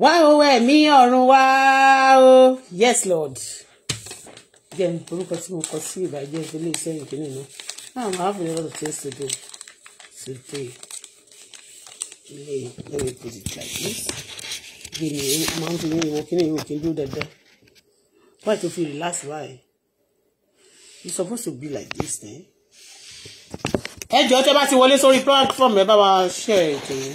wá o ẹ̀mí ọ̀run wá o yes lord jẹ́ orúkọ tí mo kọ sí ìbàjẹ́ ìpínlẹ̀ ìsẹ́yìn kìíní náà now I have a lot of things to do today let me put it like this gbèmí máa ń fi ní ìwọ kí ní ìwọ kí n dúró dandan why to feel relax why you supposed to be like this then. Eh? ẹ jọ̀ọ́ tẹ́ bá ti wọlé sórí platform ẹ bá wa share ètò yìí.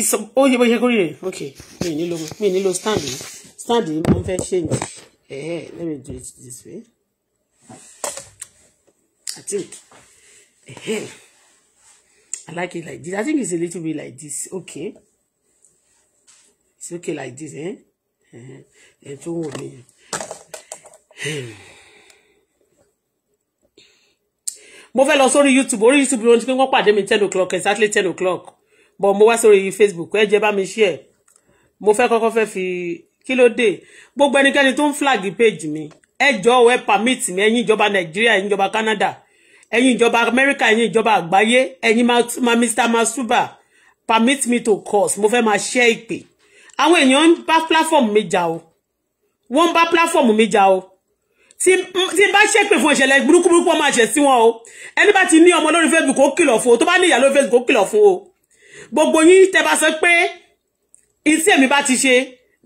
ìsọ ó yẹ bó ṣe kórè rẹ̀ ok mi ì nílò mi ì nílò stand yìí stand yìí mo fẹ́ change ẹ̀ẹ́ let me do it this way I think ẹ̀ẹ́ eh, I like it like this I think it's a little bit like this okay it's okay like this eh ẹ̀ tó wọ̀ mí mo fẹ́ lọ sórí YouTube orí YouTube wọn ti pé wọ́n pàdé mi ten o'clock exactly ten o'clock bọ̀ mo wá sórí facebook ẹ jẹ́ bá mi share mo fẹ́ kọ́kọ́ fẹ́ fi kí ló dé gbogbo ẹnikẹ́ni tó ń flag page mi ẹ jọ̀ọ́ ẹ permit mi ẹ̀yin ìjọba nàìjíríà ẹ̀yin ìjọba canada ẹ̀yin ìjọba amẹ́ríkà ẹ̀yin ìjọba àgbáyé ẹ̀yin ma mr masuba permit me to course. mo fẹ́ máa share ìpè àwọn èèyàn ń bá platform mi jà o wọ́n ń bá platform mi jà o tí n bá ṣépè fún ìṣẹ̀lẹ̀ burúkú burúkú wọ́n máa ṣẹ̀ sí wọn o ẹni bá ti ní ọmọ lórí facebook ó kìlọ̀ fún o tó bá ní ìyá lórí facebook ó kìlọ̀ fún o gbogbo yín tẹ́ bá sọ pé iṣẹ́ mi bá ti ṣe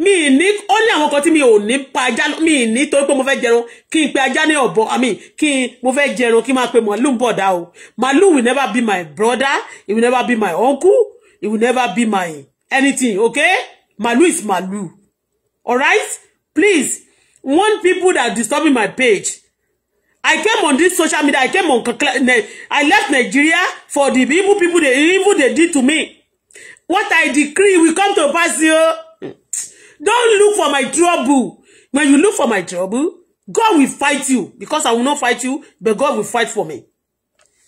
mi ní ó ní àwọn kan tí mi ò ní pa ajá mi ní torí pé mo fẹ́ jẹran kí n pe ajá ní ọ̀bọ àmì kí n mo fẹ́ jẹran kí n máa pe màálù bọ̀dá o màálù will never be my brother He will never be my uncle He will never be my anything okay Malu is Malu. All right, please One people that disturbing my page I came on this social media. I came on. I left Nigeria for the evil people. The evil they did to me. What I decree will come to pass. You don't look for my trouble. When you look for my trouble, God will fight you because I will not fight you, but God will fight for me.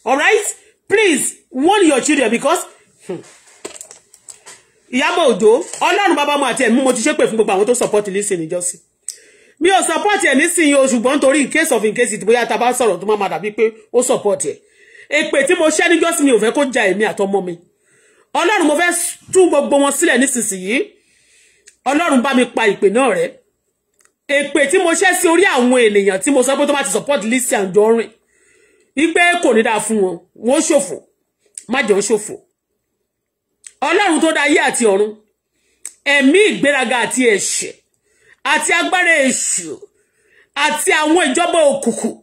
All right? Please warn your children because. Hmm, Ìyábọ̀ Òjó, Ọlọ́run bàbá mo àti ẹ̀mí mo ti ṣépè fún gbogbo àwọn tó support Lizzy Anjorin mi ò support ẹ̀ nísìnyí o ṣùgbọ́n nítorí in case of in case it tá a bá sọ̀rọ̀ to má máa dàbí pé ó support ẹ̀ èpè tí mo ṣẹ́ níjọ́ sí mi ò fẹ́ kó ja èmi àtọmọ mi ọlọ́run mo fẹ́ tú gbogbo wọn sílẹ̀ nísinsìnyí ọlọ́run bá mi pa ìpè náà rẹ́ èpè tí mo ṣẹ́ sí orí àwọn ènìyàn tí mo sọ pé tó bá ti support Lizzy Anjorin wípé kò ní dáa fún wọn wọn ṣòfò má jẹ́ wọn ṣòfò ọlọ́run tó dá ayé àti ọ̀run Emi ìgbéraga àti ẹ̀ṣẹ̀ àti agbára èṣù àti àwọn ìjọba òkùnkùn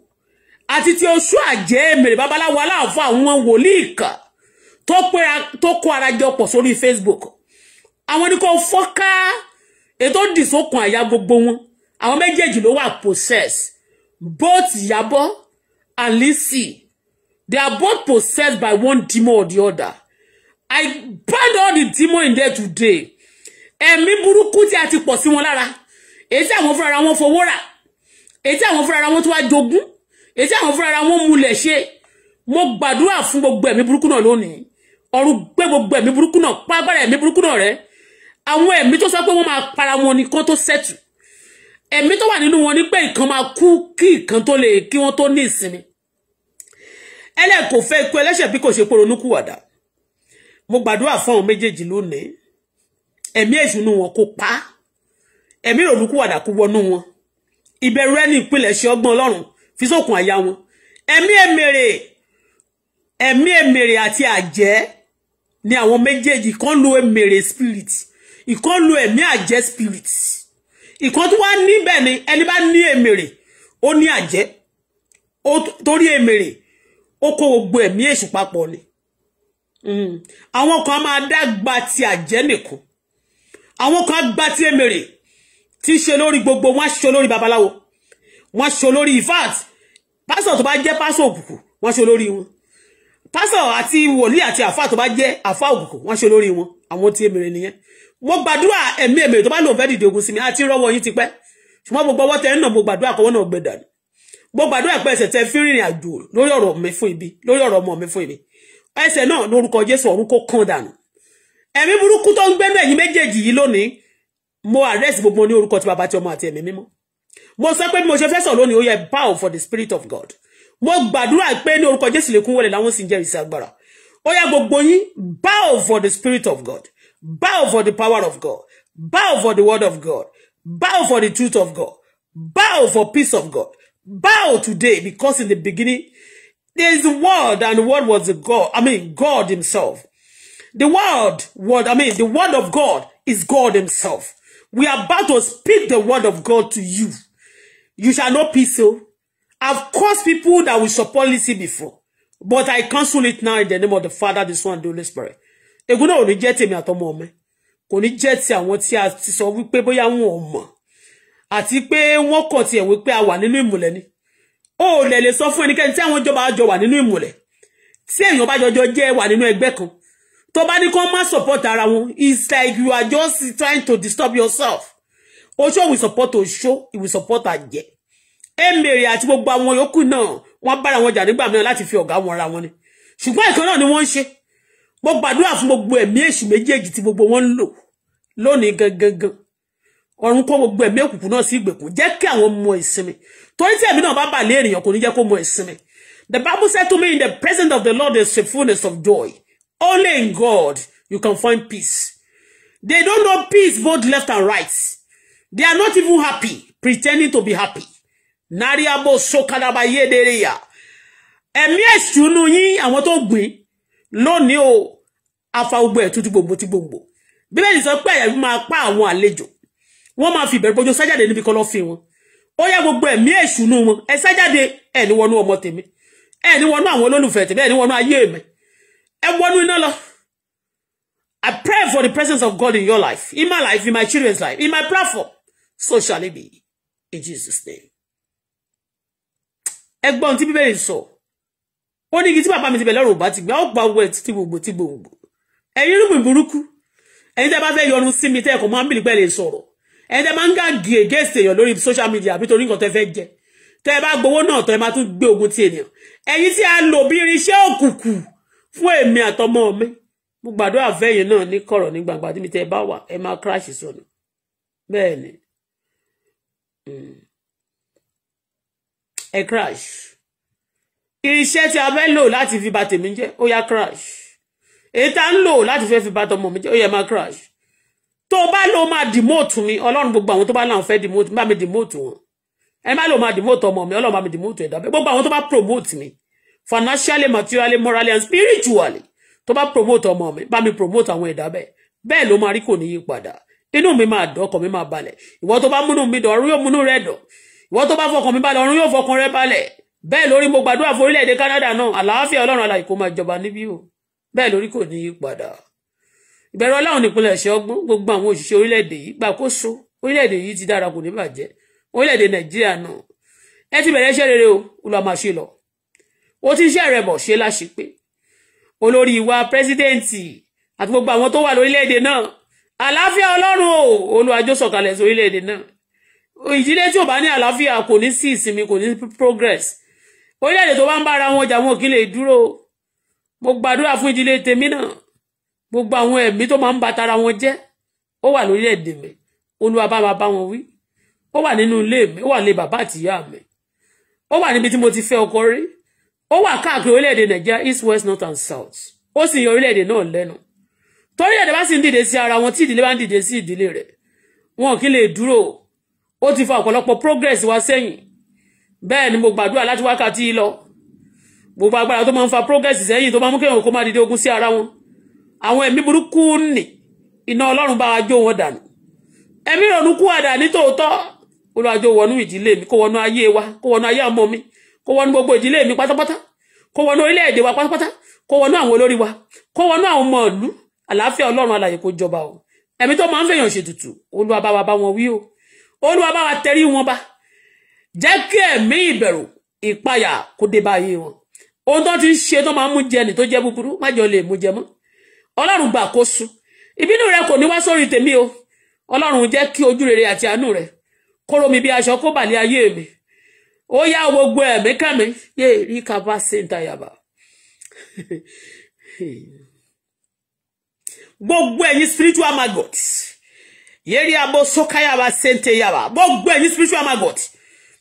àti ti oṣù àjẹ́ mèrè babaláwo aláàfọ àwọn wòlíì kan tó kó ara jọpọ̀ sórí Facebook àwọn ni kò fọ́ká ètò ìdìsókun àyà gbogbo wọn àwọn méjèèjì ló wà possess both yabo, and Lizzy they are both possessed by one demon or the other I banned all the demons in there today ẹ̀mí burúkú tí a ti pọ̀ sí wọn lára èyí tí àwọn fúnra wọn fowó rà èyí tí àwọn fúnra wọn tó wá jogún èyí tí àwọn fúnra wọn múlẹ̀ ṣe mo gbàdúrà fún gbogbo ẹ̀mí burúkú náà lónìí ọ̀run gbé gbogbo ẹ̀mí burúkú náà págbára ẹ̀mí burúkú náà rẹ àwọn ẹ̀mí tó sọ pé wọ́n máa para wọn nìkan tó sẹ́tù ẹ̀mí tó wà nínú wọn ni pé ìkan máa kú kí ìkan tó lè kí wọ́n tó ní ìsinmi ẹlẹ́kọ̀ọ́ fẹ́ ikú ẹlẹ́ṣẹ̀ bí kò ṣe poronúkúwàdà mo gbàdúrà fún àwọn méjèèjì lónìí ẹ̀mí èṣù wọn kó pa á ẹ̀mí ìrònúkú wàdà kú wọnú wọn ìbẹ̀rù ẹni ìpìlẹ̀ ṣe ọgbọ́n ọlọ́run fi sókun àyà wọn ẹ̀mí èmèrè ẹ̀mí èmèrè àti àjẹ́ ni àwọn méjèèjì kan lo èmèrè spirit ìkan lo ẹ̀mí àjẹ́ spirit ìkan tó wá níbẹ̀ ni ẹni bá ní èmèrè ó ní àjẹ́ torí emere, ó kó gbogbo ẹ̀mí èṣù papọ̀ ni hmm. àwọn kan máa dá gba ti àjẹ́ nìkan àwọn kan gba ti èmèrè tí ṣe lórí gbogbo wọ́n ṣe lórí babaláwo wọ́n ṣe lórí ifat pásọ̀ tó bá jẹ́ pásọ̀ òkùnkùn wọ́n ṣe lórí wọn pásọ̀ àti wòlíì àti àfà tó bá jẹ́ àfà òkùnkùn wọ́n ṣe lórí wọn àwọn tí èmèrè nìyẹn mo gbàdúrà ẹ̀mí èmèrè tó bá lòun fẹ́ dìde ogun sí mi àti rọ́wọ́ yín ti pẹ́ ṣùgbọ́n gbogbo ọwọ́ tẹ ń mo gbàdúrà kọ́wọ́ náà gbẹ̀dà ni mo gbàdúrà pé ẹsẹ̀ tẹ fi rìnrìn àjò lórí ọ̀rọ̀ mi fún ibi lórí ọ̀rọ̀ ọmọ mi fún ibi ẹsẹ̀ náà lórúkọ Jésù ọ̀run kó kàn dànù ẹ̀mí burúkú tó ń gbẹ́nu ẹ̀yìn méjèèjì yìí lónìí mo arrest gbogbo ní orúkọ tí bàbá tí ọmọ àti ẹ̀mí mímọ́ mo sọ pé bí mo ṣe fẹ́ sọ lónìí ó yẹ power for the spirit of God mo gbàdúrà pé ní orúkọ Jésù lè kún wọlé láwọn sì ń jẹ́ ìsìn agbára ó yá gbogbo yín bow for the spirit of God bow for the power of God bow for the word of God bow for the truth of God bow for peace of God bow today because in the beginning there is a word and the word was the God I mean God himself the word word I mean the word of God is God himself We are about to speak the word of God to you. You shall not be so. I've caused people that will support Lizzy before, but I cancel it now in the name of the Father, the Son, and the Holy Spirit. Ègún náà ò ní jẹ́ tèmi àtọmọ mi. Kò ní jẹ́ ti àwọn tí a ti sọ wípé bóyá wọn ò mọ̀. Àti pé wọ́n kọ̀ tiẹ̀ wípé a wà nínú ìmùlẹ̀ ni. O ò lè lè sọ fún ẹnikẹ́ni tí àwọn ìjọba àjọ wà nínú ìmùlẹ̀. Tí èèyàn bá jọjọ jẹ́ wà nínú ẹgbẹ́ kan tó bá ní kó má support ara wọn it's like you are just trying to disturb yourself oṣó will support oṣó it will support àjẹ́ emèrè àti gbogbo àwọn yòókù náà wọ́n bára wọn jà nígbà mìíràn láti fi ọ̀gá wọn ra wọn ni ṣùgbọ́n ìkan náà ni wọ́n ń ṣe mo gbàdúrà fún gbogbo ẹ̀mí èṣù méjèèjì tí gbogbo wọn ń lò lónìí gangan ọ̀run kó gbogbo ẹ̀mí òkùnkùn náà sí ìgbèkùn jẹ́ kí àwọn mọ ìsinmi torí tí ẹ̀mí náà bá bà lé ènìyàn kò ní jẹ́ kó mọ ìsinmi the bible said to me in the presence of the lord there is a fullness of joy Only in God you can find peace. They don't know peace both left and right. They are not even happy, pretending to be happy. Nariabo sokalaba yedereya. Ẹ̀mí èṣù nú yín àwọn tó gbìn lónìí o afa gbogbo ẹ̀ gbogbo tí gbogbo. Bíbélì sọ pé ẹ̀yà máa pa àwọn àlejò. Wọ́n máa fi ìbẹ̀rù bójú sájáde níbi kan lọ́ fi wọn. Ó yá gbogbo ẹ̀mí èṣù nú wọn. Ẹ sájáde ẹ̀ ní wọnú ọmọ tèmi. Ẹ̀ ní wọnú àwọn olólùfẹ́ tèmi. Ẹ̀ ní wọnú mi. Everyone, wọnú iná I pray for the presence of God in your life, in my life, in my children's life, in my platform. So shall it be. In Jesus' name. Ẹgbọ́n tí Bíbélì so. ó ní igi tí bàbá mi ti bẹ̀ lọ́rùn bá ti gbà, ó gba owó ẹ̀ tí gbogbo tí gbogbo. Ẹ̀yin irúgbìn burúkú, ẹ̀yin tẹ́ bá fẹ́ yọrun sí mi tẹ́ ẹ̀kọ́ máa ń bìlì pẹ́lẹ̀ sọ̀rọ̀. Ẹ̀yin tẹ́ máa ń gàgì against èèyàn lórí social media àbí torí nǹkan tẹ́ fẹ́ jẹ. Tẹ́ ẹ bá gbowó náà tán, ẹ máa tún ogun ti ènìyàn. Ẹ̀yin tí a lò bí irinṣẹ́ òkùnkùn fún èmi àtọmọ mi mo gbàdúrà fẹ́yìn náà ní kọ̀rọ̀ ní gbangba níbi tẹ́ ẹ bá wà ẹ máa crash sọnù bẹ́ẹ̀ ni hmm. ẹ crash iṣẹ́ tí a fẹ́ lò láti fi bà tèmi jẹ́ ó yá crash èyí tá ń lò láti fẹ́ fi bà tọmọ mi jẹ́ ó yẹ máa crash tó bá lọ máa dìmóòtù mi ọlọ́run gbogbo àwọn tó bá láwọn fẹ́ dìmóòtù bá mi dìmóòtù wọn ẹ má lọ máa dìmóòtù ọmọ mi ọlọ́run bá mi dìmóòtù ẹ̀dá gbogbo àwọn tó bá promote mi financially materially morally and spiritually to bá promote ọmọ mi bá mi promote àwọn ẹ̀dá bẹ́ẹ̀ bẹ́ẹ̀ ló máa rí kò ní yí padà inú mi máa dán ọkàn mi máa balẹ̀ ìwọ tó bá múnú mi dán ọ̀run yóò múnú rẹ dán ìwọ tó bá fọkàn mi balẹ̀ ọ̀run yóò fọkàn rẹ balẹ̀ bẹ́ẹ̀ lórí mo gbàdúrà fún orílẹ̀-èdè Canada náà àlàáfíà ọlọ́run alàyè kó máa jọba níbí o bẹ́ẹ̀ lórí kò ní yí padà ìbẹ̀rù ọlọ́run nípìnlẹ̀ ṣe ọgbọ́n gbogbo àwọn òṣìṣẹ́ orílẹ̀-èdè yìí gbàkóso orílẹ̀-èdè yìí ti dára kò ní bàjẹ́ orílẹ̀-èdè Nàìjíríà náà ẹ ti bẹ̀rẹ̀ iṣẹ́ rere o olùwàmàṣe lọ ó ti iṣẹ́ rẹ̀ bọ̀ ṣe láṣepé olórí ìwà pírẹsidẹ́ǹtì àti gbogbo àwọn tó wà lórílẹ̀‐èdè náà àlàáfíà ọlọ́run o olùwàjò sọ̀kalẹ̀ sí orílẹ̀‐èdè náà ìdílé tí ò bá ní àlàáfíà kò ní sí ìsinmi progress orílẹ̀ to tó bá ń bára wọn jà wọn kì í lè dúró mo gbàdúrà fún ìdílé tèmi náà gbogbo àwọn ẹ̀mí tó máa ń ba tara wọn jẹ́ ó wà lórílẹ̀‐èdè mi olúwa bá máa bá wọn wí ó wà nínú ilé mi ó wà lé bàbá àtìyá mi ó wà níbi tí mo ti fẹ́ ọkọ rí ó wà káàkiri orílẹ̀-èdè nàìjíríà east west north and south ó sì yan orílẹ̀-èdè náà lẹ́nu torí ẹ̀dá bá sì ń dìde sí ara wọn tí ìdílé bá ń dìde sí ìdílé rẹ̀ wọn kì í lè dúró ó ti fa ọ̀pọ̀lọpọ̀ progress wa sẹ́yìn bẹ́ẹ̀ ni mo gbàdúrà láti wákàtí lọ gbogbo agbára tó máa ń fa progress sẹ́yìn tó máa mú kéwọn kó má dìde ogun sí ara wọn àwọn ẹ̀mí burúkú nì iná ọlọ́run bá jó wọn dànù ẹ̀mí ìrònú kú àdà nítòótọ́ olùwàjò wọnú ìdílé mi kó wọnú ayé wa kó wọnú ayé ọmọ mi kó wọnú gbogbo ìdílé mi pátápátá kó wọnú orílẹ̀-èdè wa pátápátá kó wọnú àwọn olórí wa kó wọnú àwọn ọmọ ìlú àlàáfíà ọlọ́run alàyè kó jọba o ẹ̀mí tó máa ń fẹ̀yàn ṣètùtù olúwa bá wa bá wọn wí o olúwa bá wa tẹrí wọn bá jẹ́ kí ẹ̀mí ìbẹ̀rù ìpayà kó dé bá ayé wọn ohun tó ti ń ṣe tó máa ń mú jẹ nì tó jẹ búburú má jọ lè mú jẹ mọ́ ọlọ́run gbà kó sùn ìbínú rẹ kò ní wá sórí tèmi o ọlọ́run jẹ́ kí ojú rere àti àánú rẹ kóró mi bí aṣọ kó bàlẹ́ ayé mi ó yá gbogbo ẹ̀mí kẹ́mi yé rí kaba sèǹtà yaba gbogbo ẹ̀yin spiritual maggot yé rí abo sókáyàbá sèǹtà yaba gbogbo ẹ̀yin spiritual maggot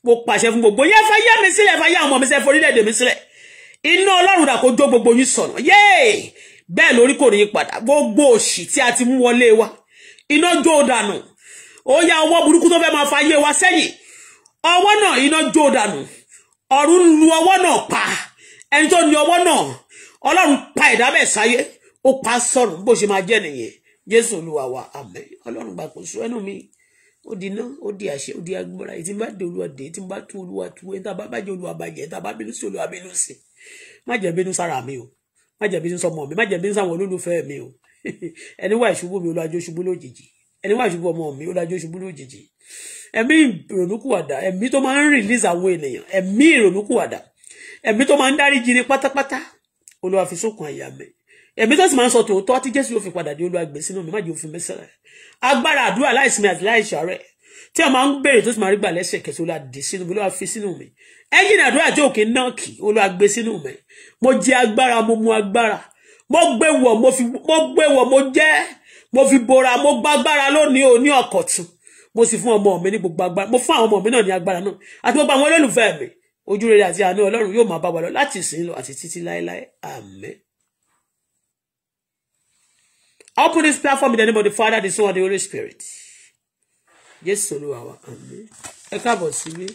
mo pàṣẹ fún gbogbo yẹn fẹ́ yé mi sílẹ̀ fẹ́ yé àwọn ọmọ mi sílẹ̀ forílẹ̀-èdè mi sílẹ̀ iná ọlọ́run dà kó jó gbogbo yín sọ̀nà yéè bẹ́ẹ̀ lórí kò ní í padà gbogbo òṣì tí a ti mú wọlé wa iná jó dànù ó yá owó burúkú tó fẹ́ máa fa ayé wa sẹ́yìn ọwọ́ náà iná jó dànù ọ̀run lu ọwọ́ náà pa ẹni tó ní ọwọ́ náà ọlọ́run pa ẹ̀dá bẹ́ẹ̀ sáyé ó pa sọ̀rùn bó ṣe máa jẹ́ nìyẹn jésù olúwa wa ọlọ́run gbà kó sọ ẹnu mi ó di iná ó di àṣẹ ó di agbára èyí tí n bá dé olúwa dé tí n bá tú olúwa tú ẹni tá a bá bàjẹ́ olúwa bàjẹ́ ẹni tá a bá bínú sí olúwa bínú sí má jẹ́ bínú sára mi o má jẹ́ bínú sọmọ mi má jẹ́ bínú sáwọn olólùfẹ́ mi o ẹni wà ìṣubú mi olúwa jó lójijì ẹni wà ìṣubú ọmọ mi olúwa jó lójijì ẹ̀mí ìrònúkúwàdà ẹ̀mí tó máa ń release àwọn ènìyàn ẹ̀mí ìrònúkúwàdà ẹ̀mí tó máa ń dáríjì ní pátápátá olúwa fi sókun àyà mi ẹ̀mí tó sì máa ń sọ tòótọ́ tí jésù yóò fi padà dé olúwa gbé sínú mi má jẹ́ òfin mẹ́sàlẹ̀ agbára àdúrà láìsinmi àti láìsàárẹ̀ tí a máa ń béèrè tó sì máa rí gbà lẹ́sẹ̀ kẹsì olúwa dé sínú mi olúwa fi sínú mi ẹ́yìn àdúrà tí òkè náà kì olúwa gbé sínú mi mo jẹ agbára mo mu agbára mo gbé wọ̀ mo fi mo gbé wọ̀ mo jẹ́ mo fi bora mo gbágbára lónìí òní ọ̀kọ̀tún mo sì fún ọmọ mi ní gbogbo agbára mo fún àwọn ọmọ mi náà ní agbára náà àti gbogbo àwọn olólùfẹ́ mi ojú àti àánú ọlọ́run yóò máa bá wa lọ láti ìsìn lọ àti títí láéláé àmín. open this platform in the name of the father the son and the holy spirit Yes, olúwa wa àmín ẹ káàbọ̀ síbí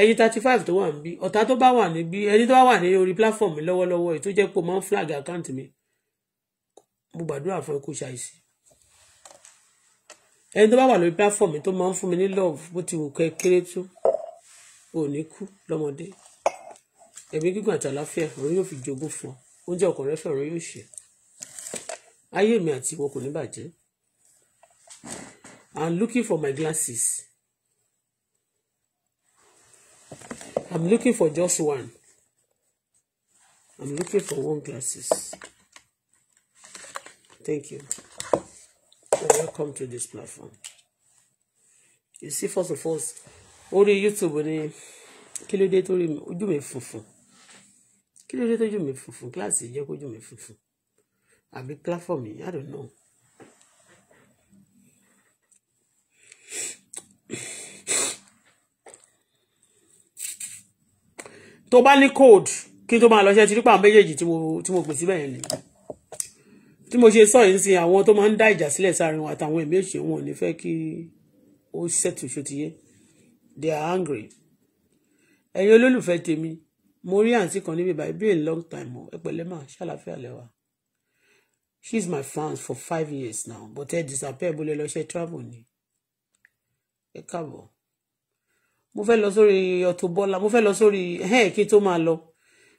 ẹ̀yin thirty five tó wà níbí ọ̀tá tó bá wà níbí ẹni tó bá wà ní orí platform mi lọ́wọ́lọ́wọ́ ètò jẹ́ pé o máa ń flag account mi mo gbàdúrà fún ẹ kó ṣàìsí ẹni tó bá wà lórí platform tó máa ń fún mi ní love bó ti wù kẹ́ tó ò ní kú lọ́mọdé ẹ̀mí gígùn àti àlàáfíà ọ̀rọ̀ yóò fi jogún fún ọ oúnjẹ ọkàn rẹ fẹ́ yóò ṣe ayé mi àti ìwọ kò ní bàjẹ́ I'm looking for my glasses I'm looking for just one I'm looking for one glasses thank you welcome to this platform. You see, first of all, orí YouTube ni kí ló dé torí ojú mi funfun kí ló dé tójú mi funfun kíláàsì jẹ́ kójú mi funfun àbí platform yìí I don't know. tó bá ní code kí n tó máa lọ ṣe ti rí pàmò méjèèjì tí mo gbèsè bẹ́ẹ̀ yẹn nìyẹn tí mo ṣe sọ yìí sí àwọn tó máa ń dá ìjà sílẹ̀ sáàrin wa àtàwọn ẹ̀mí òṣèlú wọn ò ní fẹ́ kí ó ṣètò ṣòtìyẹ they are angry ẹ̀yin olólùfẹ́ tèmi mo rí àǹtí kan níbi báyìí been long time o ẹ pẹ̀lẹ́ mà ṣàlàfíà lẹ́wà she is my fan for five years now but ẹ disappear bó lè lọ ṣe travel ni ẹ káàbọ̀ mo fẹ́ lọ sórí Auto Bola mo fẹ́ lọ sórí ẹ̀ kí tó máa lọ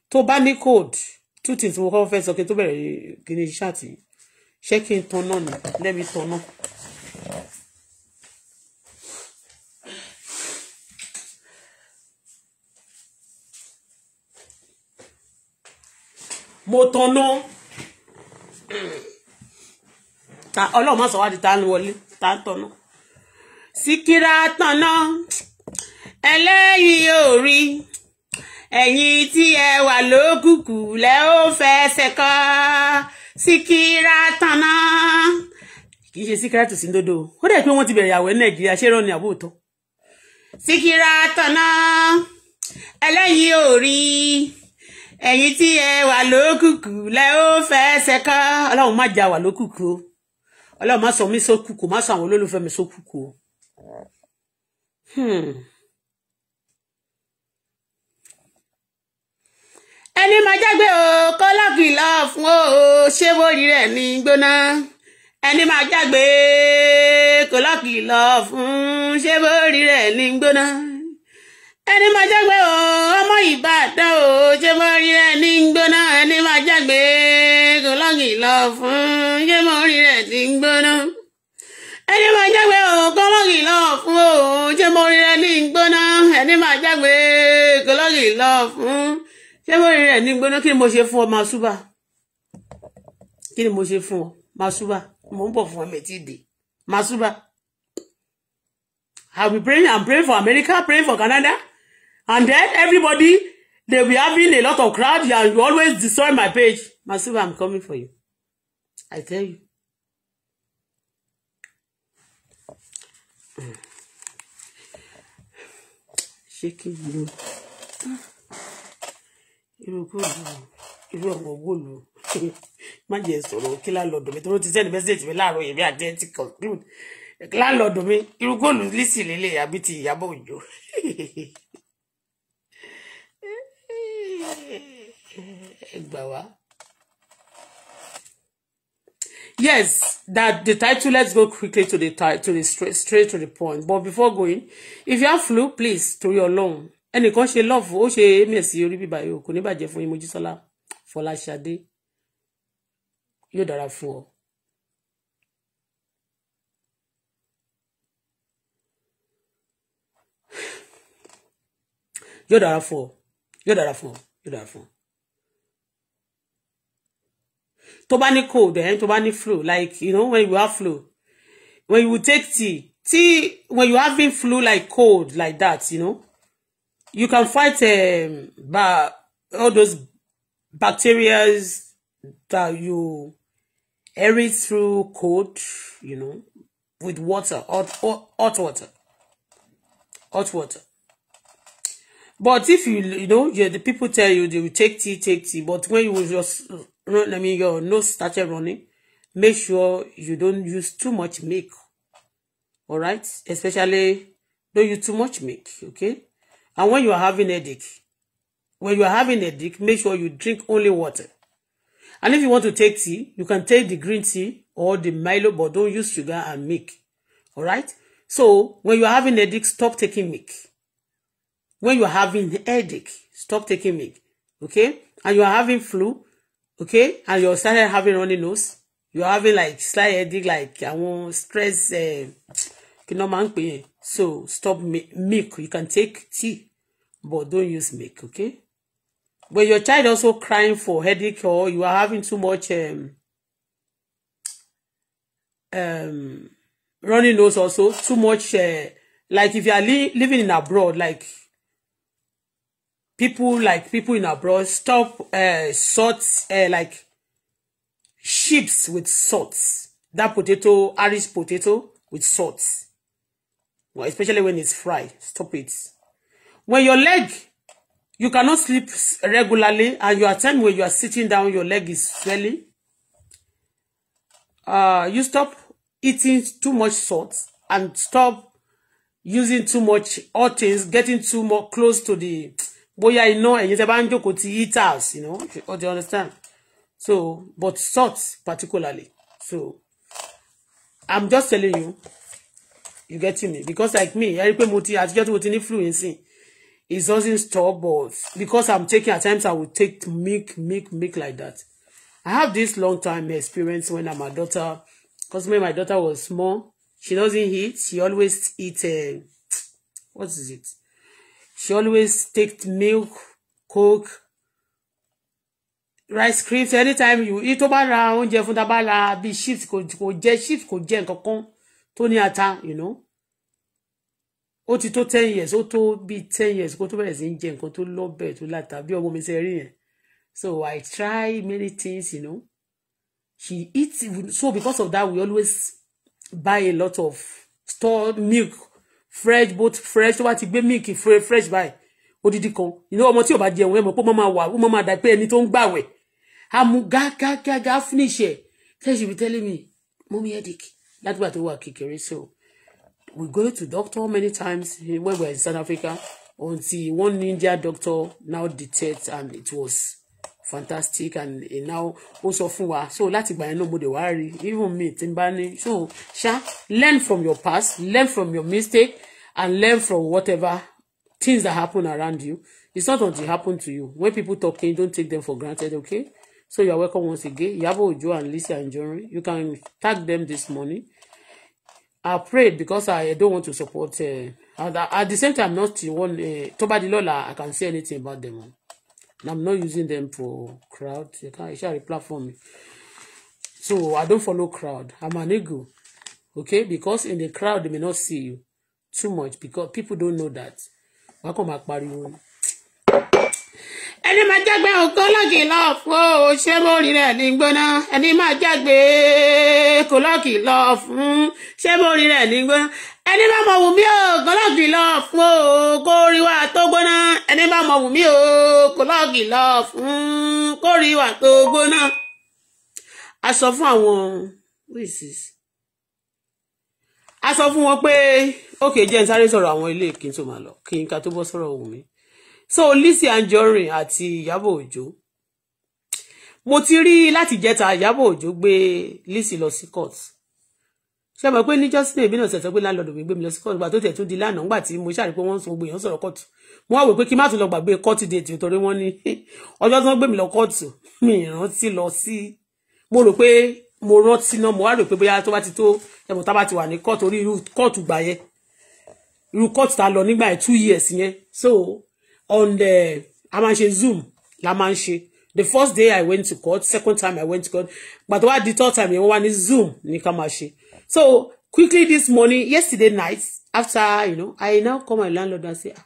tó bá ní code two things mo kọ́ fẹ́ sọ kí n tó bẹ̀rẹ̀ kíní ṣáàtì ṣé kí n tan náà ni lẹ́mi tan náà. mo tan náà ta ọlọ́run má sọ wá di ta ń wọlé ta ń tan náà síkírà ẹlẹ́yìí ò rí ẹ̀yin tí ẹ wà lókùnkùn lẹ ó fẹsẹ̀ kọ́ síkírà tanná kì í ṣe síkírà tòsí dodo ó dẹ̀ pé wọ́n ti bẹ̀rẹ̀ àwẹ̀ nàìjíríà ṣé rán ni àbóòtọ́ síkírà tanná ẹlẹ́yin ò rí ẹ̀yin tí ẹ wà lókùnkùn lẹ ó fẹsẹ̀ kọ́ ọlọ́run má jà wà lókùnkùn o ọlọ́run má sọ mí sókùnkùn má sọ àwọn olólùfẹ́ mi sókùnkùn o. Hmm. ẹni máa jágbe o kọ́lọ́ọ̀kì lọ fún o ṣé bórí rẹ̀ ní gbóná ẹni máa jágbe kọ́lọ́ọ̀kì lọ fún ṣé bórí rẹ̀ ní gbóná ẹni máa jágbe o ọmọ ìbàdàn o ṣé bórí rẹ̀ ní gbóná ẹni máa jágbe kọ́lọ́ọ̀kì lọ fún ṣé bórí rẹ̀ ní gbóná ẹni máa jágbe o kọ́lọ́ọ̀kì lọ fún o ṣé bórí rẹ̀ ní gbóná ẹni máa jágbe kọ́lọ́ọ̀kì lọ fún ṣé lórí rẹ̀ ní gbóná kí ni mo ṣe fún ọ masuba kí ni mo ṣe fún ọ masuba mo ń bọ̀ fún ọmọ ẹtí dè masuba i be praying and praying for America praying for Canada and then everybody they be having a lot of crowd and you always destroy my page masuba i'm coming for you i tell you. Mm. Shaking you irú góòlù irú ọ̀wọ̀ góòlù má jẹ́ sọ̀rọ̀ kí láńlọ́ọ̀dù mi tó ti sẹ́ni mẹ́sẹ̀jì mi láàárọ̀ yẹ̀mí àdẹ́ntì conclude láńlọ́ọ̀dù mi irú góòlù lísì lélẹ̀ àbí ti Ìyábọ̀ Òjó. gbà wá. yes that the title let's go quickly to the title to the straight straight to the point but before going if you have flu please to your loan ẹnìkan ṣe lọ́ọ̀fù ó ṣe ms orí bíbá yìí kò ní bàjẹ́ fún Mojísọ́lá Fọláṣadé yóò dára fún ọ. yóò dára fún ọ yóò dára fún ọ yóò dára fún ọ. tó bá ní cold ẹ̀ eh, tó bá ní flu like you know when you have flu when you take tea tea when you having flu like cold like that you know you can fight um, by all those bacteria that you inherit through cold, you know, with water, hot, hot, hot water, hot water. But if you, you know, you, the people tell you they will take tea, take tea, but when you just, I mean, your nose started running, make sure you don't use too much milk. All right? Especially, don't use too much milk, okay? And when you are having headache, when you are having headache, make sure you drink only water. And if you want to take tea, you can take the green tea or the Milo, but don't use sugar and milk. All right? So when you are having headache, stop taking milk. When you are having headache, stop taking milk. Okay? And you are having flu, okay? And you are started having runny nose. You are having like slight headache, like I want stress. Uh, kí so stop milk you can take tea but don't use milk okay but your child also crying for headache or you are having too much um, um running nose also too much uh, like if you are li living in abroad like people like people in abroad stop uh salt uh, like chips with salt that potato irish potato with salt well especially when it's fried stop it When your leg, you cannot sleep regularly, and you are time when you are sitting down, your leg is swelling. Uh, you stop eating too much salt and stop using too much all things, getting too much close to the boy, I know, and bá ń jókòó ti eaters you know or oh, do you understand so but salt particularly so i'm just telling you you get me because like me i pé multi ti àtijọ́ tí mo ti ní it doesn't stop but because i'm taking at times i will take milk milk milk like that i have this long time experience when I'm a daughter because when my daughter was small she doesn't eat she always eat a eh, what is it she always take milk coke rice crisps anytime you eat tó bá ra oúnjẹ fún tá bá ra bíi chips kò jẹ chips ata you know ó ti tó ten years ó tó bíi ten years kó tó bẹ̀rẹ̀ sí ń jẹ nǹkan tó lọ́bẹ̀ tó láta bí ọmọ mi ṣe rí yẹn so I try many things you know she eat so because of that we always buy a lot of stored milk fresh both fresh tó bá ti gbé milk fresh buy. odidi kan ìlú ọmọ tí ò bá jẹun ẹ mọ̀ pé ó máa wà ó máa dà pé ẹni tó ń gbàwẹ̀ amúgágágágá finish ẹ tẹ́sí bi tẹ́lẹ̀ mi mọ́mí headache látìgbà tó wà kékeré sí o we go to doctor many times when we were in South Africa until one India doctor now detect and it was fantastic and uh, now ó sọ fún wa so láti gbà yẹn náà mo dé wá even me tí n bá so ṣá learn from your past learn from your mistake and learn from whatever things that happen around you it's not until it happen to you when people talking don't take them for granted okay so you are welcome once again Iyabo Ojo and Lizzy Anjorin you can tag them this morning I prayed because I don't want to support. Uh, eh, at, at the same time, not one. Uh, eh, Tobadi Lola, I can say anything about them. And I'm not using them for crowd. You can't share platform me. So I don't follow crowd. I'm an ego. Okay, because in the crowd they may not see you too much because people don't know that. Wọ́n kàn ẹni máa jágbe òkú lọ́ọ̀kì lọ́ọ̀fù ó ṣé mórí rẹ̀ ní gbóná ẹni máa jágbe kò lọ́ọ̀kì lọ́ọ̀fù ṣé mórí rẹ̀ ní gbóná ẹni bá mọ̀ wù mí o kò lọ́ọ̀kì lọ́ọ̀fù ó kó rí wa tó gbóná ẹni bá mọ̀ wù mí o kò lọ́ọ̀kì lọ́ọ̀fù kó rí wa tó gbóná. a sọ fún àwọn a sọ fún wọn pé ókè jẹ́ n sáré sọ̀rọ̀ àwọn ilé kí n tó máa lọ kí n ká tó bọ́ sọ̀rọ̀ wù mí so Lizzy Anjorin àti Ìyábọ̀ Òjó mo ti lati láti jẹta Ìyábọ̀ Òjó gbé Lizzy lọ sí court ṣe mọ̀ pé ní justin èmi náà sẹ̀sọ́ pé láńlọ́ọ̀dù mi gbé mi lọ sí court nígbà tó tẹ̀ tún di lánàá nígbà tí mo ṣàrí pé wọ́n ń sun gbogbo èèyàn sọ̀rọ̀ court mo wá wò pé kí má tún lọ gbàgbé court date nítorí wọ́n ní ọjọ́ tí wọ́n mi lọ court mi ìrántí lọ sí mo rò pé mo rántí náà mo wá rò pé bóyá tó bá ti tó ẹ̀mọ̀ tá bá ti wà ní court ori irú court gbà yẹn irú court ta lọ nígbà yẹn two years yẹn so on the a máa ṣe zoom la máa ṣe the first day i went to court second time i went to court but wá the third time yẹn wọ́n wá ní zoom Ni ká máa ṣe so quickly this morning yesterday night after you know i now call my landlord and say ah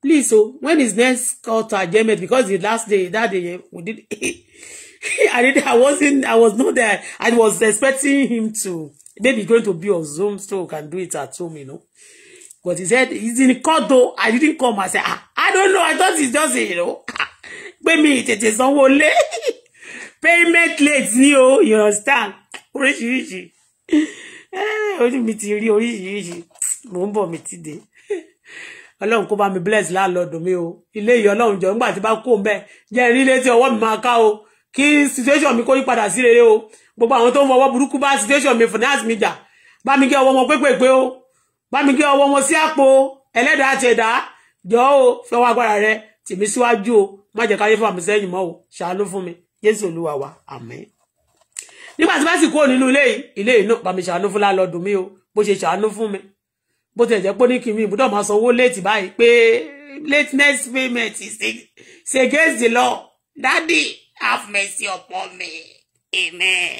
please o oh, so, when is next court adjournment because the last day that day we did i did i wasn't i was not there i was expecting him to maybe going to be on zoom so we can do it at home you know But he said, he's in court though. I didn't come. I said, ah, I don't know. I thought he's just, you know, pay me, it is sanwó lé. Payment late You know, you understand? Oríṣiríṣi. Eh, ojú mi ti rí oríṣiríṣi. Mo ń bọ̀ mi ti dé. Ọlọ́run kó bá mi bless landlord mi o. Ilé yìí Ọlọ́run jọ̀ọ́ nígbà tí bá kó ńbẹ̀. Jẹ́ rí létí ọwọ́ mi máa ká o. Kí situation mi kó yí padà sí rere o. Gbogbo àwọn tó ń fọwọ́ burúkú bá situation mi finance mi jà. Bá mi gé ọwọ́ wọn pépèpé o bá mi gbé ọwọ́ wọn sí àpò ẹlẹ́dàá àti ẹ̀dá jọ̀ọ́ o fẹ́ wá agbára rẹ tìmí síwájú o má jẹ́ káyé fún àmì sẹ́yìn mọ́ o ṣàánú fún mi Jésù Olúwa wa àmín nígbà tí bá sì kúrò nínú ilé yìí ilé yìí náà bá mi ṣàánú fún láńlọ́ọ̀dù mi o bó ṣe ṣàánú fún mi bó tẹ̀ jẹ́ pé ní kí mi ìbúdọ̀ máa sanwó léètì báyìí pé lateness payment is against the law daddy have mercy upon me amen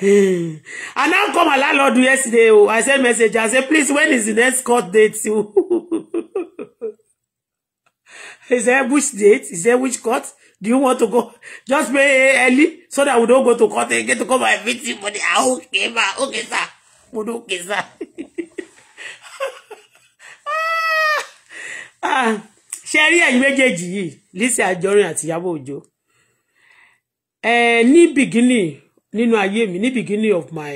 and now come my landlord yesterday oh i send message i say please when is the next court date oh? he said which date he said which court do you want to go just pay early so that we don't go to court and get to come and meet you for the house okay ma okay sir okay sir ah Sherry, ṣe rí ẹ̀yin méjèèjì yìí Lizzy Anjorin àti Ìyábọ̀ Òjó Eh, ni bìgínì nínú ayé mi ní beginning of my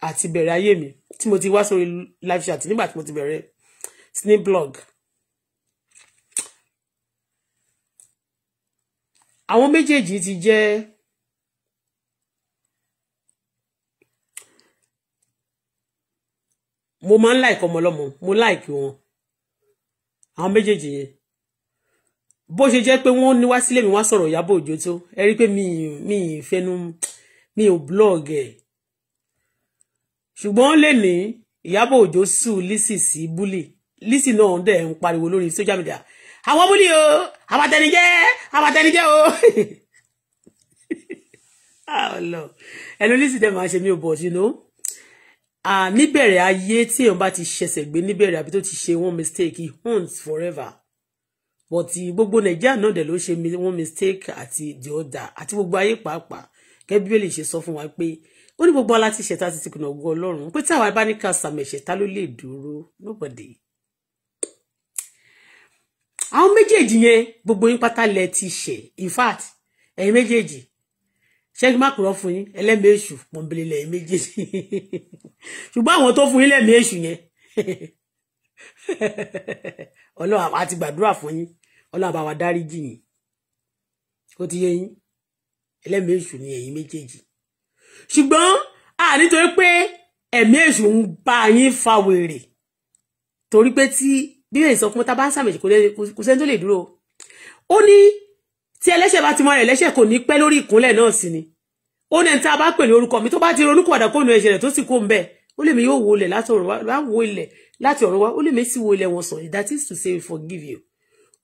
àti bẹ̀rẹ̀ ayé mi tí mo ti wá sórí live chat nígbà tí mo ti bẹ̀rẹ̀ ní blog. àwọn méjèèjì ti jẹ́ mo máa ń láìkọ ọmọ ọlọ́mọ mo láìkí wọn àwọn méjèèjì yẹn bó ṣe jẹ́ pé wọ́n ní wá sílé mi wá sọ̀rọ̀ Ìyábọ̀ Òjó tó ẹ rí i pé mi mi fẹnu mi ò blog ẹ̀ ṣùgbọ́n lè ní Ìyábọ̀ Òjó sù Lizzy sí búlì Lizzy náà dẹ̀ ń pariwo lórí social media àwọn búlì o àbàtẹnijẹ́ àbàtẹnijẹ́ o ah, ẹnu Lizzy dẹ̀ máa ṣe mí ò bọ̀ sínú níbẹ̀rẹ̀ ayé tí èèyàn bá ti ṣẹ̀ṣẹ̀ gbé níbẹ̀rẹ̀ àbí tó ti ṣe one mistake he hunts forever but gbogbo Nàìjíríà náà dẹ̀ ló ṣe one mistake àti the other àti gbogbo ayé pàápàá Gabriel ṣe sọ fún wa pé ó ní gbogbo ọlá tí ìṣẹ̀ta ti ti kùnà ògo pé tí àwa bá ní ká sàmì ìṣẹ̀ta ló lè dúró nobody. àwọn méjèèjì yẹn gbogbo yín pátá lẹ ti ṣe in fact ẹ̀yin méjèèjì ṣẹ́gi má kúrọ́ fún yín ẹlẹ́mìí èṣù pọ̀nbélé lẹ́yìn méjèèjì ṣùgbọ́n àwọn tó fún yín lẹ́mìí yẹn Ọlọ́run àti gbàdúrà fún yín Ọlọ́run àbáwá dáríjì yín ó ti yé yín ẹlẹ́mìí èṣù ni ẹ̀yin méjèèjì ṣùgbọ́n a nítorí pé ẹ̀mí èṣù ń bá yín fa wèrè torí pé tí bí èyí sọ fún tá bá ń sàmì kò sẹ́ni tó lè dúró ó ní tí ẹlẹ́ṣẹ̀ bá ti mọ rẹ̀ lẹ́ṣẹ̀ kò ní pẹ́ lórí ìkúnlẹ̀ náà sí ni ó ní ẹni tá a bá pè ní orúkọ mi tó bá ti ronúkọ̀dà kó nu ẹ̀ṣẹ̀ rẹ̀ tó sì kó ń bẹ̀ ó lè mi yóò wo ilẹ̀ láti ọ̀rọ̀ wá wo ilẹ̀ láti ọ̀rọ̀ wá ó lè mi sì wo ilẹ̀ wọn sàn that is to say forgive you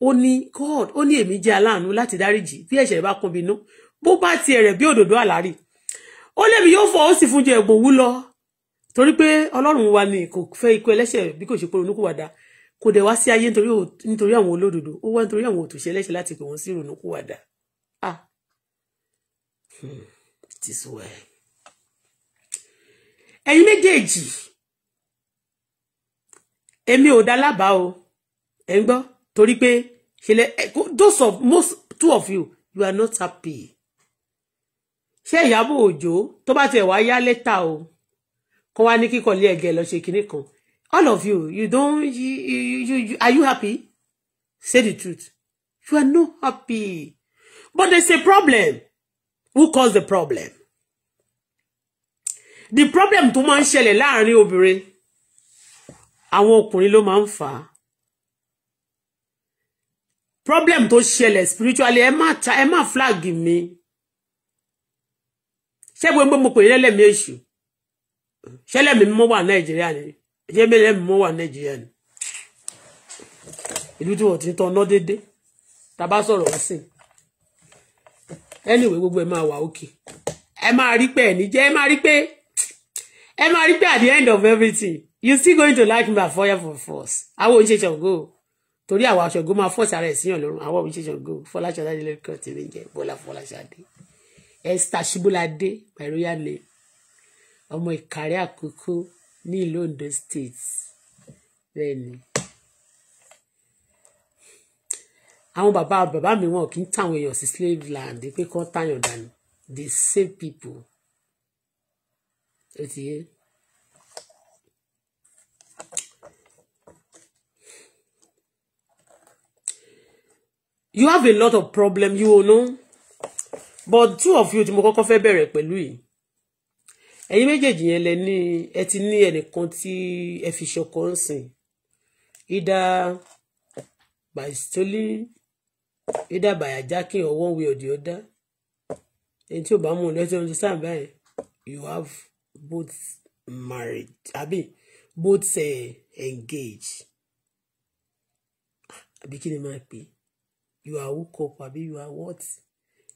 ó ní God ó ní èmi jẹ́ aláàánú láti dáríjì bí ẹ̀ṣẹ̀ rẹ̀ bá kún mi nú bó bá ti ẹ̀rẹ̀ bí òdòdó àlárí ó lèmi yóò fọ ó sì fún jẹ ẹ̀gbọ̀n wú lọ torí pé ọlọ́run wa ni kò fẹ́ ikú ẹlẹ́ṣẹ̀ bí kò ṣe pé ronúkúwàdà kò dẹ̀ wá sí ayé nítorí àwọn olódodo ó wá nítorí àwọn òtòṣe ẹlẹ́ṣẹ̀ láti pè wọ́n sí ronúkúwàdà ah ti sú ẹ ẹ̀yin méjèèjì èmi ò dá lábàá o ẹ ń gbọ́ torí pé ṣe eh, those of most two of you you are not happy ṣé Ìyábọ̀ Òjó tó bá tiẹ̀ wá yá lẹ́tà o kó wá ní kíkọ̀lé ẹ̀gẹ́ lọ ṣe kinní kan all of you you don't you, you, you are you happy say the truth you are not happy but there's a problem who caused the problem the problem tó máa ń ṣẹlẹ̀ láàrin obìnrin àwọn ọkùnrin ló máa ń fà á problem tó ṣẹlẹ̀ spiritually ẹ má ta ẹ má flag mi ṣé gbogbo mo pè lẹ́lẹ́mí èṣù ṣé lẹ́mí mímọ́ wà nàìjíríà ni ṣé mi lẹ́mí mímọ́ wà nàìjíríà ni ìlú tí wọ́n ti ń tọ́ ọ́nà déédé tá a bá anyway gbogbo ẹ máa wà òkè ẹ máa rí pé ẹ níjẹ́ ẹ máa rí pé ẹ máa rí pé at the end of everything you still going to like me for for force àwọn oníṣẹ́ ṣọ̀gbọ́ torí àwọn aṣọ̀gbọ́ máa fọ́ọ̀sì ara ẹ̀ síyàn lọ́rùn àwọn oníṣẹ́ ṣọ̀gbọ́ fọláṣadé lẹ́kọ̀ọ́ tèmi jẹ́ bọ́lá fọláṣadé. Esther Ṣíbúladé pẹ̀lúyàlè ọmọ Ìkàrẹ́ Àkókó ní ìlú Ondo State bẹ́ẹ̀ ni. àwọn bàbá bàbá mi wọn kì í tàwọn èèyàn sí slave land pé kán tàyàn dànù the same people ó ti yé. you have a lot of problem you know but two of you tí mo kọ́kọ́ fẹ́ bẹ̀rẹ̀ pẹ̀lú yìí ẹ̀yin méjèèjì yẹn lẹ ní ẹ ti ní ẹnìkan tí ẹ fi ṣọkọ ń sìn either by stealing either by hijacking or one way or the other ẹni tí ò bá mú un lẹ́tọ́ ọdún sáà báyìí you have both married Abi both uh, engaged Abi kí ni máa pè you are hook up Abi you are what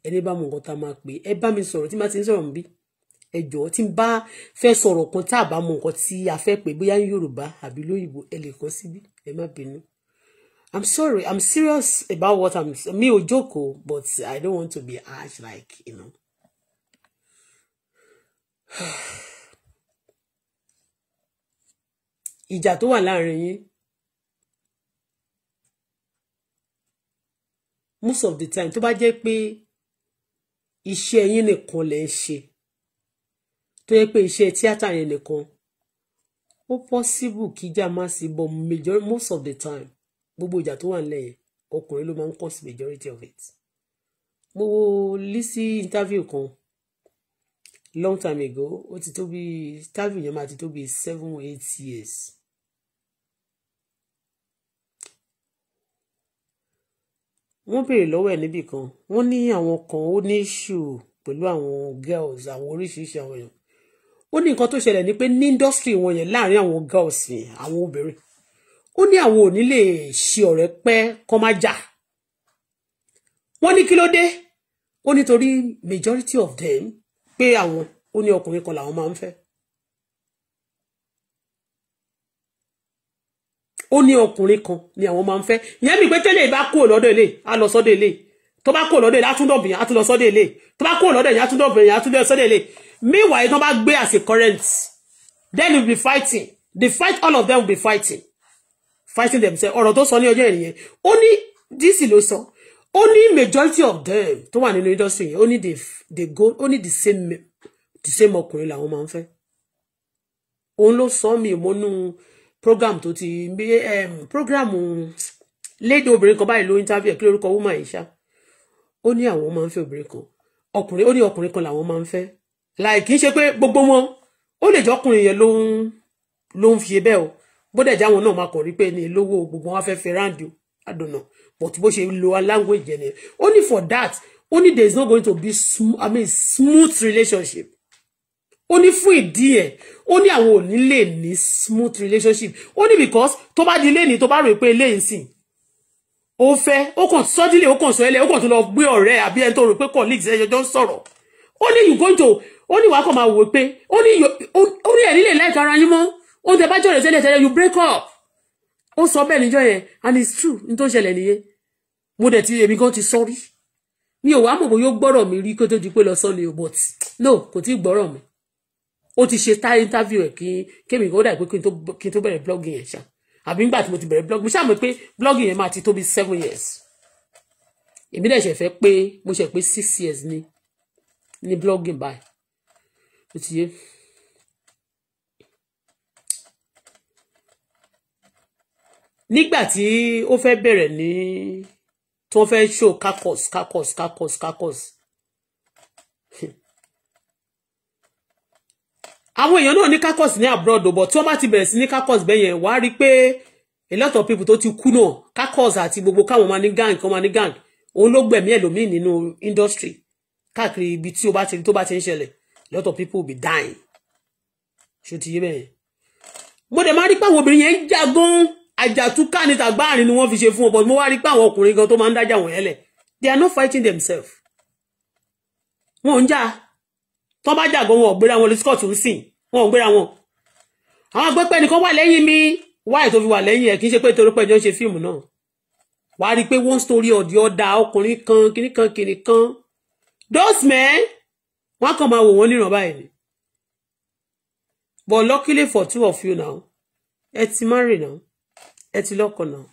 ẹni bá mọ nǹkan tá a máa pè ẹ bá mi sọ̀rọ̀ tí n ti ń sọ̀rọ̀ nbí ẹ jọ̀ọ́ tí n bá fẹ́ sọ̀rọ̀ kan tá a bá mọ nǹkan tí a fẹ́ pè bóyá ní Yorùbá àbí lóyìnbó ẹ lè kọ síbí ẹ má bínú i'm sorry i'm serious about what i'm mi ò jókòó but i don't want to be harsh like you know. ìjà tó wà láàrin yín most of the time tó bá jẹ́ pé iṣẹ́ yín nìkan lẹ ń ṣe tó yẹ pé iṣẹ́ tíátà yẹn nìkan ó possible kí ìjà má sí but most of the time gbogbo ìjà tó wà nílẹ̀ yẹn ọkùnrin ló máa ń cause majority of it mo wo Lizzy interview kan long time ago ó ti tó bí interview yẹn máa ti tó bí seven eight years wọ́n béèrè lọ́wọ́ ẹ̀ níbì kan wọ́n ní àwọn kan ó ní ṣù pẹ̀lú àwọn girls àwọn oríṣiríṣi àwọn èèyàn ó ní nǹkan tó ṣẹlẹ̀ ni pé ní indọ́sítírì wọn yẹn láàrin àwọn girls yẹn àwọn obìnrin ó ní àwọn ò ní lè ṣe ọ̀rẹ́ pẹ́ kọ́ má jà wọ́n ní kí ló dé ó nítorí majority of them pé àwọn ó ní ọkùnrin kan làwọn máa ń fẹ́ ó ní ọkùnrin kan ni àwọn máa ń fẹ́ ìyẹn mi pé tẹ́lẹ̀ bá kúrò lọ́dọ̀ ilé á lọ sọ́dọ̀ ilé tó bá kúrò lọ́dọ̀ ilé á tún dọ̀bù yẹn á tún lọ sọ́dọ̀ ilé tó bá kúrò lọ́dọ̀ yẹn á tún dọ̀bù yẹn á tún lọ sọ́dọ̀ ilé meanwhile tó bá gbé as a current then we be fighting the fight all of them will be fighting fighting themselves ọ̀rọ̀ tó sọ ní ọjọ́ ìrìn yẹn ó ní díìsì ló sọ majority of them To wà nínú industry yẹn ó ní the go Only the same the same ọkùnrin làwọn máa ń fẹ́ òun ló sọ mí ìmọ̀nú program tó ti um, program léde obìnrin kan báyìí ló interview ẹ̀ kí lórúkọ woman yìí ṣá ó ní àwọn máa ń fẹ́ obìnrin kan ọkùnrin ó ní ọkùnrin kan làwọn máa ń fẹ́ láì kì í ṣe pé gbogbo wọn ó lè jọ ọkùnrin yẹn ló ń ló ń fi bẹ́ẹ̀ o bódẹ̀ jáwọn náà máa kọ̀ rí pé ní lówó gbogbo wọn fẹ́ fẹ́ ráǹdì o àdùnnà but bó ṣe lo language yẹn ni ó ní for that ó ní there is not going to be sm I mean, smooth relationship ó ní fún ìdí ẹ̀ ó ní àwọn ò lè ní smooth relationship ó ní because tó bá di léni tó bá rò pé eléyìí sìn ó fẹ́ ó kàn suddenly ó kàn sọ ẹlẹ́ ó kàn tó lọ gbé ọ̀rẹ́ àbí ẹni tó rò pé colleagues ẹ̀jọ̀ jọ ń sọ̀rọ̀ ó ní you going to ó ní wàá kàn máa wò pé ó ní ó ní ẹ̀ nílè láìka ara yín mọ́ ó ń tẹ bá jọ̀rọ̀ tẹ́lẹ̀ you break up ó sọ bẹ́ẹ̀ níjọ́ yẹn and it's true ní tó ṣẹlẹ̀ nìyẹn mo dẹ̀ ti èmi gan ti sọ rí mi ò wá mọ̀ bó yóò gbọ́rọ̀ mi rí kó tó di pé lọ sọ ni o but no kò tí ì gbọ́rọ̀ mi ó ti ṣe tá interview ẹ̀ kí kémi kó dà pé kí n tó bẹ̀rẹ̀ blogging yẹn ṣá àbí nígbà tí mo ti bẹ̀rẹ̀ blogging. mo ṣáà mọ̀ pé blogging yẹn máa ti tó bí seven years èmi dẹ̀ ṣe fẹ́ pé mo ṣe pé six years ni ni blogging báyìí ó ti yé. nígbà tí ó fẹ́ bẹ̀rẹ̀ ní tí wọ́n fẹ́ show kakos kakos kakos kakos àwọn èèyàn náà ní carcass ní abroad but tí wọ́n bá ti bẹ̀rẹ̀ sí ní carcass bẹ́ẹ̀ yẹn wàá rí pé a lot of people tó ti kú náà carcass àti gbogbo káwọn máa ní gang kan máa ní gang òun ló gbẹ̀mí ẹlòmíì nínú industry káàkiri ibi tí o bá ti rí tó bá ti ń ṣẹlẹ̀ a lot of people be dying ṣó ti yé bẹ́ẹ̀ mo dẹ̀ máa rí pé àwọn obìnrin yẹn ń jà gan àjàtúkà ní tàgbáàrin ni wọ́n fi ṣe fún but mo wá rí pé àwọn ọkùnrin gan tó máa ń dájà they are not fighting themselves wọn ò tó bá jàgbọ́n wọn ò gbéra wọn lọ sí kóòtù ń sìn wọn ò gbéra wọn. àwọn agbẹ́pẹ́ nìkan wà lẹ́yìn mi wáyé tó fi wà lẹ́yìn ẹ̀ kì í ṣe pé torí pé ẹjọ́ ń ṣe fíìmù náà wàá rí i pé one story ọ̀dì ọ̀dà ọkùnrin kan kìnnì kan kìnnì kan those men wọn kàn máa wò wọn níran báyìí ni but luckily for two of you now ẹ ti marry now ẹ ti lọ́kọ now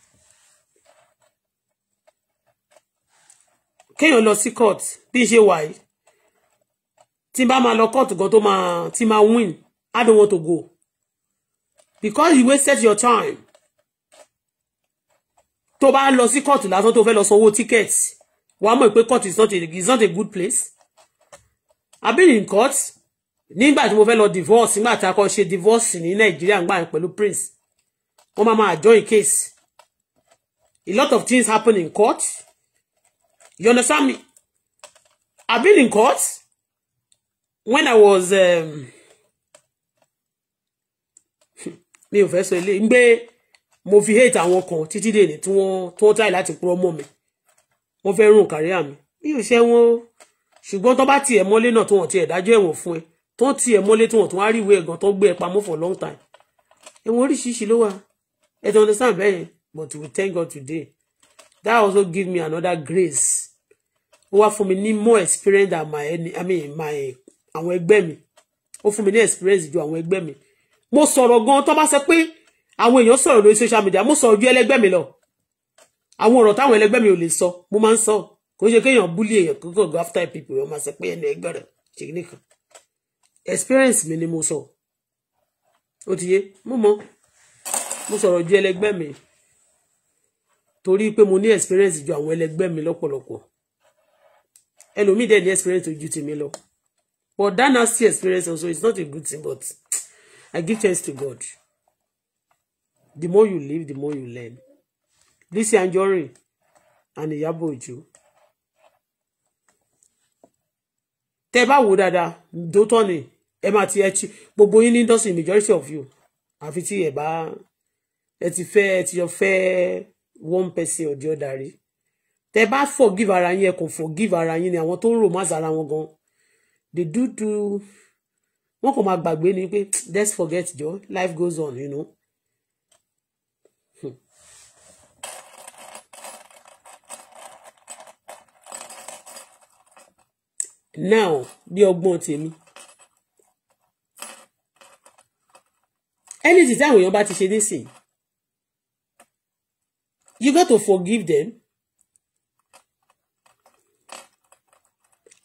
kéèyàn lọ sí court bí n ṣe wà yìí tí n bá máa lọ kóòtù gan tó máa tí win I don't want to go because you wasted your time tó bá lọ sí kóòtù lásán tó fẹ́ lọ sanwó ticket wàá mọ̀ pé court is not a is not a good place I've been in court nígbà tí mo fẹ́ lọ divorce nígbà tí a kọ́ ṣe divorce ní Nàìjíríà ńgbà pẹ̀lú prince O máa máa join case a lot of things happen in court you understand me I've been in court when I was um, mi ò fẹ́ sọ ilé ń gbé mo fi hate àwọn kan títí dèní tí wọ́n tí wọ́n táyì láti purọ́ mọ́ mi wọ́n fẹ́ rún kárí àmì mi ò ṣe wọn ṣùgbọ́n tó bá tiẹ̀ mọ́lé náà tó wọ́n tiẹ̀ dájọ́ ẹ̀wọ̀n fún ẹ tó tiẹ̀ mọ́lé tó wọ́n tó wá rí ìwé ẹ̀gàn tó gbé ẹ pamọ́ for long time ẹ̀wọ̀n oríṣiríṣi ló wà ẹ ti understand bẹ́ẹ̀ yẹn but we thank God today that also give me another grace ó wá fún mi ní more experience than my I mean my àwọn ẹgbẹ́ mi ó fún mi ní experience ju àwọn ẹgbẹ́ mi mo sọ̀rọ̀ gan tó bá sọ pé àwọn èèyàn sọ̀rọ̀ lórí social media mo sọ̀rọ̀ ju ẹlẹgbẹ́ mi lọ àwọn ọ̀rọ̀ táwọn ẹlẹgbẹ́ mi ò lè sọ mo máa ń sọ kò ṣe kéèyàn búlé èèyàn kókò go after people wọn máa sọ pé ẹni ẹgbẹ́ rẹ̀ ṣe nìkan experience mi ni mo sọ ó ti yé mo mọ mo sọ̀rọ̀ ju ẹlẹgbẹ́ mi torí pé mo ní experience ju àwọn ẹlẹgbẹ́ mi lọ́pọ̀lọpọ̀ ẹlòmíì dẹ̀ ní experience ojú tèmi lọ But that nasty experience also is not a good thing, but I give thanks to God. The more you live, the more you learn. Lizzy Anjorin and Iyabo Ojo. Tẹ́ bá wò dáadáa, dótọ́ ni, ẹ máa ti ẹ ti, gbogbo majority of you, Afiti eba. ẹ bá ẹ ti fẹ́ one person ọ̀dí ọ̀dàrí. Tẹ́ bá forgive ara yín, ẹ forgive ara yín ni àwọn tó ń romance ara wọn gan they do do wọn kò máa gbàgbé ni pé let's forget jọ life goes on you know. Hmm. now bí ọgbọ́n tèmi anything táwọn èèyàn bá ti ṣe nísìnyí you got to forgive them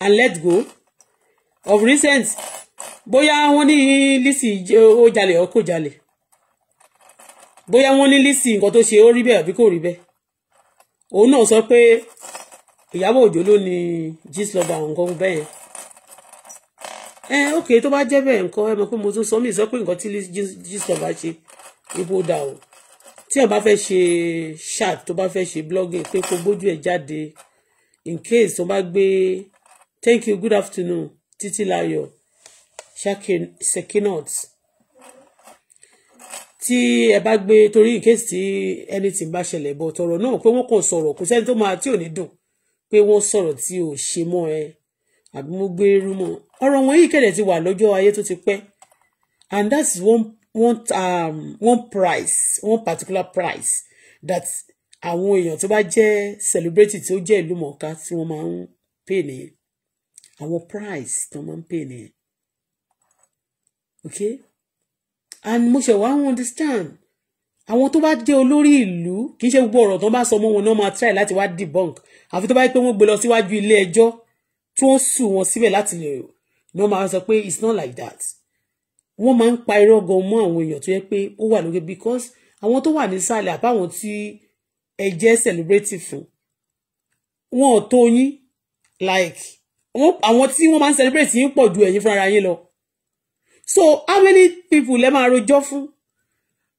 and let go of recent bóyá wọ́n ní Lizzy ó jalè ó kò jalè bóyá wọ́n ní Lizzy nǹkan tó ṣe ó rí bẹ́ẹ̀ àbí kò rí bẹ́ẹ̀ òun náà sọ pé Ìyábọ̀ Òjó ló ní gist lọ́ba àwọn nǹkan bẹ́ẹ̀ ẹ ok tó bá jẹ́ bẹ́ẹ̀ nǹkan ẹ mọ̀ pé mo tún sọ mí sọ pé nǹkan tí gist lọ́ba ṣe ibo dà o tí ẹ bá ṣe chat tó bá fẹ́ ṣe blogging pé kó gbójú ẹ̀ jáde in case tó bá gbé thank you good afternoon títílayọ̀ sekinot tí ẹ bá gbé torí in case tí anything bá ṣẹlẹ̀ bọ̀ tọ̀rọ̀ náà pé wọ́n kàn sọ̀rọ̀ kò sẹ́ni tó máa tí ò ní dùn pé wọ́n sọ̀rọ̀ tí ò ṣe mọ́ ẹ àbí mo gbé irú mọ́ ọ̀rọ̀ wọn yìí kẹ̀dẹ̀ ti wà lọ́jọ́ ayé tó ti pẹ́ and that's one one um, one price one particular price that àwọn èèyàn tó bá jẹ́ celebrity tó jẹ́ ìlú mọ̀ọ́ká tí wọ́n máa ń pè nìyẹn Our price tó máa ń pè nìyẹn okay and mo ṣe wá wọn understand àwọn tó bá jẹ́ olórí ìlú kì í ṣe gbogbo ọ̀rọ̀ tó bá sọ mọ́ wọn náà máa try láti wá debunk àfi tó bá yẹ pé wọ́n gbé lọ síwájú ilé ẹjọ́ tí wọ́n sùn wọn síbẹ̀ láti lè náà máa sọ pé it's not like that wọ́n máa ń pa irọ́ gan mọ́ àwọn èèyàn tó yẹ pé ó wà lókè because àwọn tó wà nísàlẹ̀ àbáwọn tí ẹ jẹ́ celebrate fún wọn ò tó yín like àwọn tí wọ́n máa ń celebrate yín pọ̀ ju ẹ̀yin fúnra yín lọ so how many people lẹ́ máa rojọ́ fún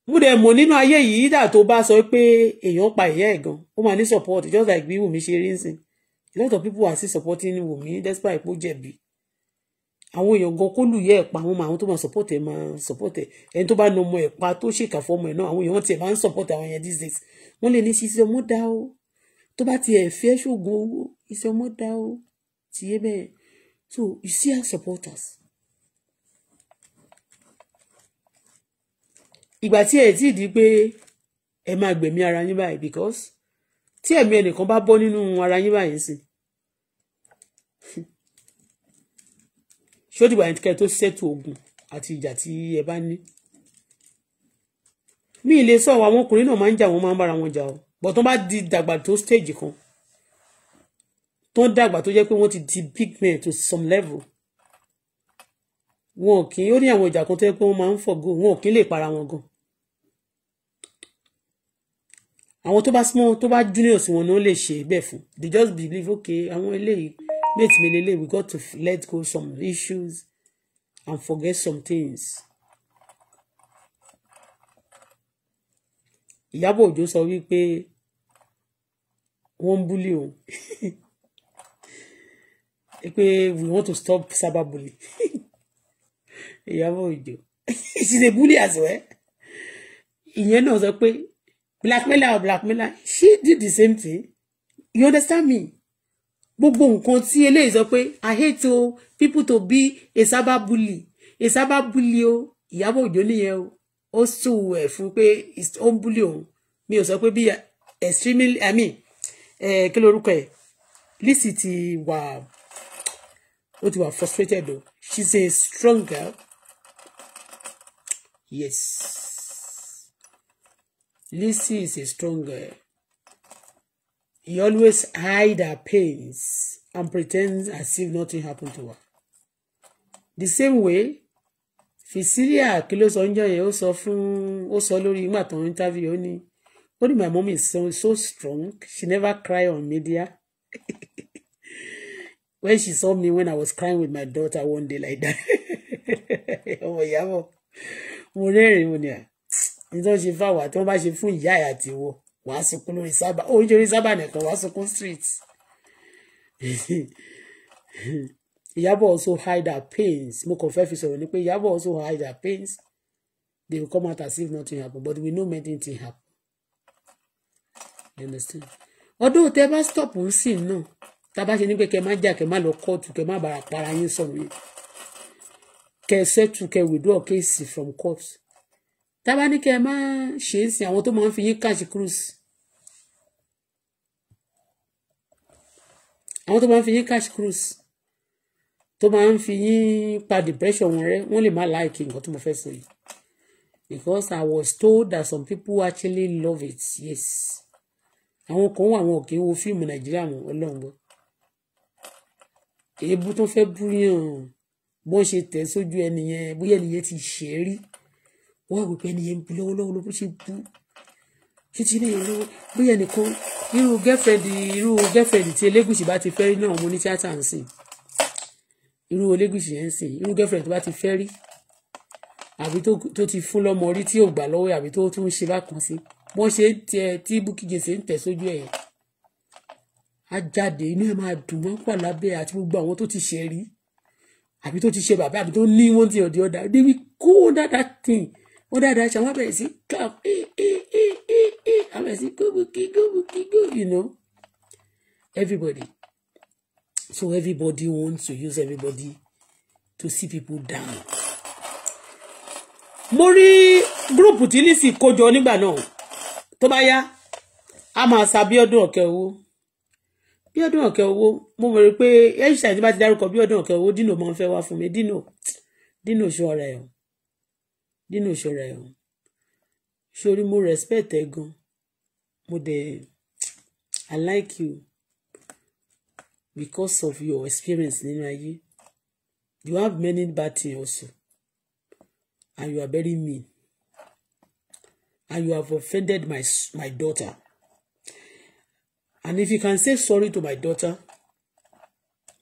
mo dẹ̀ mọ̀ nínú ayé yìí dà tó bá sọ pé èèyàn pa ìyá ẹ̀ gan ó máa ní support just like bí Wùmí ṣe rí nsìn a lot of people are still supporting Wùmí despite pé ó jẹ̀bi àwọn èèyàn gan kó lù yẹ ẹ̀ pa àwọn ọmọ àwọn tó máa support ẹ̀ máa support ẹ̀ ẹni tó bá na ọmọ ẹ̀ pa tó ṣèkà fọmọ ẹ̀ náà àwọn èèyàn tiẹ̀ máa ń support àwọn yẹn these days wọ́n lè ní ṣiṣẹ́ ọmọ dá o tó bá tiẹ̀ fẹ́ ṣoògùn owó iṣẹ́ ọmọ dá o Tiebe. So you see her supporters. Ìgbà tí ẹ ti di pé ẹ máa gbẹ̀mí ara yín báyìí because tí ẹ̀mí ẹnìkan bá bọ́ nínú ara yín báyìí sí. Ṣé ó dìgbà yẹn kẹ́ tó ṣètò ogun àti ìjà tí ẹ bá ní? Mi ì lè sọ àwọn ọmọkùnrin náà máa ń jà wọ́n máa ń bára wọn But o. Bọ̀tán bá di dàgbà To stage kan tó ń dàgbà tó jẹ́ pé wọ́n ti di big men to some level wọn kì í ó ní àwọn ìjà kan tó yẹ pé wọ́n máa ń fọ̀gọ́ wọn kì í lè para wọn gan àwọn tó bá small tó bá junior sí wọn ni wọ́n lè ṣe bẹ́ẹ̀ fún they just believe okay àwọn eléyìí mate mi lélẹ̀ we got to let go some issues and forget some things. Ìyábọ̀ Òjó sọ wípé wọ́n ń búlé òun. pé we want to stop cyberbullying Ìyábọ̀ Òjó she's a bully as well ìyẹn náà sọ pé blackmailer or blackmailer she did the same thing you understand me gbogbo nǹkan tí eléyìí sọ pé i hate o people to be a cyberbully a cyberbully o Ìyábọ̀ Òjó nìyẹn o ó sùn ẹ̀ fún pé ó ń búlì òun mi ò sọ pé bí extremely i mean eh, kí lorúkọ ẹ̀ Lizzy ti wà ó ti wà frustrated o she's a strong girl yes Lizzy is a strong girl he always hide her pains and pretends as if nothing happened to her the same way Priscilla kí ló sọ oúnjẹ yẹn ó sọ fún ó sọ lórí ìgbà tó interview ó Only my mom is so, so strong she never cry on media when she saw me when I was crying with my daughter one day like that ọmọ ìyàwó mo rẹ́rìn-ín mo ní à ah, nítorí ṣe fáwọn àti wọ́n bá ṣe fún ìyá ẹ̀ àti wo wàá sunkún lórí sábà ó ń jẹ́ orí sábà nìkan wàá sunkún street Ìyábọ̀ also hide her pains mo kàn fẹ́ fi sọ̀rọ̀ ni pé Ìyábọ̀ also hide her pains they will come out as if nothing happen but we know many things happen you understand although tẹ bá stop ń sìn náà tábà ṣe ní pé kẹ má jà kẹ má lọ kóòtù kẹ má bàrà para yín sọ̀rọ̀ yẹn kẹ sẹ́tù kẹ withdraw kéèsì from court tábà ní kẹ má ṣe é sìn àwọn tó máa ń fi yín cash cruise àwọn tó máa ń fi yín cash cruise tó máa ń fi yín pa depression wọn rẹ wọn lè má láìkí nǹkan tó mo fẹ́ sọ yìí because I was told that some people actually love it yes àwọn kan wà wọn kì í wo fíìmù nàìjíríà mọ́ ọlọ́run gbọ́ èébú tó fẹ́ bú yàn bó ṣe tẹ̀ sójú ẹni yẹn bóyá ẹni yẹn ti ṣe é rí wọ́n rò pé ẹni yẹn ń bu lọ́wọ́lọ́wọ́ ló bó ṣe bú títí ní ìlú bóyá nìkan irú gẹ́fẹ̀dì irú gẹ́fẹ̀dì tí Elégùṣì bá ti fẹ́ rí náà mo ní tíátà ń sìn irú Elégùṣì yẹn ń sìn irú gẹ́fẹ̀dì tó bá ti fẹ́ rí àbí tó ti fún lọ́mọ rí tí ò gbà lọ́wọ́ àbí tó tún ṣe bákan sí wọ́n ṣe ń tẹ tí Bukky Jesse ń tẹ̀ sójú ẹ̀ á jáde inú ẹ̀ máa dùn wọ́n pà lábẹ́ àti gbogbo àwọn tó ti ṣe rí àbí tó ti ṣe bàbá àbí tó ní wọ́n ti ọ̀dẹ̀ ọ̀dà they will go under that thing under that ṣe àwọn abẹ̀rẹ̀ sí clap ee ee ee ee ee abẹ̀rẹ̀ sí gbogbogi gbogbogi go you know everybody so everybody wants to use everybody to see people down mo rí gúrùpù tí Lizzy kó jọ nígbà náà tó bá yá a máa ṣàbíọ́dún ọ̀kẹ́ owó bí ọdún ọ̀kẹ́ owó mo mọ̀ rí pé ẹ̀ṣin àti bá ti dárúkọ bí ọdún ọ̀kẹ́ owó dino máa ń fẹ́ wá fún mi dino dino ṣọ́ra ẹ̀ o dino ṣọ́ra ẹ̀ o sori mo respect ẹ gan mo dẹ̀ I like you because of your experience nínú ayé you have many bad things also and you are very mean and you have offended my my daughter And if you can say sorry to my daughter,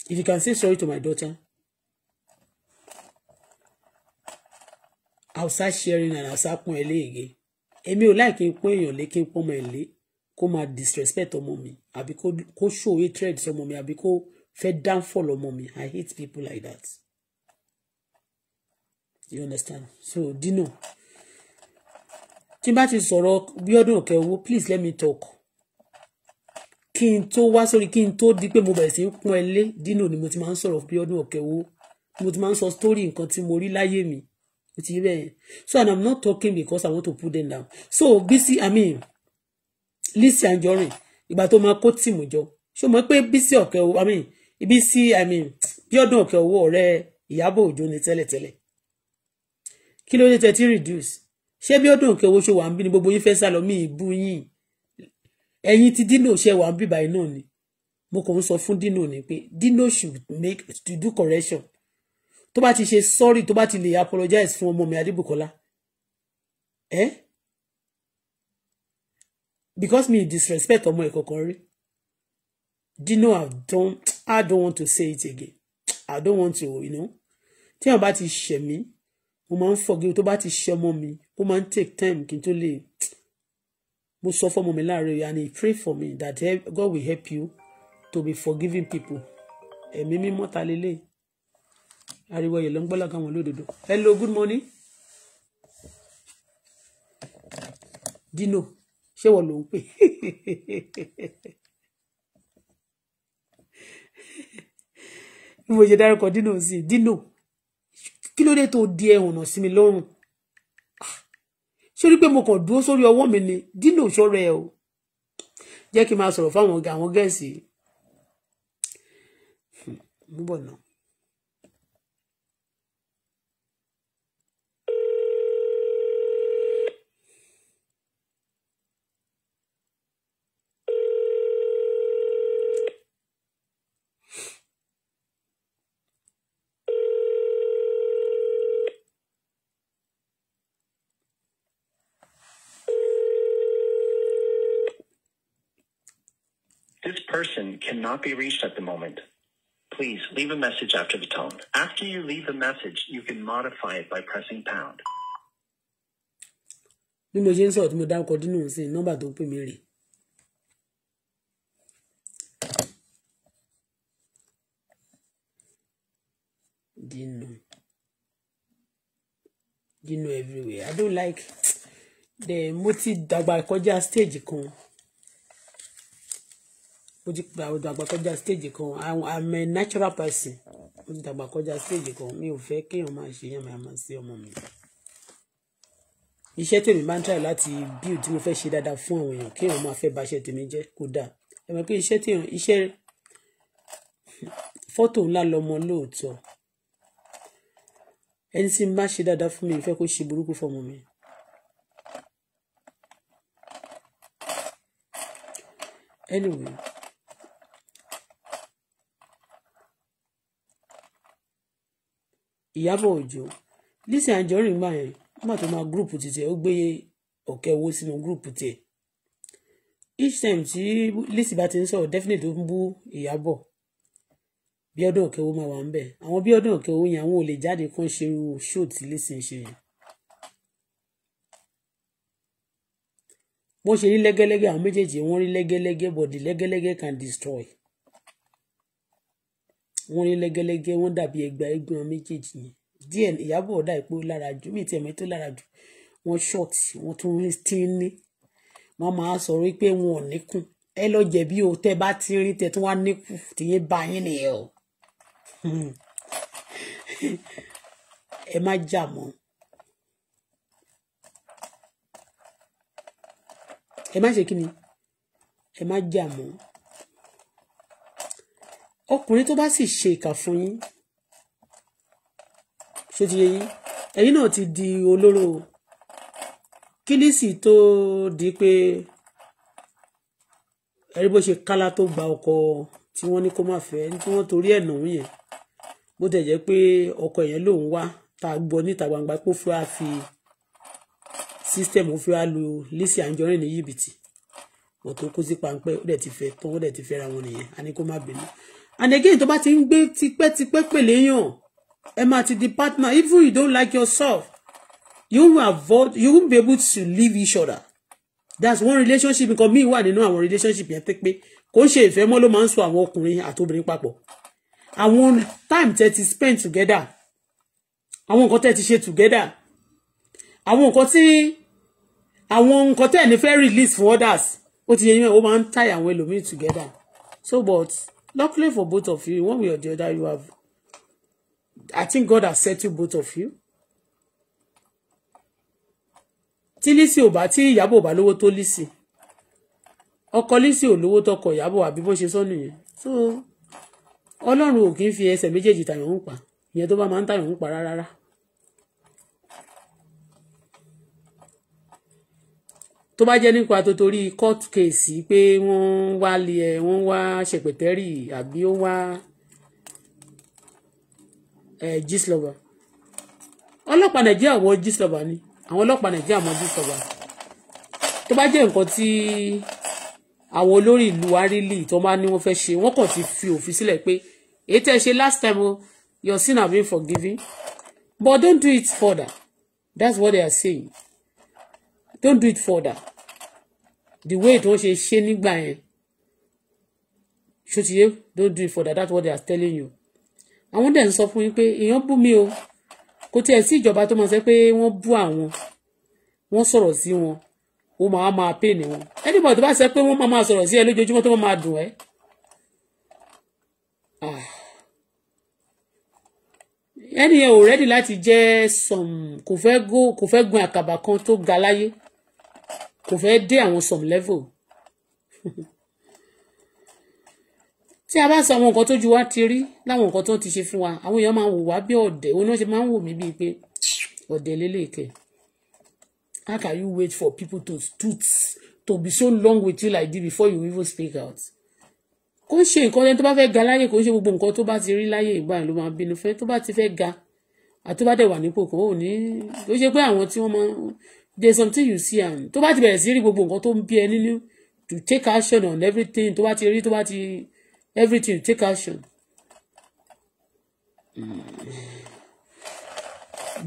if you can say sorry to my daughter, I'll start sharing and I'll start pọ́n ẹ lé again. Èmi like láì kí n pọ́n èèyàn lé me, n pọ́n ọmọ ẹ lé kó máa disrespect ọmọ mi àbí kó show hatred sọmọ mi àbí kó fẹ́ downfall ọmọ mommy. I hate people like that. You understand? So Dino, tí n bá ti sọ̀rọ̀ bí ọdún ọ̀kẹ́ please let me talk kí n tó wá sórí kí n tó di pé mo bẹ̀rẹ̀ sí í pọ́n ẹ lé ni mo ti máa ń sọ̀rọ̀ bí ọdún ọ̀kẹ́ mo ti máa ń sọ story nǹkan tí mo rí láyé mi mo ti bẹ́ẹ̀ so and i'm not talking because i want to put them down so Bisi i mean Lizzy Anjorin ìgbà tó máa kó tìmù jọ ṣó mọ̀ pé Bisi ọ̀kẹ́ owó i mean Bisi i mean bí ọdún ọ̀kẹ́ owó ọ̀rẹ́ Ìyábọ̀ Òjó ni tẹ́lẹ̀tẹ́lẹ̀ kí ló dé tẹ́tí reduce ṣé bí ọdún ọ̀kẹ́ owó ṣe wà ń bí ni gbogbo yín fẹ́ sálọ mí ì bú yín ẹ̀yin ti dino ṣe wà ń bíbá iná ni mo kàn ń sọ fún dino ni pé dino should make to do correction tó bá ti ṣe sorry tó bá ti lè apologize fún ọmọ mi Adébùkọ́lá ẹ eh? because me disrespect ọmọ ẹ kankan rí dino i don't i don't want to say it again i don't want to you know tí àwọn bá ti ṣẹ̀ mí mo máa ń forgive tó bá ti ṣẹ̀ ọmọ mi ó máa ń take time kí n tó lè mo sọ fọmọ mi láàárọ̀ yìí and he pray for me that God will help you to be forgiving people ẹ̀mí mímọ́ ta lélẹ̀ ariwo yẹ̀ ń gbọ́lá káwọn lódodo hello good morning Dino ṣé wọ́n ló ń pè bí mo ṣe dárúkọ Dino sí Dino kí ló dé tó di ẹ̀hùn sí mi lọ́rùn sórí pé mo kàn dúró sórí ọwọ́ mi ni dínà òṣọ́rẹ́ ẹ o jẹ́ kí n máa sọ̀rọ̀ fáwọn ọ̀gá àwọn gẹ̀ẹ́sì. Hmm, mo bọ̀ náà. person cannot be reached at the moment. Please leave a message after the tone. After you leave a message, you can modify it by pressing pound. bí mo ṣe ń sọ̀rọ̀ tí mo dárúkọ dínú sí nọ́mbà tó pè mí rèé dínú dínú everywhere i don't like the mo ti dàgbà kọjá stage kan mo ti dàgbà kọjá stage kan i'm a natural person mo ti dàgbà kọjá stage kan mi ò fẹ́ kéèyàn máa ṣe yàn máa máa ṣe ọmọ mi iṣẹ́ tèmi máa ń try láti build tí mo fẹ́ ṣe dáadáa fún àwọn èèyàn kéèyàn máa fẹ́ baṣẹ́ tèmi jẹ́ kó dáa ẹ mọ̀ pé iṣẹ́ téèyàn iṣẹ́ fọ́tò ńlá lọmọ lóòótọ́ ẹni tí n ṣe dáadáa fún mi ìfẹ́ kó ṣe burúkú fọmọ mi. anyway Ìyábọ̀ Òjó Lizzy Anjorin gbà yẹn nígbà tó máa gúrùpù títẹ ó gbé ọ̀kẹ́ owó sínú gúrùpù tẹ̀ each time tí Lizzy bá ti ń sọ̀rọ̀ definitely ó ń bú Ìyábọ̀ bí ọdún ọ̀kẹ́ owó máa wà ń bẹ̀ àwọn bí ọdún ọ̀kẹ́ owó yẹn àwọn ò lè jáde kán ṣe irú ṣóò tí Lizzy ń ṣe yẹn bó ṣe rí lẹ́gẹ́lẹ́gẹ́ àwọn méjèèjì wọ́n rí lẹ́gẹ́lẹ́gẹ́ but lẹ́gẹ́lẹ́gẹ́ can destroy wọ́n rí lẹ́gẹ́lẹ́gẹ́ wọ́n dàbí ẹgbà ẹgbẹ́ wọn méjèèjì yẹn díẹ̀ ìyábọ̀ ọ̀dà ìpò lára jù mí tiẹ̀ mẹ́tò lára jù wọ́n ṣọ́ọ̀tì wọ́n tún rí tíní wọ́n máa sọ wípé wọn ò níkùn ẹ lọ jẹ̀bi o tẹ́ bá ti rí tẹ́ tún wá níkùn tìyẹn bá yín nìyẹn o ẹ má jà mọ́ ẹ má ṣe kí ni ẹ má jà mọ́ ọkùnrin tó bá sì ṣe ìkà fún yín ṣó ti yé yín ẹ̀yin náà ti di olóró kílísì tó di pé ẹ̀rí bó ṣe kálá tó gba ọkọ tí wọ́n ní kó má fẹ́ tí wọ́n torí ẹ̀ nàún yẹn bó tẹ̀ jẹ́ pé ọkọ yẹn lòun wá tá a gbọ́ níta gbangba pé ó fi wá fi sísítẹ̀mù ó fi wá lu Lizzy Anjorin ní yìbìtì wọ́n tó sí páńpẹ́ ó dẹ̀ ti fẹ́ tán ó dẹ̀ ti fẹ́ ra wọn nìyẹn a ní kó má bínú and again tó bá ti ń gbé tipẹ́tipẹ́ pèlè yàn ẹ máa ti di partner even you don't like yourself you will avoid you will be able to leave each other that's one relationship nǹkan míì wà nínú àwọn relationship yẹn pé kò ń ṣe ìfẹ́ mọ́ ló máa ń so àwọn ọkùnrin àtobìnrin papọ̀ àwọn time tẹ́ ti spend together àwọn nǹkan tẹ́ ti ṣe together àwọn nǹkan tí àwọn nǹkan tẹ́ ní fẹ́ release for others ó ti yẹ yín ó máa ń tie àwọn ẹlòmíì together so but Luckily for both of you, one way or the other, you have. I think God has set you both of you. Tí Lísì ò bá tí Ìyábọ̀ ò bá lówó tó Lísì. Ọkọ Lísì ò lówó tọkọ Ìyábọ̀ àbí bó So Ọlọ́run ò kì fi ẹsẹ̀ méjèèjì tàyàn ń pa. Ìyẹn tó bá máa ń tàyàn ń pa rárá. tó bá jẹ́ nípa tó torí court case pé wọ́n wá lé ẹ wọ́n wá ṣèpẹ̀tẹ́rì àbí wọ́n wá ẹ gíslọ́bà ọlọ́pàá nàìjíríà wọ gíslọ́bà ni àwọn ọlọ́pàá nàìjíríà mọ gíslọ́bà tó bá jẹ́ nǹkan tí àwọn olórí ìlú arílì tó máa ní wọ́n fẹ́ ṣe wọ́n kàn ti fi òfin sílẹ̀ pé èyí tẹ́ ṣe last time o your sin have been forgiven but don't do it further that's what they are saying don't do it further the way tí wọ́n ṣe ṣe nígbà yẹn ṣòtìyé don't do it further that's what they are telling you àwọn dẹ̀ ń sọ fún yín pé èèyàn bú mi o kò tiẹ̀ sí ìjọba tó máa sọ pé wọ́n bú àwọn wọ́n sọ̀rọ̀ sí wọn ó máa máa pè ní wọn anybody tó bá sọ pé wọ́n máa máa sọ̀rọ̀ sí ẹ lójoojúmọ́ tó máa dùn ẹ́ ah. ẹni yẹn ò rẹ́dì láti jẹ́ some kò fẹ́ gun àkàbà kan tó ga láyé kò fẹ́ dé àwọn some level tí a bá sọ àwọn nǹkan tójú wa ti rí láwọn nǹkan tó ti ṣe fún wa àwọn èèyàn máa ń wò wá bí ọ̀dẹ̀ òun náà ṣe máa ń wò mí bíi pé ọ̀dẹ̀ lélẹ̀kẹ̀ how can you wait for people to stoot to be so long with you like this before you even speak out kò ṣe nǹkan ẹni tó bá fẹ́ ga láyè kò ń ṣe gbogbo nǹkan tó bá ti rí láyè ìgbà ló máa bínú fẹ́ tó bá ti fẹ́ ga àti tó bá dẹ̀ wà nípò kan ò ní ó ṣe pé àwọn tí wọ́n máa there's something you see am tó bá ti bẹ̀rẹ̀ sí rí gbogbo nǹkan tó ń bí ẹ nínú to take action on everything tó bá ti rí tó bá ti everything take action. Mm.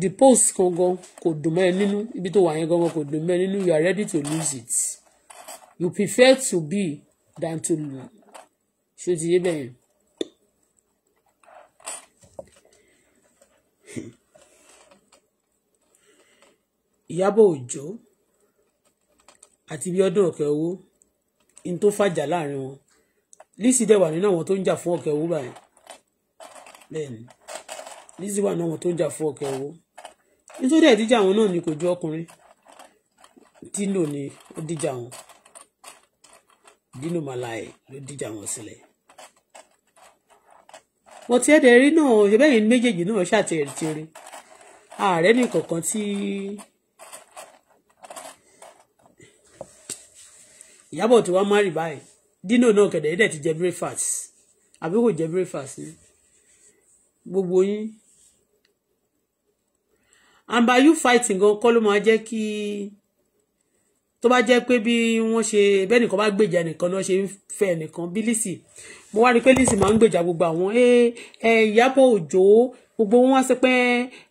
the post gangan kò dùn mọ́ ẹ nínú ibi tó wà yẹn gangan kò dùn mọ́ ẹ nínú you are ready to lose it you prefer to be than to lose ṣé o ti yé bẹ́ẹ̀ yẹn. Ìyábọ̀ Òjó àti Bíọ́dún ọ̀kẹ́ owó in tó fàjà láàrin wọn Lizzy dẹ̀ wà nínú àwọn tó ń jà fún ọ̀kẹ́ owó báyìí bẹ́ẹ̀ni Lizzy wà nínú àwọn tó ń jà fún ọ̀kẹ́ owó nítorí ẹ̀ àwọn náà ni kò ju ọkùnrin Dino ni ó díjà wọn Dino Malaye ló díjà wọn sílẹ̀ wọ́n ti ẹ̀dẹ̀ rí náà ṣe bẹ́ẹ̀ yìí méjèèjì náà ṣàtẹ̀rẹ̀tẹ̀rẹ̀ ààrẹ nìkọ̀ọ̀kan tí. Ti Ìyábọ̀ tó wá márì báyìí Dino náà kẹ̀dẹ̀ ẹ̀dẹ̀ ti jẹ breakfast àbí kò jẹ breakfast ni gbogbo yín and by you fighting gan kọ́ ló máa jẹ́ kí tó bá jẹ́ pé bí wọ́n ṣe bẹ́ẹ̀ nìkan bá gbèjà nìkan náà ṣe ń fẹ́ nìkan bí Lizzy mo wá rí i pé Lizzy máa ń gbèjà gbogbo àwọn ẹ ẹ Ìyábọ̀ Òjó gbogbo wọn wá pé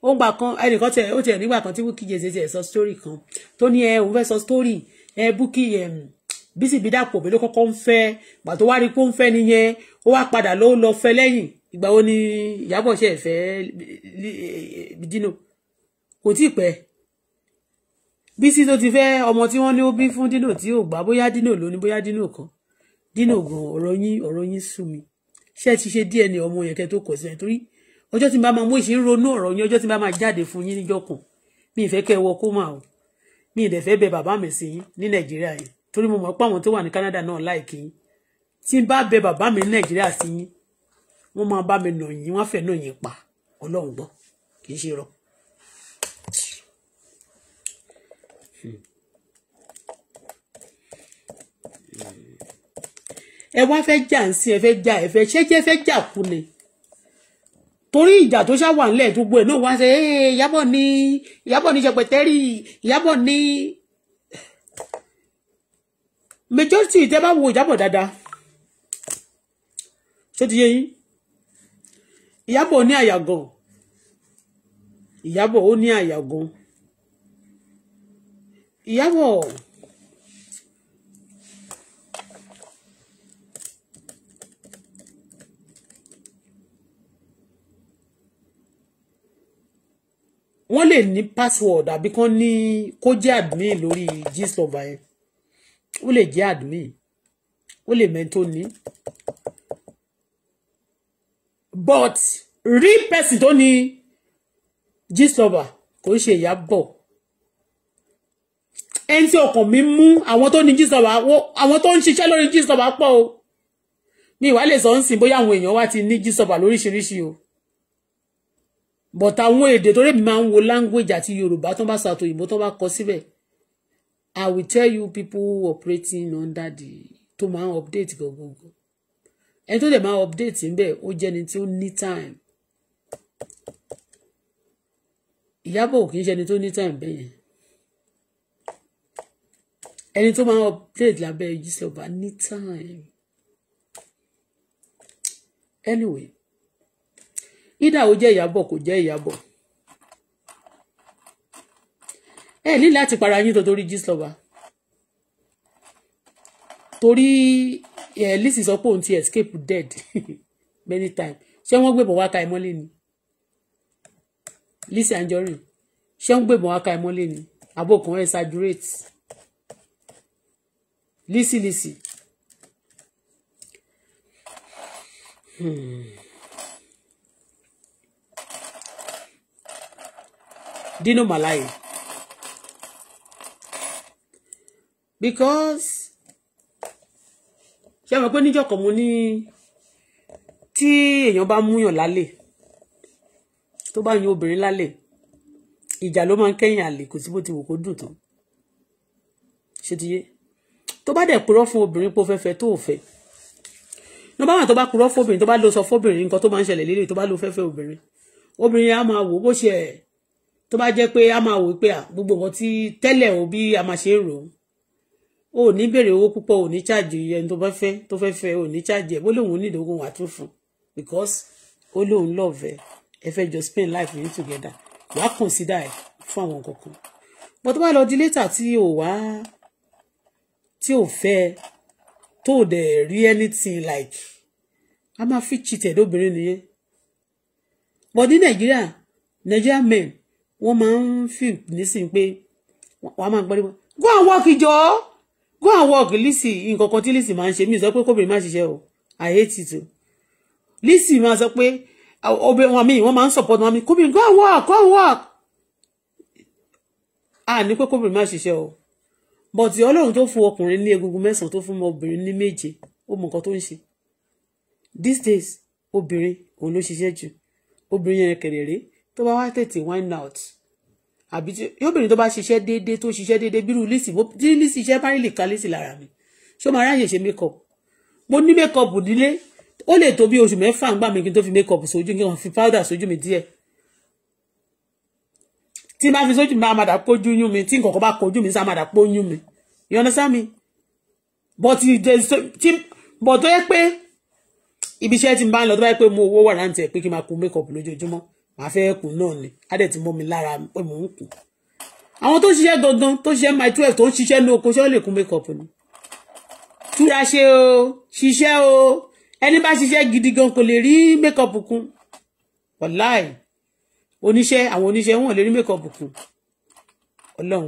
ó kan ẹnìkan tẹ ó tẹ nígbà kan tí Bukky jẹ ṣe sọ story kan tó ní ẹ òun fẹ́ sọ story ẹ Bukky ẹ. Bísí bí dàpọ̀ bẹ́ẹ̀ ló kọ́kọ́ ń fẹ́ gbà tó wá rí pé ó ń fẹ́ nìyẹn ó wá padà ló lọ fẹ́ lẹ́yìn ìgbà wo ni Ìyábọ̀ ṣe fẹ́ Dino kò tí ì pẹ́ Bísí tó ti fẹ́ ọmọ tí wọ́n ní ó bí fún Dino tí ò gbà bóyá Dino ló ní bóyá Dino kan Dino gan ọ̀rọ̀ yín ọ̀rọ̀ yín sú mi ṣé ti ṣe díẹ̀ ni ọmọ yẹn kẹ́ tó kọ̀ sílẹ̀ torí ọjọ́ tí n bá máa mú ìṣe ń ronú ọ̀rọ̀ yín ọjọ́ tí n bá máa jáde fún yín níjọ́ kan mi ì fẹ́ kẹ́ ẹ wọ kó máa o mi ì dẹ̀ fẹ́ bẹ bàbá mi sí yín ní Nàìjíríà yìí torí mo mọ̀ pé àwọn tó wà ní Canada náà láìkí yín tí n bá bẹ bàbá mi ní Nàìjíríà sí yín wọ́n máa bá mi nà yín wọ́n fẹ́ nà yín pa Ọlọ́run gbọ́ kì í ṣe rọ. ẹ wá fẹ́ jà ń sin ẹ fẹ́ jà ẹ fẹ́ ṣé jẹ́ fẹ́ jà kú ni torí ìjà tó ṣá wà ńlẹ̀ gbogbo ẹ̀ náà wá ṣe Ìyábọ̀ ní Ìyábọ̀ ní ṣẹpẹtẹ́rì Ìyábọ̀ ní majority tẹ́ bá wo ìjábọ̀ dáadáa ṣó ti yé yín ìyábọ̀ ní àyà gan ìyábọ̀ ó ní àyà gan ìyábọ̀ wọ́n lè ní password àbí kán ní kó jẹ́ admin lórí gist ọba yẹn ó lè jẹ́ admin ó lè mẹ́tò ní but real person tó ní Gistlover kò ń ṣe Ìyábọ̀ ẹni tí ọkàn mi mú àwọn tó ní Gistlover àwọn tó ń ṣiṣẹ́ lórí Gistlover pọ̀ o mi ìwà lè sọ ń sìn bóyá àwọn èèyàn wá ti ní Gistlover lóríṣiríṣi o but àwọn èdè tó rẹ̀ mi máa ń wo language àti Yorùbá tó bá sàtò òyìnbó tó bá kọ síbẹ̀. I will tell you people operating under the tó máa ń go gbogbogbò ẹni tó dẹ̀ máa update níbẹ̀ ó jẹ́ni tí ó ní time Ìyábọ̀ kì í ṣe ẹni tó ní time bẹ́ẹ̀ yẹn ẹni tó máa update lábẹ́ Jísẹ̀ Ọba ní time anyway ìdá ó jẹ́ Ìyábọ̀ kò jẹ́ Ìyábọ̀ ẹ ní láti para yín torí Gistlover torí ẹ lisi sọ pé òun ti escape dead many times ṣé wọ́n gbébọn wá ka ẹ mọ́lẹ̀ ni lisi Anjorin ṣé wọ́n gbébọn wá ka ẹ mọ́lẹ̀ ni abokan ẹ saturate lisi lisi. Hmm. Dino Malaye. because ṣé mo pé níjọ́ kan mo ní tí èèyàn bá múyàn lálẹ́ tó bá yan obìnrin lálẹ́ ìjà ló máa ń kẹ́yìn àlè kò sí bó ti wù kó dùn tán ṣe ti yé tó bá dẹ̀ purọ́ fún obìnrin pé ó fẹ́fẹ́ tó ò fẹ́ ní bá wà tó bá purọ́ fún obìnrin tó bá lọ sọ fún obìnrin nǹkan tó máa ń ṣẹlẹ̀ lélẹ̀ tó bá lọ fẹ́fẹ́ obìnrin obìnrin á máa wò bó ṣe tó bá jẹ́ pé á máa wò pé gbogbo nǹkan tí tẹ́lẹ̀ ò bí a máa ṣe ń rò o ò ní béèrè owó púpọ̀ o ò ní ṣáàjì ẹni tó bá fẹ́ tó fẹ́ fẹ́ o ò ní ṣáàjì ẹ̀ bó lóun ní ìdógún wà tún fún because ó lóun love ẹ ẹ fẹ́ jọ spend life with you together wà á consider ẹ fún àwọn kankan but tó bá lọ di later tí o wá tí o fẹ́ tó o dẹ̀ rí anything like a máa fi cheated obìnrin nìyẹn but ní nàìjíríà Nigerian men wọ́n máa ń fi nísìnyí pé wọ́n á máa gbọ́ go and work ìjọ́ go and work Lizzy nǹkan kan tí Lizzy máa ń ṣe mí sọ pé kóbìnrin má ṣiṣẹ́ o I hate it o Lizzy máa sọ pé ọbẹ wọn mi wọn máa ń support wọn mi kóbìnrin go and work go and work a ní pé kóbìnrin má ṣiṣẹ́ o but Ọlọ́run tó fún ọkùnrin ní egungun mẹ́sàn-án tó fún ọmọbìnrin ní méje ó mọ nǹkan tó ń ṣe these days obìnrin òun ló ṣiṣẹ́ jù obìnrin yẹn kẹ̀rẹ̀rẹ́ tó bá wá tètè wind out àbí tí yóbìnrin tó bá ṣiṣẹ́ déédéé tó ṣiṣẹ́ déédéé bírú lísì mo tí lísì iṣẹ́ bá rí lè ka lísì lára mi ṣó máa ráyè ṣe makeup mo ní makeup nílé ó lè tó bí oṣù mẹ́fà ńgbà mi kí n tó fi makeup sójú kí n fi powder sójú mi díẹ̀ tí n bá fi sójú mi máa dà pójú yún mi tí nǹkan kan bá kojú mi sá máa dà mi you understand me but tí but tó yẹ pé ibiṣẹ́ tí n bá ń lọ tó bá yẹ pé mo owó wà láǹtẹ̀ pé kí n máa ku makeup lójoojúmọ́ màá fẹ́ kù náà ni á dẹ̀ ti mọ́ mi lára pé mò ń kù àwọn tó ń ṣiṣẹ́ gangan tó ń ṣiṣẹ́ my twelve tó ń ṣiṣẹ́ ní oko ṣé ó lè kún make up ni túra ṣe o ṣiṣẹ́ o ẹni bá ṣiṣẹ́ gidi gan kò lè rí make up kún wàláì oníṣẹ́ àwọn oníṣẹ́ wọn lè rí make up kún ọlọ́run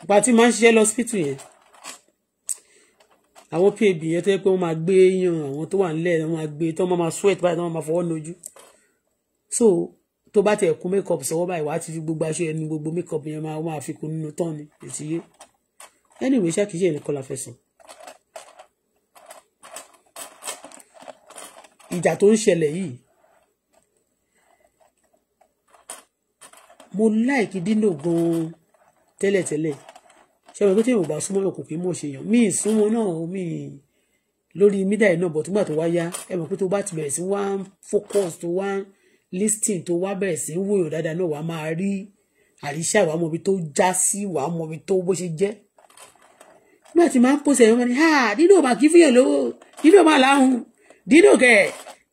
ìgbà tí màá ń ṣiṣẹ́ lọ yẹn àwọn pab yẹn tó yẹ pé wọ́n máa gbé yan àwọn tó wà nílẹ̀ wọ́n máa gbé tó wọ́n máa sweat báyìí tó wọ́n máa fọwọ́ nojú so tó bá tẹ̀ kún makeup sọ́wọ́ báyìí wàá ti fi gbogbo aṣọ ẹni gbogbo makeup yẹn máa máa fi kún nínú tán ni ètí yé anyway ṣáà kìí ṣe ẹnì kan la fẹ̀sùn. ìjà tó ń ṣẹlẹ̀ yìí mo láìkí dínà gan-an tẹ́lẹ̀tẹ́lẹ̀ ṣe wọn pé tí èèyàn bá súnmọ́ lọ kò kí mọ̀ ṣe yàn mí ìsúnmọ́ náà mí lórí mídà náà bọ̀ túgbà tó wá yá ẹ mọ̀ pé tó bá ti bẹ̀rẹ̀ sí wá ń focus tó wá ń listing tó wá bẹ̀rẹ̀ sí ń wòyàn dáadáa náà wàá máa rí àríṣà wàá mọbi tó já sí wàá mọbi tó bó ṣe jẹ́ nígbà tí máa ń pòṣẹ̀ ẹ̀rọ ni dídò máa kí fúyàn lówó dídò máa láhùn dídò kẹ̀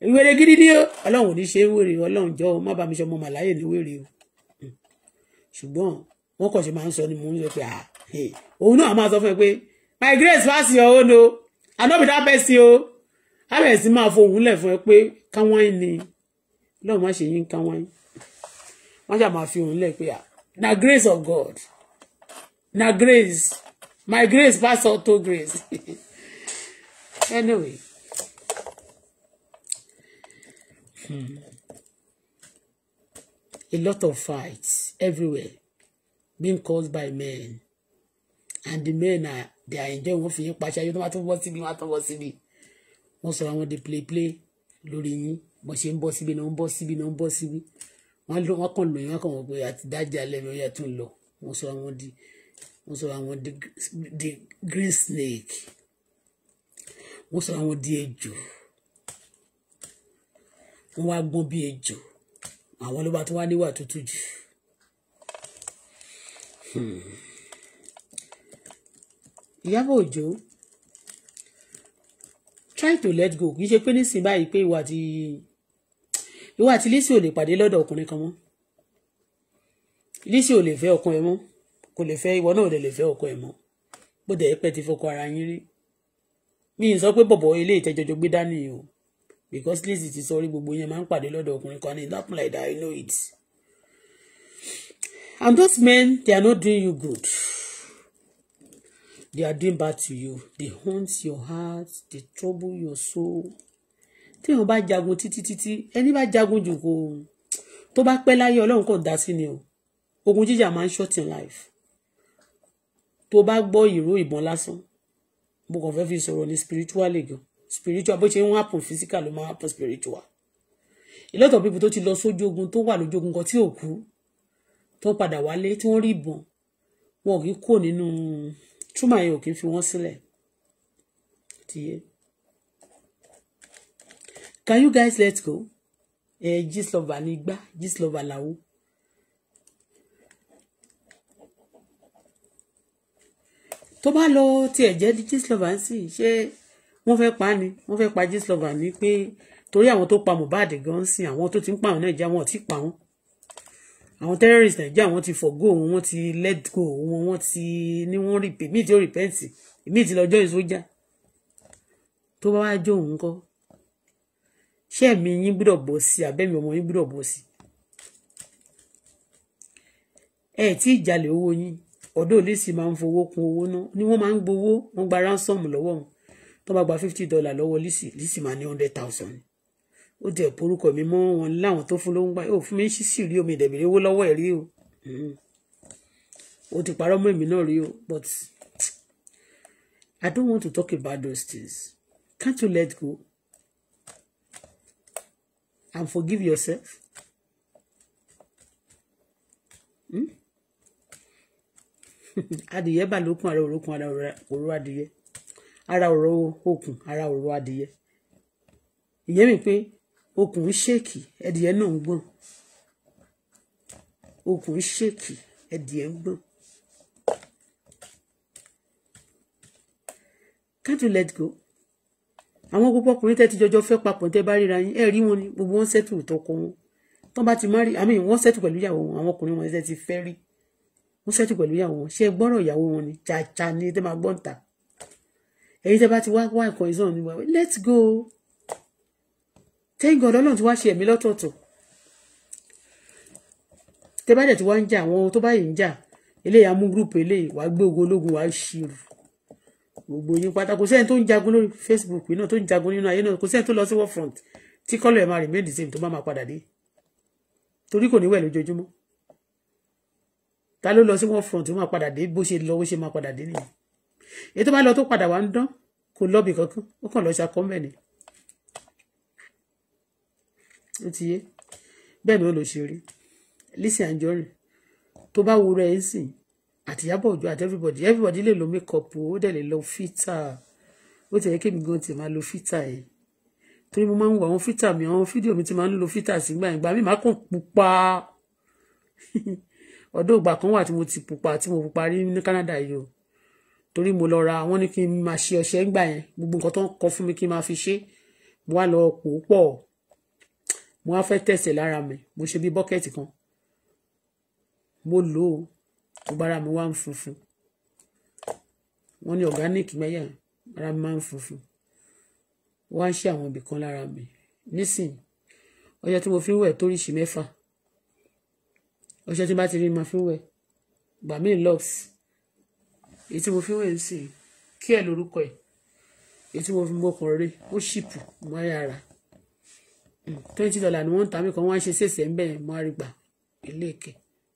ìwéré gidi ni ó ọlọ́run ò ní ṣe wèrè ọlọ́run jọ má bá mi ṣe ọmọ màláyè ní wèrè o ṣùgbọ́n wọ́n kàn ṣe máa ń sọ ni mò ń sọ pé ah, òun náà máa sọ fún ẹ pé my grace pass your own o i no be that person o abẹ́rẹ́ sí máa fohùn lẹ̀ fún ẹ pé káwọn ẹ̀ ni lọ́ọ̀ má ṣe yín káwọn ẹ̀ wọ́n ṣàmà fi òun lẹ̀ pé ah, na grace of God na grace my grace pass all to grace anyway. Hmm. A lot of fights everywhere being caused by men and the men are they are enjoying wọn fi yín pàṣẹ ayé tó bá tó bọ́ síbi wọn á tó bọ́ síbi wọn sọ àwọn de play play lórí yín bó ṣe ń bọ́ síbi náà ń bọ́ síbi náà ń bọ́ síbi wọn lọ wọn kàn lò yín wọn kàn wọn pé àti dájà lẹ́nu ọ̀yà tún lọ wọn sọ àwọn di wọn sọ àwọn di green snake wọn sọ àwọn di ejò wọn wá gbọ́n bí ejò àwọn ló bá tó wá níwà tútù jù. Hmm. Ìyábọ̀ Òjó try to let go kì í ṣe pé nísìnyí báyìí pé ìwà àti ìwà àti Lizzy ò lè pàdé lọ́dọ̀ ọkùnrin kan mọ́ Lizzy ò lè fẹ́ ọkọ ẹ̀ mọ́ kò lè fẹ́ ìwọ náà ò lè fẹ́ ọkọ ẹ̀ mọ́ bó dẹ̀ pẹ́ ti fọkọ ara yín rí mi ì sọ pé bọ̀bọ̀ ilé ìtẹ́jọjọ gbé dání o because Lizzy ti sọ rí gbogbo yẹn máa ń pàdé lọ́dọ̀ ọkùnrin kan ní lápùn láìda I know it and those men they are not doing you good. They are doing bad to you. They haunt your heart. They trouble your soul. Tí o bá jagun títí títí, ẹni bá jagun jù kò tó bá pẹ́ láyé ọlọ́run kò dá sí ni o. Ogun jíjà máa ń in life. Tó bá gbọ́ ìró ìbọn lásán, mo kàn fẹ́ fi sọ̀rọ̀ ní spiritually gan. Spiritual bó ṣe ń happen physical ló máa happen spiritual. A lot of people tó ti lọ sójú ogun tó wà lójú ogun kan tí ò kú tó padà wálé tí wọ́n rí ìbọn wọn kì í kó nínú. Truman yẹn ò kí ń fi wọ́n sílẹ̀ ti yé can you guys let go ẹ eh, Gistlover ní gbá Gistlover làwọ. tó bá lọ tiẹ̀ jẹ́ Gistlover ń sìn ṣé wọ́n fẹ́ pa á ni wọ́n fẹ́ pa Gistlover ni pé torí àwọn tó pa Mohbad gan ń sìn àwọn tó ti ń pa àwọn náà jẹ́ àwọn ò pa wọ́n àwọn terrorist Nàìjíríà wọ́n ti forgo òun wọ́n ti let go òun wọ́n ti ní wọ́n rìpè míì tí ó rìpẹ́ǹtì èmi ti lọ́jọ́ ìsójà tó bá wá jó òun kọ́ ṣé ẹ̀mí yín gbúdọ̀ bọ̀ sí abẹ́mi ọmọ yín gbúdọ̀ bọ̀ sí ẹ tí ìjàlè owó yín ọ̀dọ̀ òlìsì máa ń fowó kun owó náà ni wọ́n máa ń gbowó wọ́n gba ransom lọ́wọ́ wọn tó bá gba fifty dollar lọ́wọ́ lìsì lìsì máa ní hundred thousand ó dẹ̀ borúkọ mi mọ́ wọn láwọn tó fún ló ń gbà yóò fún mi ṣí sí rí omi ìdẹ̀bìrì owó lọ́wọ́ ẹ̀ rí o hmm. ó ti parọ́ mọ́ èmi náà rí o but I don't want to talk about those things can't you let go and forgive yourself. Hmm? adìyẹ bà lókun ara òrókun ara òró adìyẹ ara òró okùn ara òró adìyẹ ìyẹn mi pé okùn ń ṣèkì ẹdìyẹ náà ń gbọ̀n okùn ń ṣèkì ẹdìyẹ ń gbọ̀n. can't you let go àwọn gbogbo ọkùnrin tẹ́ ti jọjọ fẹ́ papọ̀ tẹ́ bá ríra yín ẹ̀ rí wọn ni gbogbo wọn ṣẹ́tù tọkọ wọn tán bá ti márì àmì wọn ṣẹ́tù pẹ̀lú ìyàwó wọn àwọn ọkùnrin wọn tẹ́ ti fẹ́ rí wọn ṣẹ́tù pẹ̀lú ìyàwó wọn ṣe gbọ́rọ̀ ìyàwó wọn ni chàchà ni tẹ́ máa gbọ́n ta èyí tẹ́ bá ti wá wá ìkànnì sọ̀rọ̀ nígbà let go thank God ọlọ́run ti wá ṣe ẹ̀mí lọ́tọ̀ọ̀tọ̀ tẹ bá dẹ̀ ti wá ń jà àwọn tó bá yìí ń jà eléyà mú gúrùpù eléyìí wàá gbé ogun ológun wàá ṣírù gbogbo yín pátá kò sẹ́ni tó ń jagun lórí Facebook náà tó ń jagun nínú ayé náà kò sẹ́ni tó lọ sí war front tí kọ́lọ̀ ẹ̀ máa rìn méjì sèm tó bá máa padà dé torí kò ní wẹ̀ lójoojúmọ́ ta ló lọ sí war front tó máa padà dé bó ṣe lọ bó ṣe máa padà dé nìyẹn èyí tó bá lọ tó padà wá ń dán kò lọ́bì kankan ó kàn lọ ṣàkọ́ mẹ́rin ó ti yé bẹ́ẹ̀ náà ló ṣe rí Lizzy Anjorin tó bá wo rẹ̀ ń sìn àtìyábọ̀ òjò àti everybody everybody lè lo makeup ó dẹ̀ lè lo fítà ó ti yẹ kémi gan ti máa lo fítà yìí torí mo máa ń wo àwọn fítà mi àwọn fídíò mi ti máa ń lo fítà sígbà ìgbà mi máa kàn pupa ọ̀dọ̀ ìgbà kan wà tí mo ti pupa tí mo pupa rí ní Canada yìí o torí mo lọ ra wọ́n ní kí n máa ṣe ọṣẹ ńgbà yẹn gbogbo nǹkan tó ń kọ fún mi kí n máa fi ṣe mo lọ pò pọ̀ mo á fẹ́ tẹ̀sẹ̀ lára mi mo ṣe bí bọ́kẹ́tì kan mo lò ó gbogbo ara mi wá ń funfun wọ́n ní organic mẹ́yà ara mi máa ń funfun wọ́n á ṣe àwọn ibì kan lára mi nísìn ọjọ́ tí mo fi ń wẹ̀ tó ríṣì mẹ́fà ọjọ́ tí bá ti rí máa fi ń wẹ̀ gbà mí lux èyí tí mo fi ń wẹ̀ ń kí ẹ̀ lórúkọ ẹ̀ èyí tí mo fi mọ́kàn rí ó ṣìpù mọ́ ara twenty dollar ni wọ́n ń ta mí kan wọ́n á ṣe ṣèṣe ń bẹ̀rẹ̀ mọ́ ilé ìkẹ́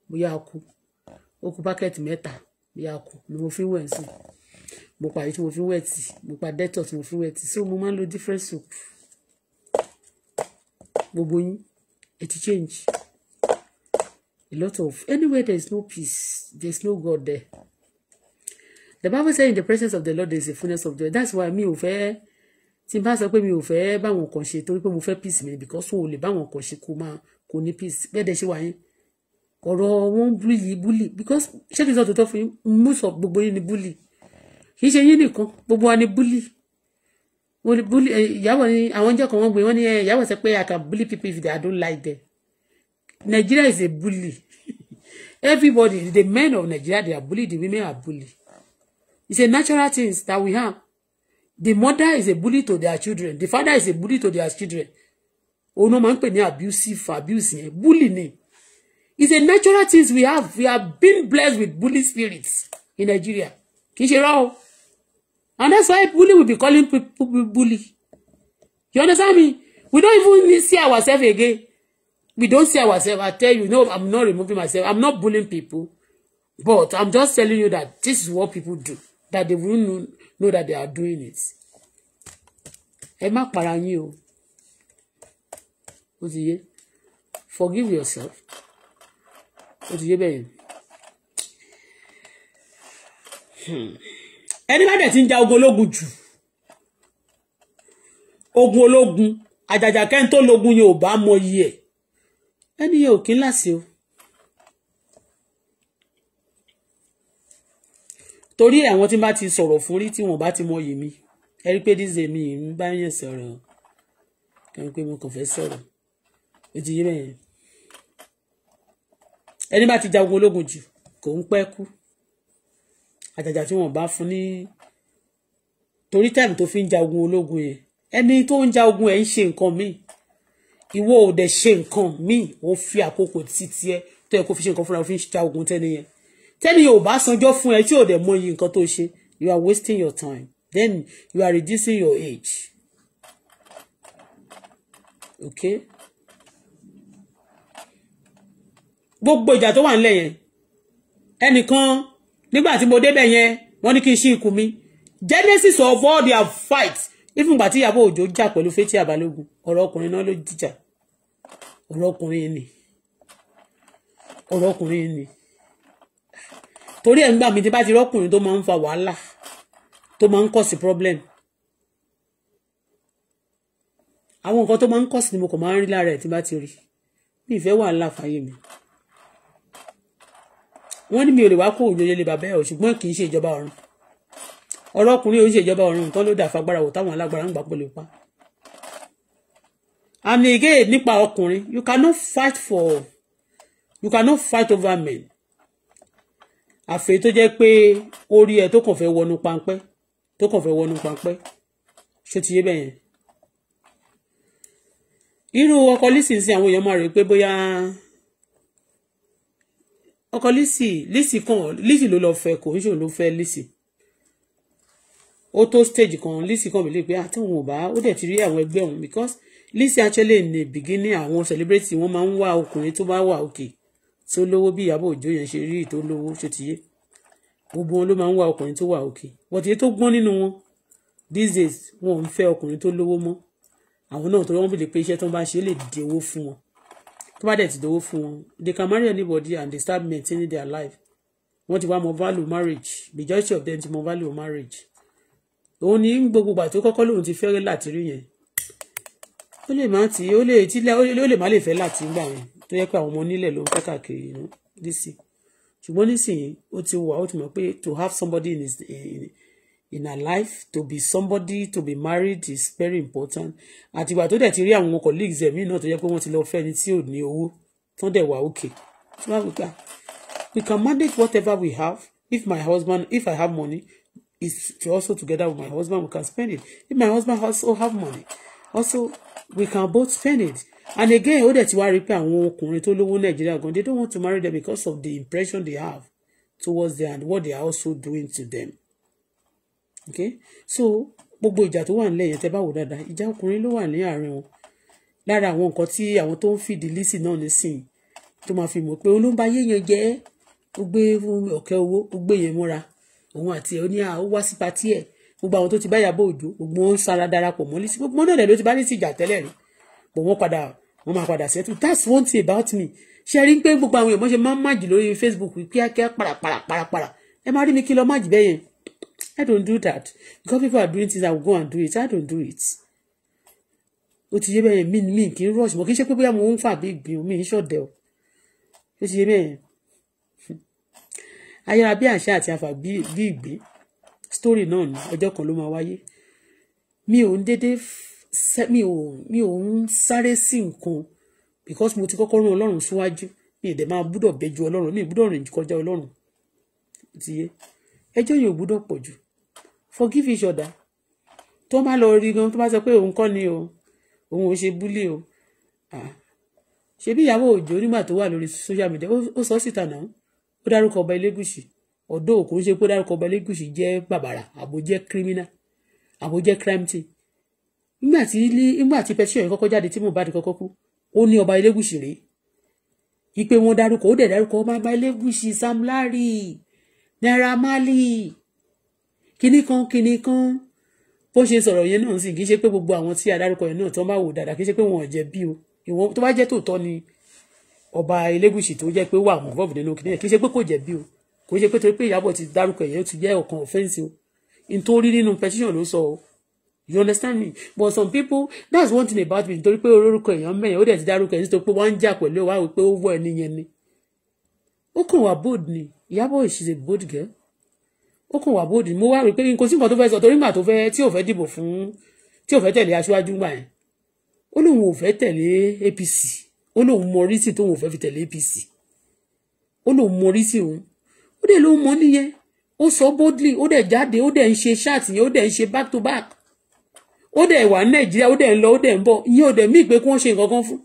bóyá a kú ó kú pákẹ́ẹ̀tì mẹ́ta bóyá a kú ni mo fi ń wẹ̀ sí mo pa èyí tí mo fi ń wẹ̀ tì mo pa dettol tí mo fi ń wẹ̀ tì so mo máa ń lo different soap gbogbo yín ẹ change a lot of anywhere there is no peace there is no God there the Bible says in the presence of the Lord there is a fullness of joy that's why me ò fẹ́ẹ́ tí n bá sọ pé mi ò fẹ́ báwọn kan ṣe torí pé mo fẹ́ peace mi because o lè báwọn kan ṣe kó máa kó ní peace bẹ́ẹ̀ dẹ̀ ṣe wà yín ọ̀rọ̀ wọn búlì búlì because ṣé kí n sọ tòótọ́ fún yín mú sọ gbogbo yín ni búlì kì í ṣe yín nìkan gbogbo wa ni búlì wọ́n ní bully eh, ìyàwó ni àwọn jẹ́ kan wọ́n gbé wọ́n ní eh, ìyàwó sọ pé I can bully people if they don't like them Nigeria is a bully everybody the men of Nigeria they are bully the women are bully it's a natural thing that we have the mother is a bully to their children the father is a bully to their children Oh no, man, ń pè abusive abuse yẹn bully ni it's a natural thing we have we are being blessed with bully spirits in Nigeria kì í and that's why bully will be calling people bully you understand me we don't even see ourselves again we don't see ourselves I tell you no I'm not removing myself I'm not bullying people but I'm just telling you that this is what people do that they will know, know that they are doing it ẹ má para yín o ó ti yé forgive yourself ó ti yé bẹ́ẹ̀ hmm. ẹni bá dẹ̀ ti ń ja ogun ológun jù ogun ológun àjàjà kẹ́ni tó lógun bá mọ iye ẹ̀ ẹni yẹn ò láṣẹ o torí àwọn tí n bá ti sọ̀rọ̀ fún rí tí wọ́n bá ti mọ yèmí ẹ rí pé díze mi ń bá yẹn sọ̀rọ̀ kàn pé mo kàn fẹ́ sọ̀rọ̀ ó ti yé bẹ́ẹ̀ ẹni bá ti jagun ológun jù kò ń pẹ́ kú àjàjà tí wọ́n bá fún ní torí táìmù tó fi ń jagun ológun yẹn ẹni tó ń ja ogun ẹ̀ ń ṣe nǹkan míì ìwọ ò dẹ̀ ṣe nǹkan míì ó fi àkókò títí ẹ tó yẹ kó fi ṣe nǹkan fúnra ó fi ń ja ogun tẹ́ni yẹn tẹ́ni ò bá sanjọ́ fún ẹ tí ò dẹ̀ mọ iye nǹkan tó ṣe you are wasting your time then you are reducing your age okay gbogbo ìjà tó wà nílẹ̀ yẹn ẹnìkan nígbà tí mo débẹ̀ yẹn wọ́n ní kí n ṣí ikùn mi genesis of all their fights even gbà tí Ìyábọ̀ Òjó jà pẹ̀lú Fathia Balogun ọ̀rọ̀ ọkùnrin náà ló dìjà ọ̀rọ̀ ọkùnrin ni ọ̀rọ̀ ọkùnrin ni torí ẹ̀ ń gbà mí tí bá ti rọ́kùnrin tó máa ń fa wàhálà tó máa ń kọ̀ sí problem àwọn nǹkan tó máa ń kọ̀ sí ni mo kàn máa ń rí lára ẹ̀ tí bá ti rí mi ìfẹ́ wàhálà fàyè mi wọ́n ní mi ò lè wá kó òjòjò lè bàbá ẹ̀ o ṣùgbọ́n kì í ṣe ìjọba ọ̀run ọ̀rọ̀ ọkùnrin òun ṣe ìjọba ọ̀run nǹkan ló dà fagbára wò táwọn alágbára ń gbà pọ̀ lè pa and again nípa ọkùnrin you cannot fight for you cannot fight over men àfẹ tó jẹ́ pé orí ẹ tó kàn fẹ́ wọnú pańpẹ́ tó kàn fẹ́ wọnú pańpẹ́ ṣó ti yé bẹ́ẹ̀ yẹn irú ọkọ lisi sí àwọn èèyàn máa rè pé bóyá ọkọ lisi lisi kan lisi ló lọ fẹ́ kò ń ṣòro ló fẹ́ lisi ó tó stage kan lisi kan mi lè pé àtẹ̀wọ̀n ah, ò bá ó dẹ̀ ti rí àwọn ẹgbẹ́ òun because lisi actually ní beginning àwọn celebrity wọ́n máa ń wá ọkùnrin tó bá wà òkè. Okay tó lówó bí Ìyábọ̀ Òjó yẹn ṣe rí tó lówó ṣe tiyé gbogbo wọn ló máa ń wá ọkùnrin tó wà òkè wọ́n ti yé tó gbọ́n nínú wọn these days wọn ò ń fẹ́ ọkùnrin tó lówó mọ́ àwọn náà tó wọ́n bìlẹ̀ pé iṣẹ́ tó ń bá ṣe lè dewó fún wọn tó bá dẹ̀ ti dewó fún wọn they can marry anybody and they start maintaining their life wọ́n ti wá mọ value marriage majority of them ti mọ value marriage òun ní gbogbo ìgbà tó kọ́kọ́ lòun ti fẹ́rẹ́ láti rí yẹn ó lè má ti ó lè tílẹ̀ ó lè má lè fẹ́ láti gbà yẹn tó yẹ pé àwọn ọmọ onílẹ̀ ló ń fẹ́ káàkiri you know ṣùgbọ́n nísìnyí ó ti wà ó ti mọ̀ pé to have somebody in his in, in her life to be somebody to be married is very important àtìgbà tó dẹ̀ ti rí àwọn colleagues ẹ̀mí náà tó yẹ pé wọ́n ti lọ fẹ́ ni tí ò ní owó tán dẹ̀ wà òkè tí wọ́n wípé ah, we can manage whatever we have if my husband if I have money is to also together with my husband we can spend it if my husband also have money also we can both spend it and again ó dẹ̀ ti wá rí pé àwọn ọkùnrin tó lówó nàìjíríà gan they don't want to marry them because of the impression they have towards them and what they are also doing to them okay so gbogbo ìjà tó wà nílẹ̀ yẹn tẹ́ bá wò dáadáa ìjà ọkùnrin ló wà ní àárín wọn lára àwọn nǹkan tí àwọn tó ń fìdí lísì náà nísìn tó máa fi mọ̀ pé olóńgbà yéèyàn jẹ́ ó gbé ọ̀kẹ́ owó ó gbé yẹn múra òun àti ẹ̀ ó ní à ó wá sí patí ẹ̀ gbogbo àwọn tó ti bá Ìyábọ̀ Òjó gbogbo wọn ń darapọ̀ mọ́ lísì gbogbo náà lẹ́nu ó ti bá lísì ìjà tẹ́lẹ̀ rí pọ̀ wọ́n padà wọ́n máa padà sẹ́tù that's one thing about me ṣe rí pé gbogbo àwọn èèyàn mọ́ ṣe máa ń máàjì lórí Facebook kíákíá parapara parapara ẹ máa rí mi kí lọ máàjì bẹ́ẹ̀ I don't do that because people are doing things I will go and do it I don't do it ó ti yé bẹ́ẹ̀ mi mi kì í rush mo kì í ṣe pé bóyá mo ń fà bí ìgbìmọ̀ mi ń ṣọ̀dẹ̀ o ó ti yé bẹ́ẹ̀ ayára bí àṣà àti àfà bí ìgbé story náà ní ọjọ́ kan ló máa wáyé mi ò ń déédéé mi ò mi ò ń sáré sí nǹkan because mo ti kọ́kọ́ rán ọlọ́run síwájú mi ì dẹ̀ máa gbúdọ̀ bẹjú ọlọ́run mi ì gbúdọ̀ rìn kọjá ọlọ́run ti yé ẹjọ́ yìí ò gbúdọ̀ pọ̀ jù forgive each other tó má lọ rí gan tó bá sọ pé òun kọ́ ni o òun ò ṣe búlé o ṣebí ìyàwó òjò nígbà tó wà lórí social media ó sọ síta náà ó dárúkọ ọba elégùsì ọ̀dọ́ òkú ń ṣe pé ó dárúkọ ọba elégùsì jẹ́ bàbàrà àbò jẹ́ criminal àbò jẹ́ crime team nígbà tí nígbà tí petition yẹn kọ́kọ́ jáde tí Mohbad kọ́kọ́ kú ó ní ọba Elégùṣì rèé ipe wọn dárúkọ ó dẹ̀ dárúkọ ọmọ àgbà Elégùṣì Sam Larry Naira Marley kinní kan kinní kan bó ṣe sọ̀rọ̀ yẹn náà sì kì í ṣe pé gbogbo àwọn tí adárúkọ yẹn náà tó bá wò dáadáa kì í ṣe pé wọn ò jẹ̀bi o ìwọ tó bá jẹ́ tòótọ́ ni ọba Elégùṣì tó jẹ́ pé wà mọ̀ bọ́ọ̀bù nínú kinní yẹn kì í ṣe pé kò jẹ̀bi o kò ṣe pé torí pé Ìyábọ̀ ti dárúkọ yẹn ó ti jẹ́ ọ̀kan ọ̀fẹ́ǹsì o nítorí nínú petition ló sọ o you understand me but some people that's one thing about me nítorí pé orórúkọ èèyàn mẹ́yìn ó dẹ̀ ti dárúkọ èyí tó pé wọ́n ń jà pẹ̀lú ẹ̀ wá wí pé ó wọ ẹni yẹn ni ó kàn wá bold ni Ìyábọ̀ she's a bold girl ó kàn wá bold ni mo wá rí i pé nǹkan tí nǹkan tó fẹ́ sọ torí mà tó fẹ́ tí ò fẹ́ dìbò fún tí ò fẹ́ tẹ̀lé aṣáájú gbà yẹn ó lóun ò fẹ́ tẹ̀lé APC ó lóun mọ orísì tóun ò fẹ́ fi tẹ̀lé APC ó lóun mọ orísì òun ó dẹ̀ lóun mọ nìyẹn ó sọ boldly ó dẹ̀ jáde ó dẹ̀ ń ṣe ṣáàtì yẹn ó dẹ̀ ń ṣe back to back ó dẹ̀ wà ní nàìjíríà ó dẹ̀ ń lọ ó dẹ̀ ń bọ̀ ìyẹn ò dẹ̀ mí pé kí wọ́n ṣe nǹkan kan fún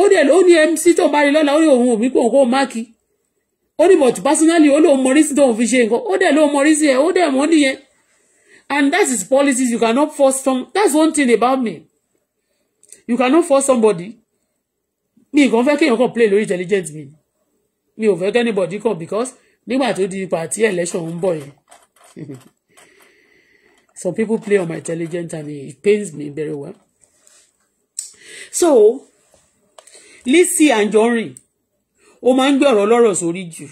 ó dẹ̀ ó ní mc tó bá rí lọ́la ó ní òun ò mí pé òun máàkì ó ní but personally ó lóun mọrí sí tóun fi ṣe nǹkan ó dẹ̀ lóun mọrí sí ẹ̀ ó dẹ̀ mọ́ nìyẹn and that is policies you cannot force some that's one thing about me you cannot force somebody mi nǹkan fẹ́ kéèyàn kàn play lórí intelligent mi mi ò fẹ́ kẹ́nibọ̀dì kàn because nígbà tó di pàtí election ń bọ̀ yẹn Some people play on my intelligence and it pains me very well. So, Lizzy Anjorin, ó máa ń gbé ọ̀rọ̀ lọ́rọ̀ sórí jù,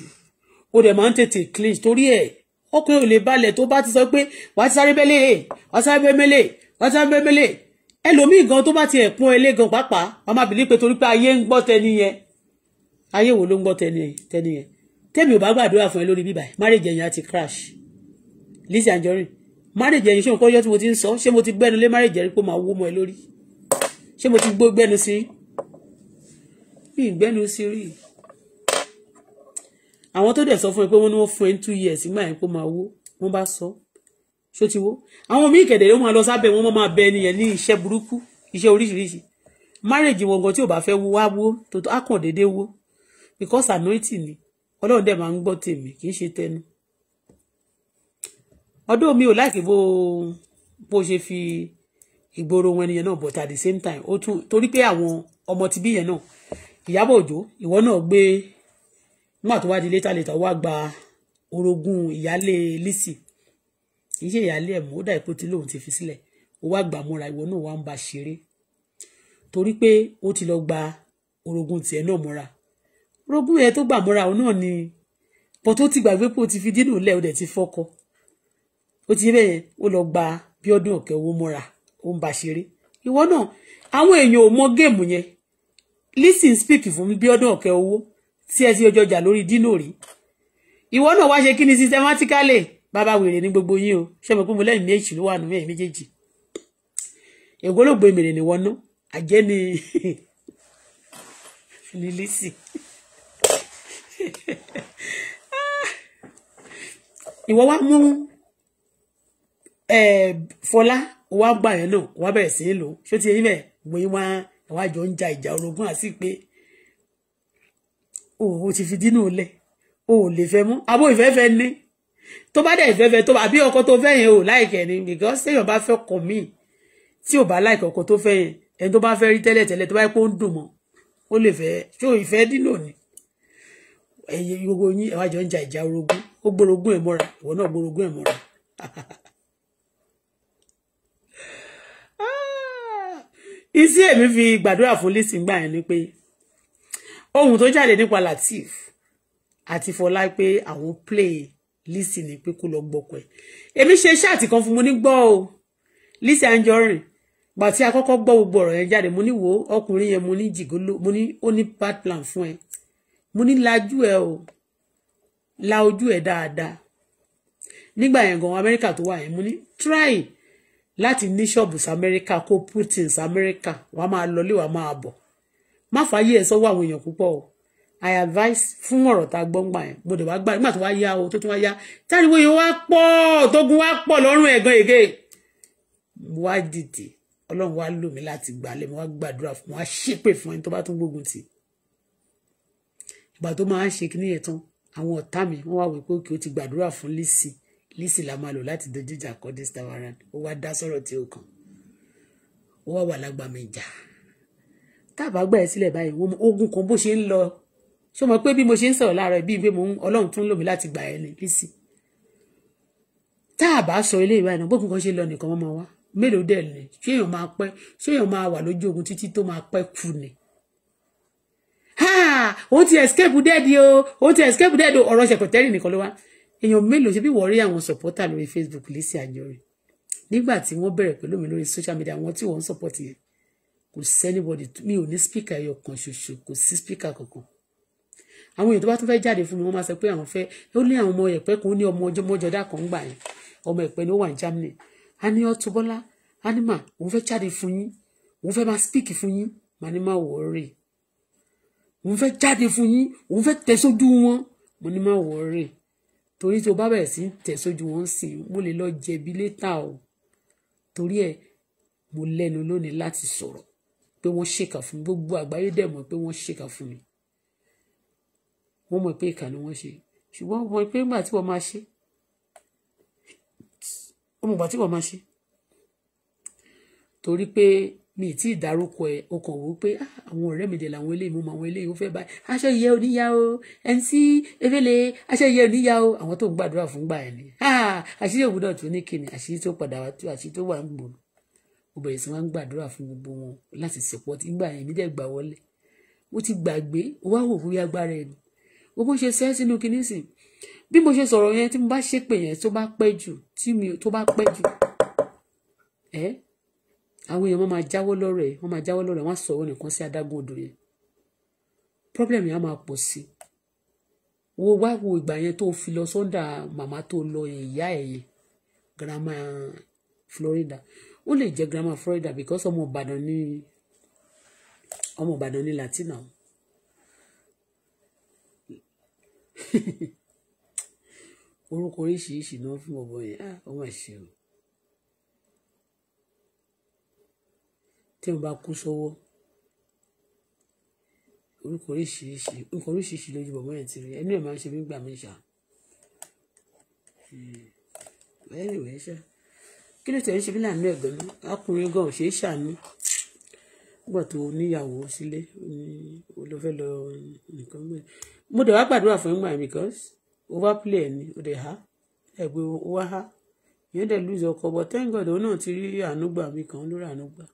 ó dẹ̀ máa ń tètè clinch torí ẹ̀ ọkùnrin ò lè balẹ̀ tó bá ti sọ pé wàá ti sáré bẹ́lẹ̀ wàá sáré bẹ́mẹ́lẹ̀ wàá sáré bẹ́mẹ́lẹ̀ ẹlòmíì gan tó bá ti ẹ̀pọ́n ẹlé gan pàápàá wàá máa bìlí pé torí pé ayé ń gbọ́ tẹni yẹn ayé wo ló ń gbọ́ tẹni yẹn tẹ́mi ò bá gbàdúrà fún ẹ lórí bíbá ẹ̀ marriage yẹn á ti crash and Anjorin marriage ẹ̀yìn ṣé nǹkan ọjọ́ tí mo ti ń sọ ṣé mo ti gbẹ́nu lé marriage ẹ̀rí pé màá wó mọ́ ẹ lórí ṣé mo ti gbó gbẹ́nu sí mi ìgbẹ́nu sí rí àwọn tó dẹ̀ sọ fún ẹ pé wọ́n ní wọ́n fún ẹ two years nígbà yẹn pé màá wó wọ́n bá sọ ṣó ti wó àwọn míì kẹ̀dẹ̀ ló máa lọ sábẹ̀ wọ́n máa bẹ ẹnìyẹn ní iṣẹ́ burúkú iṣẹ́ oríṣiríṣi marriage wọn gan tí ò bá fẹ́ wó wá wó tó tó á kàn déédéé wó because anointing ni ọlọ́run dẹ̀ máa ń gbọ́ tèmi kì í ṣe tẹnu ọdún mi ò láìkí bó bó ṣe fi ìgboro wọn ẹniyẹn náà but at the same time ó tún torí pé àwọn ọmọ tìbí yẹn náà Ìyábọ̀ Òjó ìwọ náà gbé nígbà tó wá di létà létà wá gba orogún ìyálé lisi. kì í ṣe ìyálé ẹ̀ mọ́ ó dà ipò tí lòun ti fi sílẹ̀ ó wá gbà múra ìwọ náà wá ń ba ṣeré torí pé ó ti lọ gba orogún tiẹ̀ náà múra orogún yẹn tó gbà múra òun náà ni bọ́tó ti gbàgbé pé ti fi dínú lẹ̀ ó dẹ̀ ti fọ́kọ ó ti bẹ́ẹ̀ ó lọ gba bíọ́dún ọ̀kẹ́ owó mọ́ra ó ń ba ṣeré ìwọ náà àwọn èèyàn ò mọ géèmù yẹn listen speak fún mi bíọ́dún ọ̀kẹ́ owó tí ẹ ti ọjọ́ jà lórí dínà rí ìwọ náà wá ṣe kí ni systematically bàbá wèrè ní gbogbo yín o ṣé mo pé mo lẹ́yìn méjì ló wà nù mẹ́yìn méjèèjì ègbólógbò èmèrè ni wọ́n ná àjẹ́ ni ni lisi ah! ìwọ wá mú Eh, Fọlá wá gbà yẹn lò wá bẹ̀rẹ̀ sí í lò ṣó ti yẹn bẹ̀ wọ́n wá àwọn àjọ ń ja ìjà orogún àti pé o ò ti fi dínú lẹ̀ o ò lè fẹ́ mú abó ìfẹ́fẹ́ ní tó bá dẹ̀ ìfẹ́fẹ́ tó àbí ọkọ tó fẹ́ yẹn o láìkẹ́ ni because téèyàn bá fẹ́ kọ̀ míì tí ò bá láìkẹ́ ọkọ tó fẹ́ yẹn ẹni tó bá fẹ́ rí tẹ́lẹ̀ tẹ́lẹ̀ tó bá yẹ kó ń dùn mọ́ ó lè fẹ́ ṣó ìfẹ́ dínú ni ẹ̀yin gbogbo yín àwọn àjọ ń ja ìjà orogún ó gborogún ẹ̀ mọ́ra ìwọ náà gborogún ẹ̀ mọ́ra isi emi fi gbàdúrà fún Lizzy gbà yẹn ni pé ohun tó jáde nípa ati àti Fọlá pé àwọn play Lizzy ni pé kó lọ gbọkọ ẹ èmi ṣe iṣẹ́ àtìkan fún mo ní gbọ́ o Lizzy Anjorin gbà tí a kọ́kọ́ gbọ́ gbogbo ọ̀rọ̀ yẹn mo ní wo ọkùnrin yẹn mo ní jìgóló mo ní ó ní bad plan fún ẹ mo ní lajú ẹ o la ojú ẹ dáadáa nígbà yẹn gan Amẹ́ríkà tó wà yẹn mo ní try láti ní ṣọ́ọ̀bù sí amẹ́ríkà kó putin sí amẹ́ríkà wàá máa lọlé wàá máa bọ̀ má fàáyé ẹ̀ sọ́wọ́ àwọn èèyàn púpọ̀ o i advise fún ọ̀rọ̀ tá a gbọ́ ń gbà yẹn gbọ́dọ̀ wá gbà nígbà tó wá yá o tó tún wá yá táriwo yìí wá pọ̀ tógun wá pọ̀ lọ́rùn ẹ̀gan èké wá dìde ọlọ́run wá lò mí láti gbà lẹ́mi wá gbàdúrà fún wá ṣépè fún ẹni tó bá tún gbógun tì ìgbà tó máa ń ṣe kíní lisi la máa lò láti dojú ìjà kọ this time around ó wá dá sọ̀rọ̀ tí ó kàn ó wá wà lágbàmì ìjà táàbà gbà ẹ sílẹ̀ báyìí wọn ogun kan bó ṣe ń lọ ṣé o mọ̀ pé bí mo ṣe ń sọ̀rọ̀ láàárọ̀ bíi pé mo ń Ọlọ́run tún lò mí láti gbà ẹ ní lisi táàbà sọ ilé ìwà ìnáwó bókun kan ṣe lọ nìkan wọn máa wá mélòó dẹ̀ ni ṣé èèyàn máa pẹ́ ṣé èèyàn máa wà lójú ogun títí tó máa pẹ́ kú ni ó ti escape dead o ó ti escape dead o ọ̀rọ̀ ṣẹ̀kọ̀tẹ́rì nìkan ló wá èèyàn mélòó ṣe bí wọ́n rí àwọn supporter lórí Facebook Lizzy Anjorin nígbà tí wọ́n bẹ̀rẹ̀ pẹ̀lú mi lórí social media àwọn tí wọ́n ń support yẹn kò sẹ́nibọ́dì mi ò ní speaker ẹyọ kan ṣoṣo kò sí speaker kankan àwọn èèyàn tó bá tún fẹ́ jáde fún mi wọ́n máa sọ pé àwọn fẹ́ ó ní àwọn ọmọ ẹ̀pẹ́ kan ó ní ọmọ ọjọ́mọ́jọdá kan ń gbà yẹn ọmọ ẹ̀pẹ́ ni ó wà ní Germany a ní anima òun fẹ́ jáde fún yín òun fẹ́ máa speak fún yín màá ní òun fẹ́ jáde fún yín òun fẹ́ tẹ̀ wọn mo ní torí tó bá bẹ̀rẹ̀ sí tẹ̀sójú wọn sí mo lè lọ jẹ̀bi létà o torí ẹ̀ mo lẹ́nu lónìí láti sọ̀rọ̀ pé wọ́n ṣèkà fún mi gbogbo àgbáyé dẹ̀ mọ̀ pé wọ́n ṣèkà fún mi wọ́n mọ̀ pé ìkà ni wọ́n ṣe ṣùgbọ́n mo mọ̀ pé nígbà tí wọ́n máa ṣe ọmọ ìgbà tí wọ́n máa ṣe torí pé mi ì tí ì dárúkọ ẹ o kàn wò ó pé ah, àwọn ọ̀rẹ́ mi dẹ̀ làwọn eléyìí mo mọ àwọn eléyìí ó fẹ́ báyìí aṣọ ìyẹ́ oníyá o mc efele aṣọ ìyẹ́ oníyá o àwọn tó ń gbàdúrà fún gbà ẹ̀ ni ah, àṣírí òwúrọ̀ tó ní kìnnì àṣírí tó padà wá tó àṣírí tó wà ń gbòòrò mo bẹ̀rẹ̀ sí wọn gbàdúrà fún gbogbo wọn láti support ìgbà yẹn mi dẹ̀ gbà wọlé mo ti gbàgbé ó wá wò wí agbára ẹ̀ ni o bó ṣe sẹ́ sínú kinní sìn bí mo ṣe sọ̀rọ̀ yẹn tí mo bá ṣépè yẹn tó bá pẹ́ jù tí mi tó bá pẹ́ jù ẹ́ àwọn èèyàn máa jáwọ́ lọ́rọ̀ ẹ̀ wọ́n máa jáwọ́ lọ́rọ̀ ẹ̀ wọ́n á sọ̀rọ̀ nìkan sí adágún odò yẹn problem yẹn á máa pọ̀ sí wo wá wo ìgbà yẹn tó fi lọ sọ́ndà màmá tó lọ ìyá ẹ̀ yẹn grandma Florida ó lè jẹ́ grandma Florida because ọmọ Ìbàdàn ní ọmọ Ìbàdàn ní Latina orúkọ oríṣiríṣi náà fún ọmọ yẹn ah, ó mà ṣe o. tí mo bá kú sọ́wọ́ orúkọ oríṣiríṣi nǹkan oríṣiríṣi lójú bọ̀bọ̀ yẹn ti rí ẹnu ẹ̀ máa ń ṣe mí gbà mí ṣá ẹ̀rì hmm. wẹ̀ ṣá kí ló tẹ̀ ń ṣe bí láàánú ẹ̀gbẹ́ mi ọkùnrin gan ò ṣeé ṣàánú nígbà tó níyàwó sílé ó lọ fẹ́ lọ nǹkan mẹ́rin mo dẹ̀ wá gbàdúrà fún ẹ̀gbọ́n mi because overplay ẹ̀ ni ó dẹ̀ há ẹ̀gbẹ́ ó wá há ìyẹn dẹ̀ lùzọ̀ ọkọ̀ but thank God òun náà ti rí àánú gbà mí kan lórí àánú gbà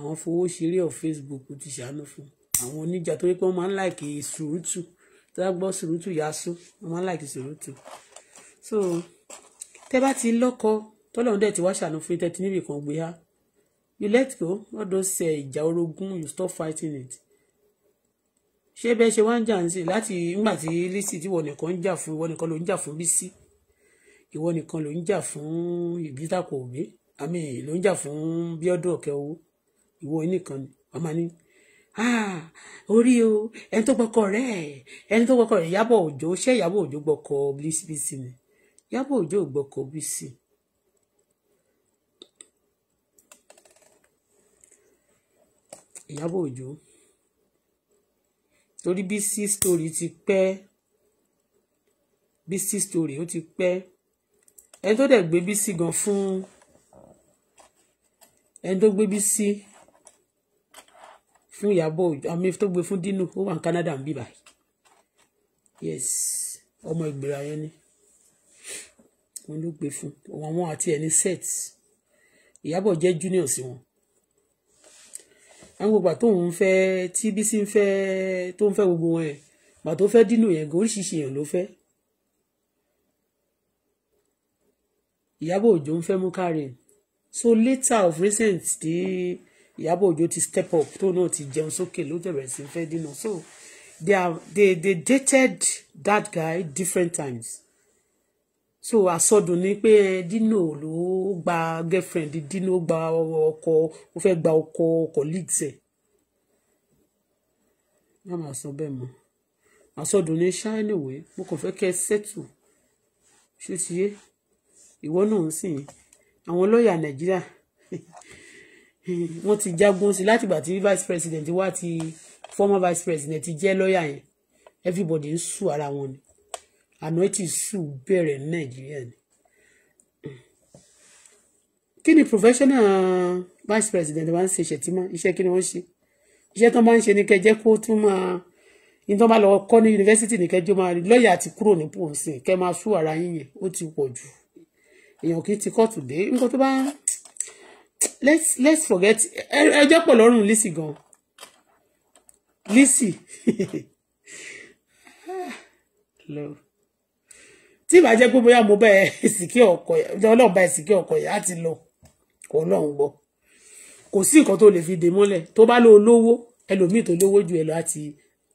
àwọn fowó ṣeré of Facebook ti ṣàánú fún àwọn oníjà torí pé wọ́n máa ń láìkì sùúrùtù tó bá gbọ́ sùúrùtù yasú wọ́n máa ń láìkì sùúrùtù so tẹ́ bá ti lọ́kọ tọ́lọ́run dẹ̀ ti wá ṣàánú fún tẹ́tí níbì kan gbé ha you let go all those eh, ìjà orogún you stop fighting it ṣé bẹ́ẹ̀ ṣe wá ń jà ń sìn láti nígbà tí Lizzy tí ìwọ nìkan ń jà fún ìwọ nìkan ló ń jà fún Bísí ìwọ nìkan ló ń jà fún ìbítàkọ̀ òbí àmì ló ń jà fún Bíọ́dún ọ̀kẹ́ owó ìwọ nìkan ni wàá máa ní orí o ẹni tó gbọ́kọ rẹ ẹni tó gbọ́kọ rẹ Ìyábọ̀ Òjó ṣé Ìyábọ̀ Òjó gbọ́kọ Bísí ni Ìyábọ̀ Òjó gbọ́kọ Bísí. Ìyábọ̀ Òjó torí Bísí story ti pẹ́ Bísí story ó ti pẹ́ ẹni tó dẹ̀ gbé Bísí gan fún ẹni tó gbé Bísí fún Ìyábọ̀ àmì tó gbé fún Dino ó wà ní Canada ń bí báyìí yes ọmọ ìgbéra yẹn ni wọn ló gbé fún àwọn àti ẹni set Ìyábọ̀ jẹ́ junior sí wọn àwọn gbogbo àtòun fẹ́ tí Bísí ń fẹ́ tó ń fẹ́ gbogbo wọn yẹn gbà tó fẹ́ Dino yẹn gan oríṣiríṣi èèyàn ló fẹ́ Ìyábọ̀ Òjó ń fẹ́ mú Karen so later of recent tí. The Ìyábọ̀ Òjó ti step up tó náà ti jẹun sókè ló dẹ̀ bẹ̀rẹ̀ sí fẹ́ dínà so they are they they dated that guy different times so àsọdùn ni pé Dino ló gba girlfriend Dino gba ọkọ ó fẹ́ gba ọkọ colleagues ẹ̀ má máa sọ bẹ́ẹ̀ mọ́ àsọdùn ni ṣáínì wé mo kàn fẹ́ kẹ́ ẹ sẹ́tù ṣó ti yé ìwọ náà ń sìn àwọn lọ́ọ̀yà Nàìjíríà wọ́n ti jagun sí látìgbà tí vice president wá ti former vice president ti jẹ́ lọ́ọ̀yà yẹn everybody ń sù ara wọn ni àná ti sù bẹ̀rẹ̀ ní nàìjíríà ni. kí ni professional vice president wa ń ṣe ṣètìmọ́ iṣẹ́ kí ni wọ́n ṣe iṣẹ́ tó máa ń ṣe ni kẹjẹ́ kó tún máa ní tó máa lọ kọ́ ní yunifásitì ní kẹjọ́ máa rí lọ́ọ̀yà ti kúrò ní pòǹsìn kẹ máa sù ara yín yẹn ó ti pọ̀ jù èèyàn kì í ti kọ́ọ̀tù dé nǹkan tó bá ń let's let's forget ẹjọ́ pọ̀ lọ́rùn Lizzy gan Lizzy tí ìbá jẹ́ pé bóyá mo bá ẹ sìkí ọkọ ọlọ́run bá ẹ sìkí ọkọ yìí á ti lọ kọ ọlọ́run gbọ́ kò sí nǹkan tó lè fi dè mọ́lẹ̀ tó bá lọ lówó ẹlòmíì tó lówó ju ẹ lọ àti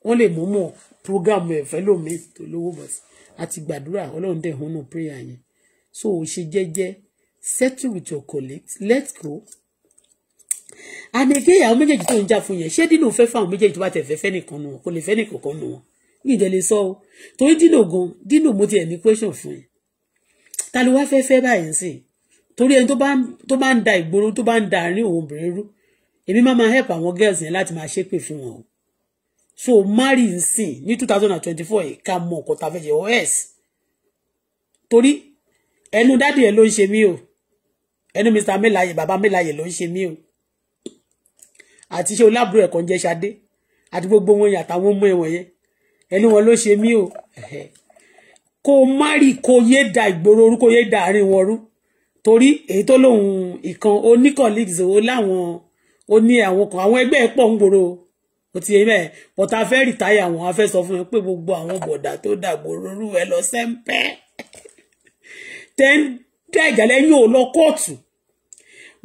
wọ́n lè mú mọ̀ program ẹ̀ fẹ́ lòmíì tó lówó bọ̀ sí àti gbàdúrà ọlọ́run dẹ̀ hùn prayer yẹn so ò ṣe jẹ́jẹ́ settle with your colleagues let's go and again àwọn méjèèjì tó ń jà fún yẹn ṣé dínà fẹ́ fún àwọn méjèèjì tó bá tẹ̀ fẹ́ fẹ́ nìkan nù wọn kò lè fẹ́ nìkan kan nù wọn ní ìdẹ́lẹ̀ sọ o torí dínà gan dínà mo ti ẹ̀ ní question fún yẹn ta ló wá fẹ́ fẹ́ báyìí sí torí ẹni tó bá ń da ìgboro tó bá ń da àárín òun obìnrin rú èmi máa máa help àwọn girls yẹn láti máa ṣépè fún wọn o so marry n sìn ní two thousand and twenty-four yìí ká mọ ọkọ tá a fẹ́ ṣe ọ́ oh, ẹ̀sì torí ẹnu dádì ẹ ló ń ṣe mí o ẹnu mr melaye bàbá melaye ló ń ṣe mí o àti ṣé olábùrú ẹ̀kọ́ ń jẹ́ ṣadé àti gbogbo wọn yẹn àtàwọn ọmọ ẹ̀wọ̀n yẹn ẹnu wọn ló ṣe mí o kó má rí kó yé da ìgboro orú yé da àárín wọn rú torí èyí tó lóun ìkan oníkọ̀lígìsì ó láwọn ó ní àwọn kan àwọn ẹgbẹ́ pọ̀ ń gbòòrò o ti yẹn mẹ́ẹ̀ ọ̀tá fẹ́ rìtáyà àwọn afẹ́ sọ fún mi pé gbogbo àwọn bọ̀dà tó dàgbòòrò rú ẹ lọ sẹ́ńpẹ́ tẹ́ ń dẹ́gẹ̀lẹ́ yóò lọ kóòtù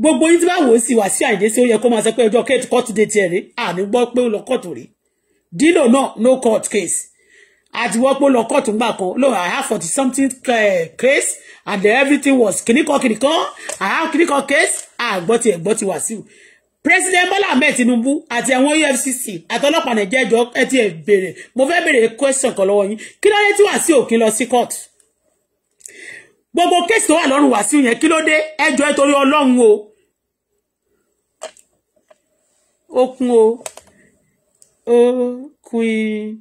gbogbo yín tí bá wò ó sì wá sí àyíndé sí ó yẹ kó máa sọ pé ọjọ́ kéètì kóòtù dé tiẹ̀ rí àní gbọ́ pé ó lọ kóòtù rí Dino náà no court case àti wọ́n pé ó lọ kóòtù gbà kan lóun I have forty something eh, case and everything was kìnnìkan kìnnìkan I have kìnnìkan case àgbọ́ tiẹ̀ gbọ́ ti wá sí o president Bola Ahmed Tinubu àti àwọn EFCC àtọlọ́pàá nàìjíríà jọ ẹ ti ẹ béèrè mo fẹ́ béèrè question kan lọ́wọ́ yín kí ló dé tí wà sí òkín lọ sí court gbogbo kéèsì tó wà lọ́rùn wá sí yẹn kí ló dé ẹjọ́ ẹ torí ọlọ́run o ó kún o ó kún in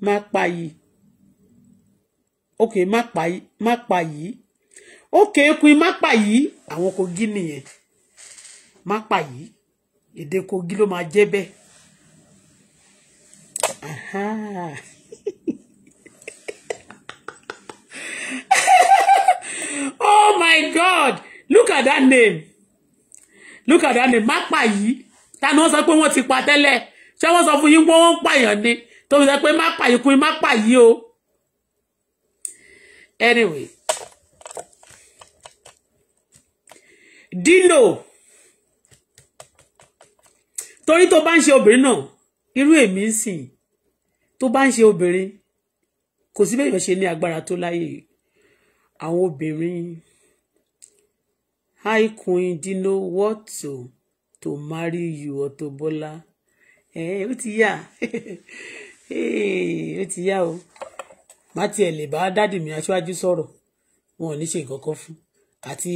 má pa yìí ok má pa yìí má pa yìí ok in má pa yìí àwọn kogi nìyẹn má pa yìí èdè kogi ló máa jẹ́ bẹ́ẹ̀ oh my god look at that name look at that name má pa yìí ta ni wọ́n sọ pé wọ́n ti pa tẹ́lẹ̀ ṣé wọ́n sọ fún yín pé wọ́n ń pààyàn ni tó fi sọ pé má pààyàn kún má pààyàn o anyway Dino torí tó bá ń ṣe obìnrin náà irú èmi ń sìn tó bá ń ṣe obìnrin kò sí bẹ́ẹ̀ ṣe ní agbára tó láyè àwọn obìnrin high Dino what to marry you Auto Bola ẹ eh, ó ti yá eh, ó ti yá o má tiẹ̀ lè bá dádì mi aṣáájú sọ̀rọ̀ wọn ò ní ṣe nǹkan kan fún àti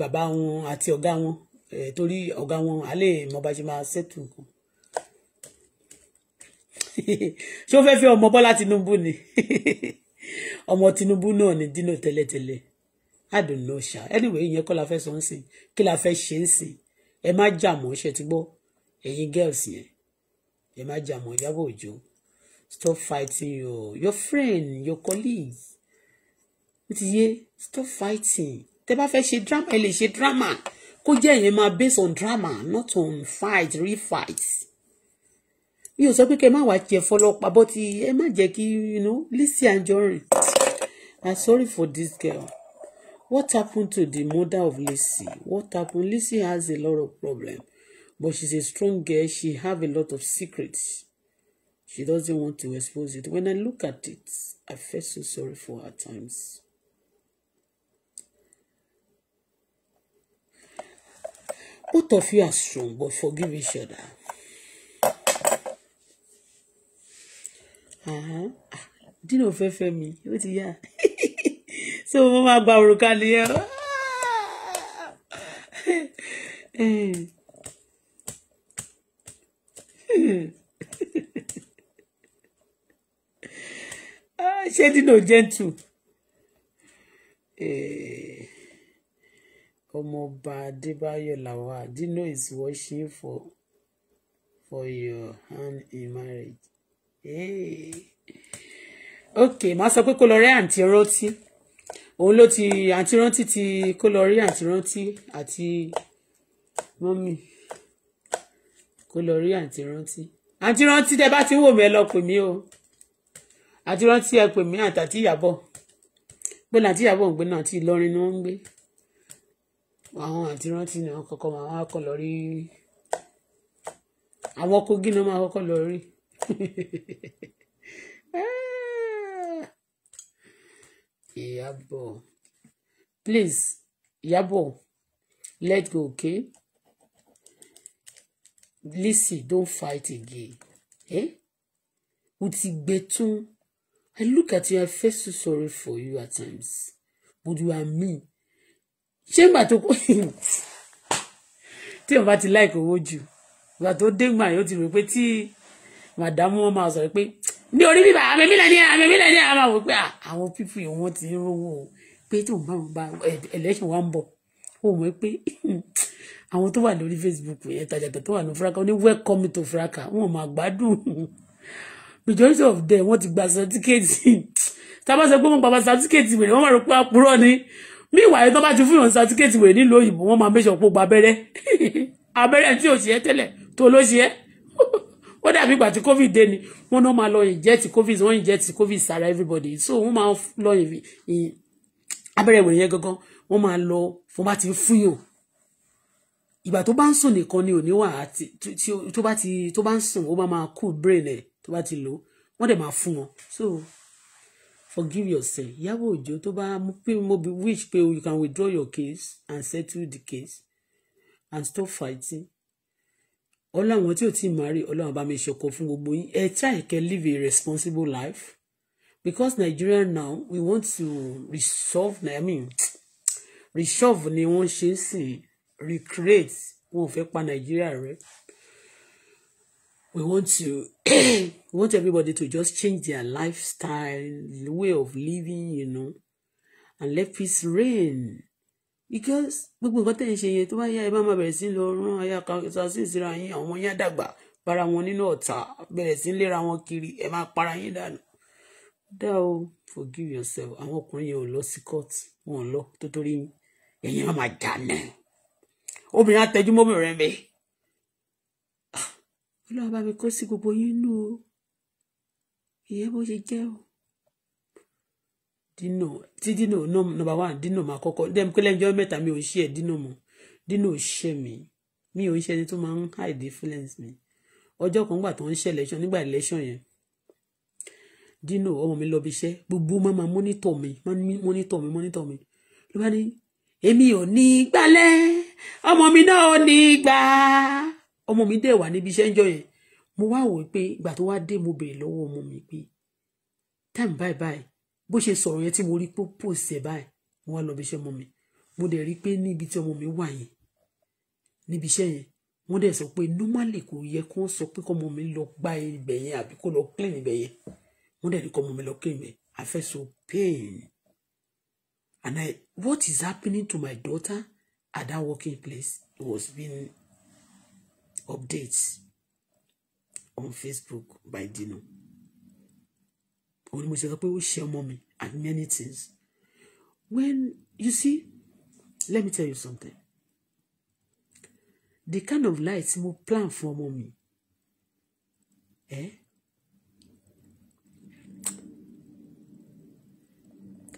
bàbá wọn àti ọ̀gá wọn eh, torí ọ̀gá wọn á lè mọ bá ṣe máa ṣètò nǹkan ṣé ó fẹ́ fi ọmọ Bọ́lá Tinubu ni ọmọ Tinubu náà ni Dino tẹ́lẹ̀tẹ́lẹ̀ I don't know ṣá anyway ìyẹn kọ́ la fẹ́ sọ ń sìn kí la fẹ́ ṣe ń sìn ẹ má jà mọ́ ṣe ti gbọ́ ẹ̀yin girls yẹn ẹ má jà mọ́ Ìyábọ̀ Òjó stop fighting your your friend your colleague ó ti yé stop fighting tẹ bá fẹ́ ṣe drama ẹ lè ṣe drama kó jẹ́ ìyẹn máa based on drama not on fight real fight mi ò sọ pé kẹ má wàá jẹ fọlọpàá bó ti ẹ má jẹ́ kí you know Lizzy Anjorin I'm sorry for this girl. What happened to the mother of Lizzy? What happened? Lizzy has a lot of problems, but she's a strong girl. She have a lot of secrets. She doesn't want to expose it. When I look at it, I feel so sorry for her at times. Both of you are strong, but forgive each other. Uh-huh. Ah, Dino fẹ́ fẹ́ mi, ó ti yá. so mo máa gba òrùka nìyẹn o. Ah, ṣé dino gentle eh, ọmọọba adébáyọ̀ làwà dino is watching for for your hand in marriage. Hey. Eh. ok màá sọ pé kó lọ rẹ àǹtí ọrọ òun ló ti àǹtí rántí ti kó lọ rí àǹtí rántí àti mọ́mì kó lọ rí àǹtí rántí àǹtí rántí tẹ bá ti ń wò mí ẹ lọ pè mí o àǹtí rántí ẹ pè mí àtàtì ìyàbọ̀ pé làǹtí ìyàbọ̀ ń gbé náà ti Ìlọrin ni wọ́n ń gbé àwọn àǹtí rántí ni wọ́n kọ́kọ́ máa wá kọ́ lọ rí àwọn Kogi ni wọ́n máa kọ́kọ́ lọ rí. Ìyábọ̀ please Ìyábọ̀ let go okay Lizzy don't fight again eh o ti gbẹ I look at you I feel so sorry for you at times but you are me ṣé ìgbà tó kó tí wọn bá ti láìkó owó jù ìgbà tó dé gbà yóò ti rò pé tí ní orí bíbá àmì mílẹ̀ ní àmì mílẹ̀ ní àmà wò pé ah, àwọn pípù yìí wọ́n ti ń rówó o pé tí òun bá wọn bá election wa ń bọ̀ ó mọ̀ pé hmm, àwọn tó wà lórí Facebook yẹn tajàtà tó wà ní furaka ó ní welcome to furaka wọn máa gbádùn majority of them wọ́n ti gba sọtíkẹ́ẹ̀tì tábà sọ pé wọ́n gba sọtíkẹ́ẹ̀tì wèrè wọ́n máa rò pé àpúrọ̀ ah, ni mí ìwà yẹn tó bá ti fún yàn sọtíkẹ́ẹ̀tì wèrè nílùú òyìnbó wọ́n máa mẹ́sàn-án pò gba abẹ́rẹ́ abẹ́rẹ́ tí ò ṣe é tẹ́lẹ̀ tó ló ṣe é. ó dàbí ìgbà tí covid dé ni wọ́n náà máa lọ inject covid wọ́n inject covid sára everybody so wọ́n máa lọ abẹ́rẹ́ ìwòye yẹn gangan wọ́n máa lọ fún bá ti ń fúyàn ìgbà tó bá ń sùn nìkan ni òní wà àti tó bá ti tó bá ń sùn ó máa máa cool brain ẹ̀ tó bá ti lò wọ́n dẹ̀ máa fún wọn so forgive yourself ìyàwó òjò tó bá mú pé mo be wish pé you can withdraw your case and settle the case and stop fighting ọlọ́run tí ò tí ì marry ọlọ́run bá mi ṣọkọ fún gbogbo yín ẹ try kẹ́ live a responsible life because Nigeria now we want to resolve I mean resolve ni wọ́n ṣe ń sìn recreate wọn ò fẹ́ pa Nigeria rẹ we want to we want everybody to just change their lifestyle way of living you know and let peace reign because gbogbo nǹkan tẹ̀ ń ṣe yẹn tó bá yá ẹ bá máa bẹ̀rẹ̀ sí lọ rán aya kàkàtà sí ìsira yín àwọn yẹn dàgbà bára wọn nínú ọ̀tá bẹ̀rẹ̀ sí léra wọn kiri ẹ máa para yín dànù dá o forgive yourself àwọn ọkùnrin yẹn ò lọ sí court wọn ò lọ tó torí yín ẹ̀yin á máa jà náà obìnrin àtẹjú mọ́bìnrin mi ah, ọlọ́run bá mi kó sí gbogbo yín nù o ìyẹn bó ṣe jẹ́ o dino tí dino number one dino máa kọ́kọ́ dem pé lẹ́yìn mẹ́ta mi ò ṣe ẹ̀ dino mo, dino share mi mi ò share ni ẹni tó máa ń hide influence mi ọjọ́ kan gbà tó ń ṣe election nígbà election yẹn dino omo mi lọ bí iṣẹ́ gbogbo máa máa monitor mi monitor mi monitor mi ló bá ní èmi ò ni, gbálẹ̀ ọmọ mi náà ò ní gbà Omo mi de wa ni iṣẹ́ ń jọ yẹn mo wá wò pé ìgbà tó wá dé mo béèrè lọ́wọ́ ọmọ mi pe. time bye bye bó ṣe sọ̀rọ̀ yẹn tí mo rí pé post ẹ̀ báyìí mo wá lọ bí iṣẹ́ ọmọ mi mo dẹ̀ rí pé níbi tí ọmọ mi wà yẹn níbi iṣẹ́ yẹn wọ́n dẹ̀ sọ pé normally kò yẹ kó sọ pé kọ́mọ mi lọ gba ibẹ̀ yẹn àbí kó lọ clean ibẹ̀ yẹn wọ́n dẹ̀ ní kọ́mọ mi lọ clean ibẹ̀ I felt so pain and I what is happening to my daughter at that working place it was being updates on Facebook by Dino òun ni mo ṣe sọ pé ó ṣe ọmọ mi and many things when you see let me tell you something the kind of life tí mo plan fún ọmọ mi eh?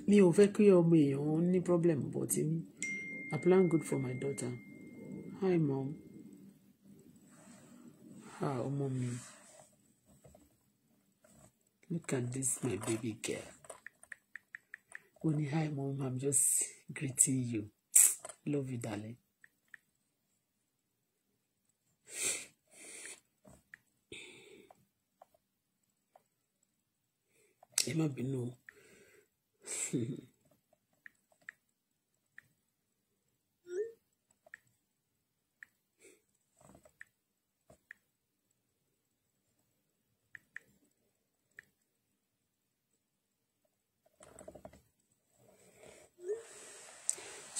mi ò fẹ́ kí ọmọ èèyàn ní problem but mi I plan good for my daughter hi mom ha ọmọ mi. Ah, Look at this, my baby girl. Only hi, mom. I'm just greeting you. Love you, darling. Ẹ má bínú o.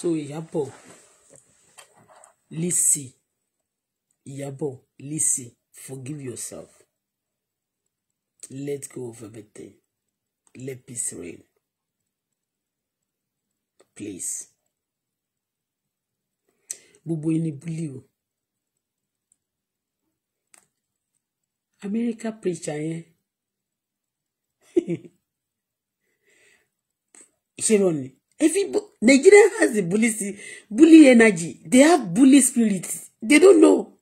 so Ìyábọ̀ Lizzy Ìyábọ̀ Lizzy forgive yourself let go of everything let peace reign please gbogbo ni búlì o America preacher yẹn ṣé lọ ni. Every Nigeria has the bully, bully energy. They have bully spirits. They don't know.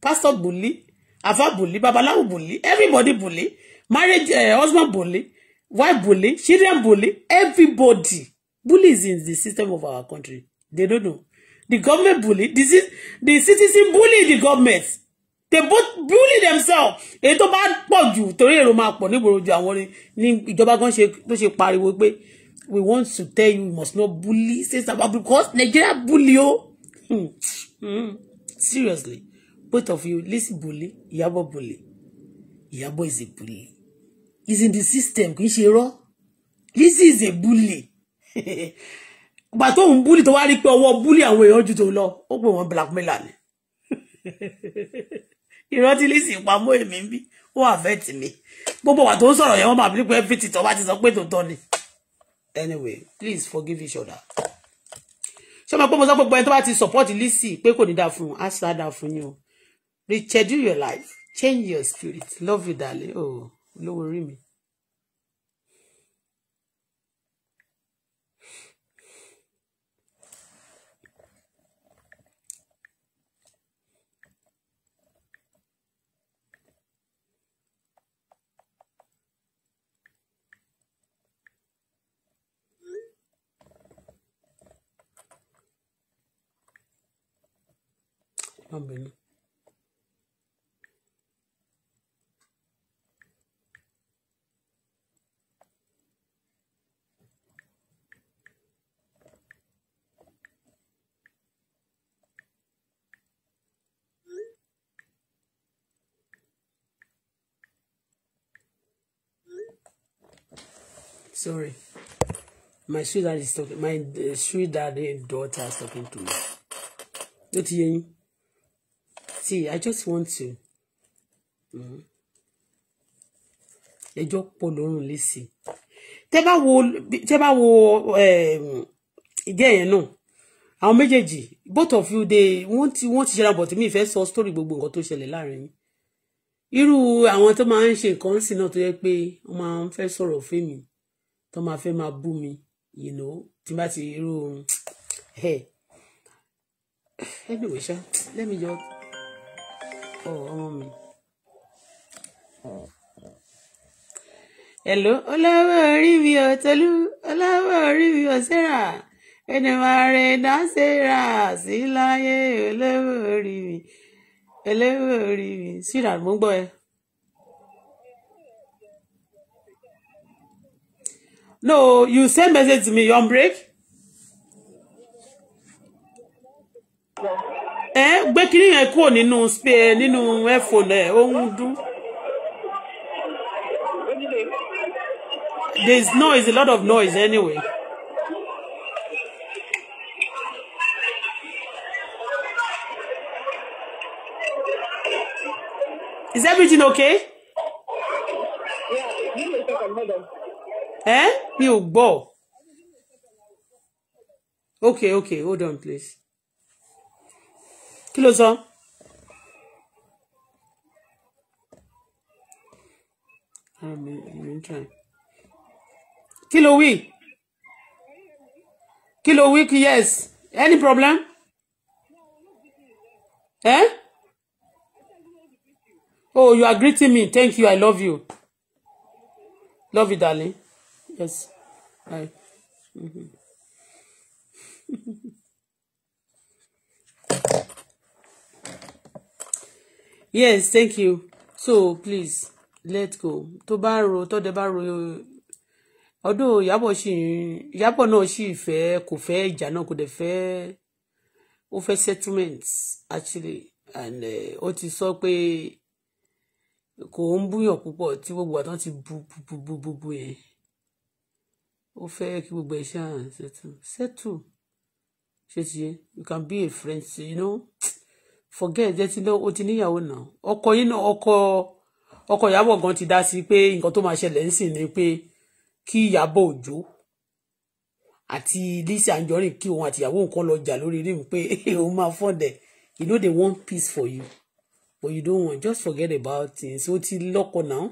Pastor bully, Ava bully, Babalawo bully, everybody bully, marriage, uh, husband bully, wife bully, children bully, everybody. Bully is in the system of our country. They don't know. The government bully, this is the citizen bully the government. They both bully themselves. Èyí tó bá pọ̀ jù torí èrò máa pọ̀ nígboro ju àwọn we want to tell you we must not bully say about because Nigeria bully o oh. mm. Hmm. seriously both of you Lizzy bully Iyabo bully Iyabo is a bully he's in the system kì í ṣe irọ́ Lizzy is a bully ìgbà tó bully tó wá rí pé ọwọ́ bully àwọn èèyàn ju tó lọ ó pè wọ́n blackmail. ni ìrántí Lizzy pamọ́ èmi ń bí ó àfẹ́ tì mí gbogbo wa tó ń sọ̀rọ̀ yẹn wọ́n máa bí pé fìtì tó bá ti sọ pé tòótọ́ ni anyway please forgive each other ṣé ọmọ pé mo sọ pé gbogbo tó bá ti support Lizzy pé kò ní dáa fún un á sá dáa fún yín o reschedule your life change your spirit love you darling oh olówó orí mi má Sorry. My sweet dad is talking. My uh, sweet daddy daughter is talking to me. What ti yé yín see i just want to mm, ẹjọ́ pọ̀ lọ́rùn lẹ́sìn tẹ́ bá wo tẹ́ bá wo um, ìgẹ́ yẹn náà àwọn méjèèjì both of you dey wọ́n ti wọ́n ti ṣẹlẹ̀ but mi ìfẹ́ sọ story gbogbo nǹkan tó ṣẹlẹ̀ láàrin yín irú àwọn tó máa ń ṣe nǹkan sí náà tó yẹ pé wọ́n máa ń fẹ́ sọ̀rọ̀ fún mi tó máa fẹ́ máa bú mi you know tí bá ti irú ẹ eh, anyway ṣá let me just ọmọ Hello, ọlọ́wọ́ orí mi ò Tolú, ọlọ́wọ́ orí mi ò Sarah, ẹni máa rẹ̀ dá Sarah sí láyé olówó orí mi, olówó No, you send message to me, you on break? No ẹ gbé kiri yẹn kúrò nínú spare nínú ẹfọn ẹ ó ń dún. there is noise a lot of noise anyway. Is everything okay? Eh? you ò Okay, okay, hold on please kí ló sọ. kí ló wí kí ló wí kí yes any problem. Eh? Oh, you are greeting me. Thank you. I love you. Love you, darling. Yes. Bye. Mm-hmm. yes thank you so please let go tó bá ro tọ́dẹ bá ro ọdún ìyàbọ̀ sì ìyàbọ̀ náà sì fẹ́ kò fẹ́ ìjà náà kò dẹ̀ fẹ́ ó fẹ́ settlement actually and eh, ó ti sọ pé kò ń búyàn púpọ̀ tí gbogbo àtàn ti bu bu bu bu bu yẹn ó fẹ́ kí gbogbo ẹ̀ ṣáà settle settle ṣe ti yẹ you can be a friend you know forget jẹ́ ti ó ti níyàwó náà ọkọ yín náà ọkọ ọkọ ìyàbọ̀ gan ti dá sí pé nǹkan tó máa ṣẹlẹ̀ ń sìn ni pé kí ìyàbọ̀ òjò àti Lizzy Anjorin kí òun àti ìyàwó nǹkan lọ jà lórí rí pé òun máa fọ́ndẹ̀ you know they want peace for you but you don't want just forget about things ó ti lọ́kọ náà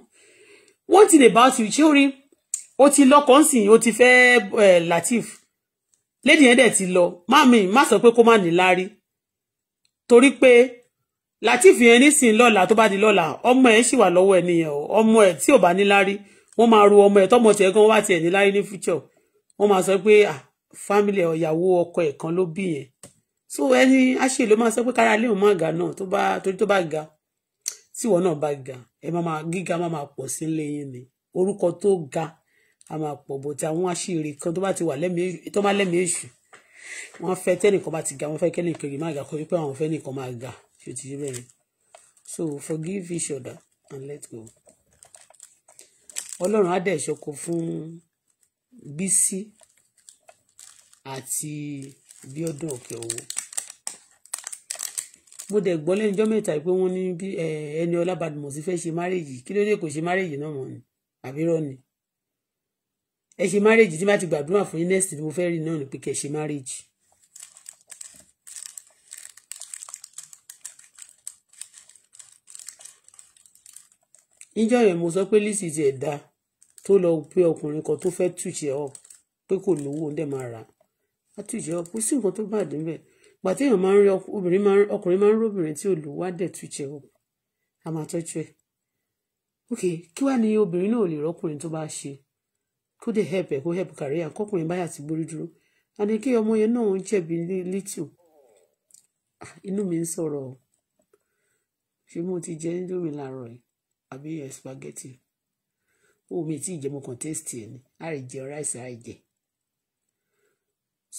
one thing about you ṣé o rí ó ti lọ́kọ ń sìn ó ti fẹ́ eh, Lateef lady yẹn dẹ̀ ti lọ má mi má sọ pé kó má ní torí pé Latif yẹn nísìn lọ́la tó bá di lọ́la ọmọ ẹ̀ sì wà lọ́wọ́ ẹ̀ nìyẹn o ọmọ ẹ̀ tí ò bá níláárí wọ́n máa ru ọmọ ẹ̀ tọ́mọ tiẹ̀ gan wá tiẹ̀ níláárí ní future wọ́n máa sọ pé family ọ̀yàwó ọkọ ẹ̀ kan ló bí yẹn so ẹni àṣẹ ló máa sọ pé kára léèmù má ga náà tó bá torí tó bá ga tíwọ náà bá ga ẹ máa máa gíga máa máa pọ̀ sí ilé yín ni orúkọ tó ga a máa pọ̀ bọ̀ tí àwọn àṣírí kan tó bá ti wà lẹ́mìí tó má lẹ́mìí èṣù wọ́n fẹ́ tẹ́nìkan bá ti ga wọ́n fẹ́ kẹ́nìkan kì í ga kọjú pé àwọn fẹ́ nìkan máa ga ṣe ti rí bẹ́ẹ̀ so forgive each other and let go ọlọ́run á dẹ̀ ṣọkọ fún Bísí àti Bíọ́dún òkè owó mo dẹ̀ gbọ́ lẹ́nu ọjọ́ mẹ́ta pé wọ́n ní ẹni ọlábàdàn mọ̀ sí fẹ́ ṣe márèjì kí ló dé kò ṣe márèjì náà mọ̀ ni àbírọ́ ni ẹ ṣe marriage tí má ti gbàdúrà fún yín next tí mo fẹ́ rí náà ni pé kẹ́ ṣe marriage. níjọ́ yẹn mo sọ pé Lizzy ti ẹ̀dá tó lọ pé ọkùnrin kan tó fẹ́ tùjẹ́ ọ pé kò lówó ó dẹ̀ máa rà á tùjẹ́ ọ kò sí nǹkan tó bà dé bẹ́ẹ̀ gbà téèyàn máa ń rí obìnrin máa ń ọkùnrin máa ń rí obìnrin tí olówó á dẹ̀ tùjẹ́ ọ a máa ẹ̀ ok kí wàá ní obìnrin náà ò lè rọ́kùnrin tó bá ṣe kó dé help ẹ kó help career kọkùnrin báyà ti borí dúró àní kí ọmọ yẹn náà ń jẹ̀bi little ah, inú mi ń sọ̀rọ̀ ṣé mo ti jẹ indomie láàárọ̀ yìí àbí spaghetti ó mi tí ìjẹ́ mo kàn taste ẹ̀ ni àìjẹ rice àìjẹ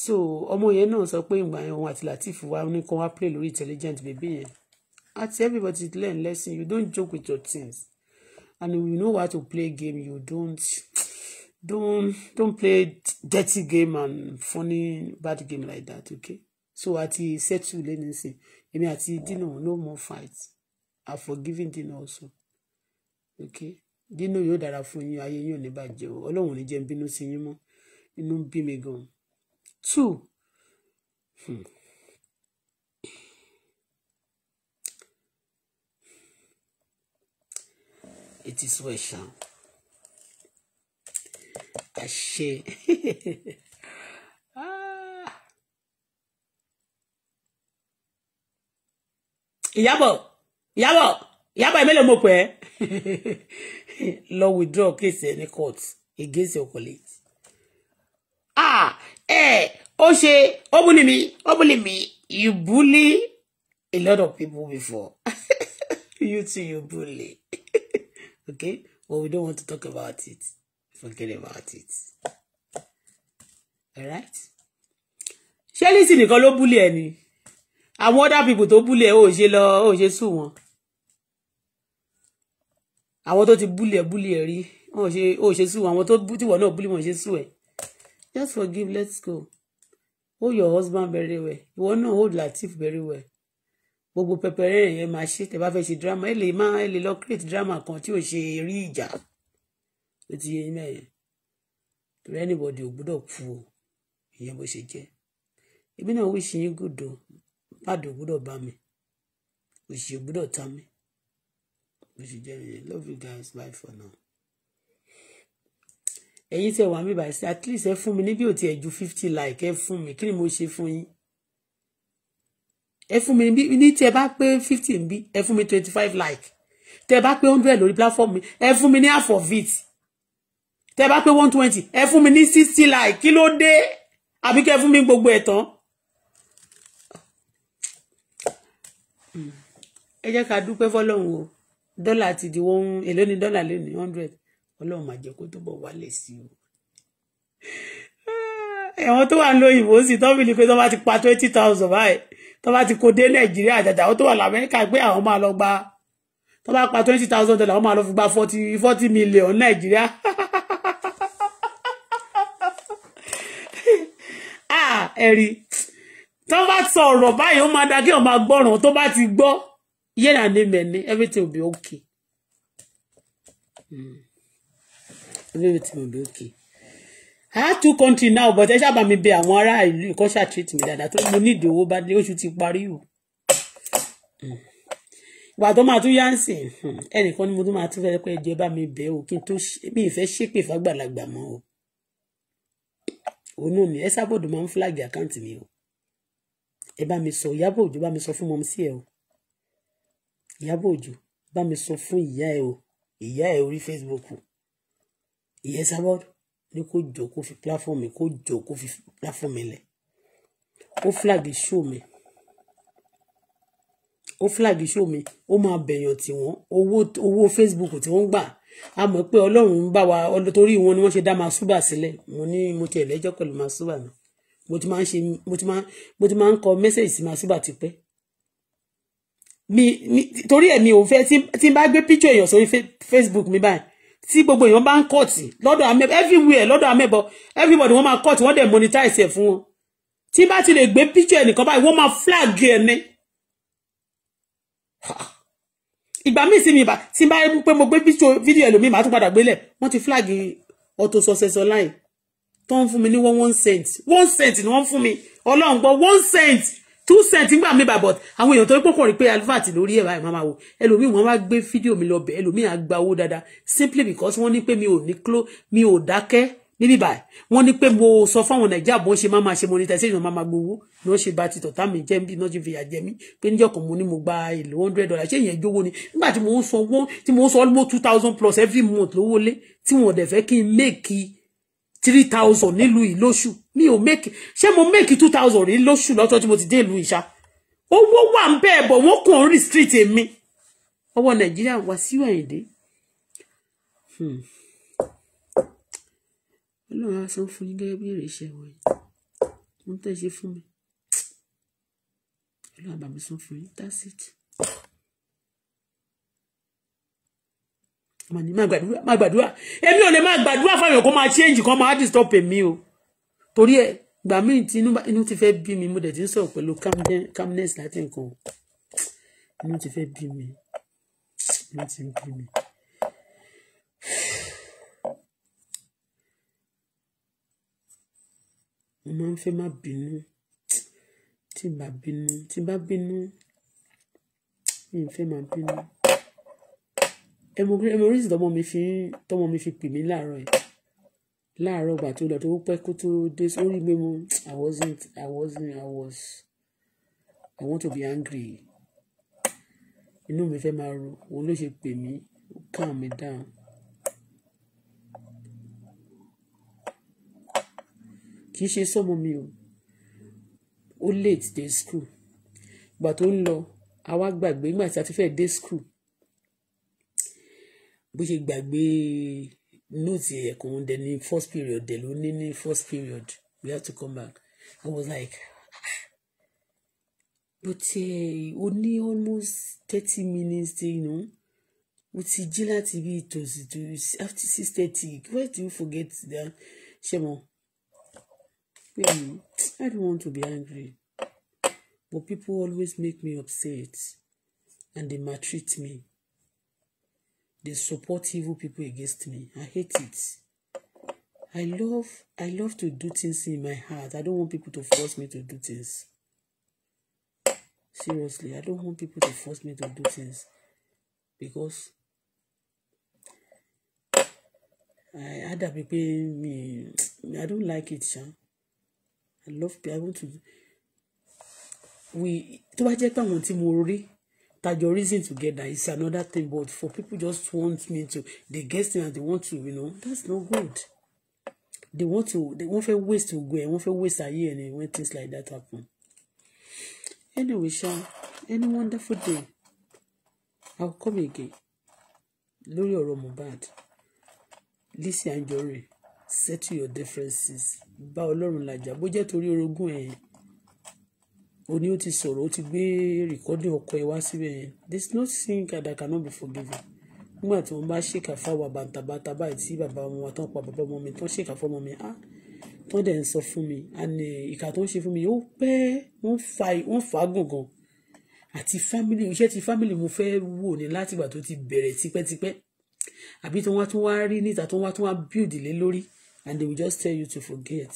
so ọmọ yẹn náà sọ pé ìgbà yẹn òun àti latif wa ní kan wá play lórí intelligent baby yẹn àti everybody learn lesson you don't joke with your things and you know how to play game you don't don't don't play dirty game and funny bad game like that okay so àti settle lẹ́nu sìn èmi ati Dino no more fight I forgiving Dino also okay Dino yóò dára fún yín ayé yín ò ní bàjẹ́ o ọlọ́run ò ní jẹ́ ń bínú sí yín mọ́ inú ń bí mi gan two hmm. it is well sha àṣẹ. Ah. ìyábọ̀ ìyábọ̀ ìyábọ̀ ìmẹ́lẹ̀ mo pẹ́ Law withdraw case in ní court against your colleagues. ah ẹ Oshé, ṣe ó mi ó mi you bully a lot of people before you too you bully okay but we don't want to talk about it forget about it All right. ṣé lisi nìkan ló búlẹ̀ ẹ ni àwọn other people tó búlẹ̀ ẹ ò ṣe lọ ò ṣe sùn wọn àwọn tó ti búlẹ̀ búlẹ̀ rí wọn ò ṣe sùn wọn àwọn tó tìwọ náà búlẹ̀ wọn ṣe sùn ẹ just forgive let's go hold your husband very well ìwọ náà hold Latif very well gbogbo pẹpẹrẹ yẹn máa ṣe tẹ bá fẹ́ ṣe drama ẹ lè má ẹ lè lọ create drama kan tí ò ṣe rí ìjà ó ti yé yín mẹ́yẹn torí anybody ò gbọ́dọ̀ kú o ìyẹn bó ṣe jẹ́ ibi náà wíṣì yín gòdò pàdé ò gbọ́dọ̀ bá mi òṣì ò gbọ́dọ̀ ta mi bó ṣe jẹ́ nìyẹn love you guys bye for now. ẹ̀yin tẹ́ wà mí báyìí sí at least ẹ fún mi níbi òtí ẹ̀ ju fifty like ẹ fún mi kí ni mo ṣe fún yín ẹ fún mi ní tí ẹ bá pé fifty ń bí ẹ fún mi twenty five like tẹ́ bá pé hundred lórí platform mi ẹ fún mi ní half of it tẹ́ bá pé one twenty ẹ fún mi ní sixty like kilo ló dé ke kẹ́ fún mi gbogbo ẹ̀ tán. ẹ jẹ́ ká dúpẹ́ fọlọ́run o dollar ti di wọ́n èló ni dọ́là lé ní hundred ọlọ́run ma jẹ́ kó tó bọ̀ wálé sí i o. ẹ̀wọ̀n tó wà ń lo òyìnbó sí tọ́ bìlì pé tọ́ bá ti pa twenty thousand báyìí tọ́ bá ti kó Nigeria. nàìjíríà àjàjà to tó wà America. pé àwọn máa lọ gba tó bá pa twenty thousand dollar wọ́n máa lọ fi gba forty forty million nàìjíríà ah, ẹ̀rí tó bá sọ ọ̀rọ̀ báyìí ó máa da kí wọ́n máa gbọ́ràn tó bá ti gbọ́ yẹ́nà ní mẹ́ni everything will be okay. Hmm. everything will be okay. I have two country now but ẹ sábà mi bẹ àwọn ará ìlú ìkọ́ṣà treat me dáadáa tó mo ní ìdíwọ́ bá dé oṣù ti parí o. Hmm ìgbà tó máa tún yá ń sìn hmm. ẹnìkan ni mo tún máa tún fẹ́ pé ẹjọ́ bá mi bẹ̀ o kí n tó bí ìfẹ́ ṣépè fàgbàlagbà mọ́ o òun náà ni ẹ sábọ̀dù máa ń flag àkáǹtì mi o ẹ bá mi sọ Ìyábọ̀ Òjó bá mi sọ fún mọ́mí sí ẹ o Ìyábọ̀ Òjó bá mi sọ fún ìyá ẹ o ìyá ẹ orí Facebook ìyá sábọ̀dù ní kó jọ kó fi platform mi kó jọ kó fi platform mi lẹ̀ flag show mi ó flag show mi ó máa bẹ̀yàn tí wọ́n owó owó Facebook tí wọ́n gbà a mọ̀ pé ọlọ́run ń bá wa torí wọn ni wọ́n ṣe dá masuba sílẹ̀ mo ní mo ti ẹ̀lẹ́jọ́ pẹ̀lú masuba náà mo ti máa ń ṣe mo ti máa mo ti ń kọ mẹ́sẹ̀gì sí masuba tipẹ́ mi mi torí ẹ̀mí òun fẹ́ tí n bá gbé píṣọ èèyàn sórí Facebook mi báyìí tí gbogbo èèyàn bá ń kọ́ọ̀tì lọ́dọ̀ amẹ́bọ everywhere lọ́dọ̀ amẹ́bọ everybody wọ́n máa kọ́ọ̀tì wọ́n dẹ̀ monetize ẹ̀ fún wọn tí n bá ti lè gbé píṣọ ẹnìkan báyìí wọ́n máa flag ẹ̀ ìgbà míì sí mi ìbá tí n bá rí pé mo gbé fídíò ẹlòmíì màá tún padà gbélẹ̀ wọ́n ti flag auto success online tó ń fún mi ní one one cent one cent ni wọ́n fún mi ọlọ́run gbọ́ one cent two cent ń mi ba bàbọ̀ àwọn èèyàn tó ń pọ̀kọ̀ rí pé advert lórí ẹ̀ báyìí máa wò ẹlòmíì wọ́n wá gbé fídíò mi lọ bẹ̀ ẹlòmíì á gba owó dáadáa simply because wọ́n ní pé mi o ní close mi o dake níbí báyìí wọ́n ní pé mo sọ fáwọn nàìjíríà bó ṣe máa ma ṣe monetization máa ma gbowó ni wọ́n ṣe bá ti tọ̀tà mi jẹ́ bí náà ṣe fìyà jẹ mí pé níjọ́ kan mo ní mo gba èlò hundred dollars ṣé ìyẹn jówó ni nígbà tí mo ń san owó tí mo ń san almost two thousand plus every month lówó lé tí wọn ò dẹ̀ fẹ́ kí n make three thousand nílùú yìí lóṣù mi ò make ṣé mo make two thousand rí lóṣù lọ́tọ́ tí mo ti dé ìlú ìṣá owó wà ń bẹ́ẹ̀ bọ̀ wọ́n kàn ń restrict èmi ọwọ́ nàìjíríà wá sí Àyìndé. Hmm ọlọ́run á san fún yín gẹ́gẹ́ bí èrè iṣẹ́ wọ̀nyí mo ń tẹ̀sí fún mi ọlọ́run á bá mi san fún yín that's it. màá ní máa gbàdúrà máa gbàdúrà èmi ò lè máa gbàdúrà fáwọn kó máa change kan máa disturb èmi o torí ẹ gbà mí tí inú ti fẹ́ bí mi mo dẹ̀ ti ń sọ̀rọ̀ pẹ̀lú calmness láti nǹkan inú ti fẹ́ bí mi inú ti ń bí mi. mo máa ń fẹ́ má bínú tí n bá bínú tí n bá bínú mi n fẹ́ má bínú ẹ mọ ẹ mọ oríṣi tọmọ mi fi tọmọ mi fi pè mí láàárọ̀ yìí láàárọ̀ ìgbà tó lọ tó pẹ́ kó tó dé sórí gbé mu I wasn't I wasn't I was I want to be angry inú mi fẹ́ máa ro òun ló ṣe pè mí calm me down. kì í ṣe sọmọ mi o ó late dé school ìgbà tó ń lọ àwa gbàgbé ìgbà tí a ti fẹ́ dé school bó ṣe gbàgbé nóòtì ẹ̀yẹ̀ kan ń dẹ ní first period dẹ̀ ló ní ní first period we have to come back I was like but ah. o ní almost thirty minutes you know o ti jí láti bí tòsí tòsí after six thirty where do you forget that ṣe mo you know, I don't want to be angry. But people always make me upset and they maltreat me. They support evil people against me. I hate it. I love I love to do things in my heart. I don't want people to force me to do things. Seriously, I don't want people to force me to do things because I, had me. I don't like it, Sean. I love people. I want to. We tó bá jẹ́ pé àwọn tí mo rí tajọ reason together is another thing but for people just want me to they get me and they want to you know that's not good they want to they wọ́n fẹ́ waste ogun ẹ̀ wọ́n fẹ́ waste ayé ẹ̀ ni when things like that happen anyway sha any wonderful day i will come again lórí ọ̀rọ̀ Mohbad Lizzy Anjorin Set your differences bá ọlọ́run làjà bó jẹ́ torí orogún ẹ̀ o ní ó ti sọ̀rọ̀ ó ti gbé rìkọ́dì ọkọ ẹ̀ wá síbẹ̀ yẹn there is no sin that cannot be forgiven nígbà tí wọ́n bá ṣèkà fáwọn bàtàbàtà báyìí tí bàbá ọmọ wa tán pa bàbá ọmọ mi tán ṣèkà fọmọ mi ah tán dẹ̀ ń sọ fún mi àní ìkà tó ń ṣe fún mi ó pẹ́ wọ́n fa wọ́n fa gàngàn àti family iṣẹ́ ti family mo fẹ́ wò ní látìgbà tó ti bẹ̀rẹ̀ tipẹ́tipẹ́ àbí tí wọ́n tún wá rí níta tí wọ́n tún wá build lé lórí and they will just tell you to forget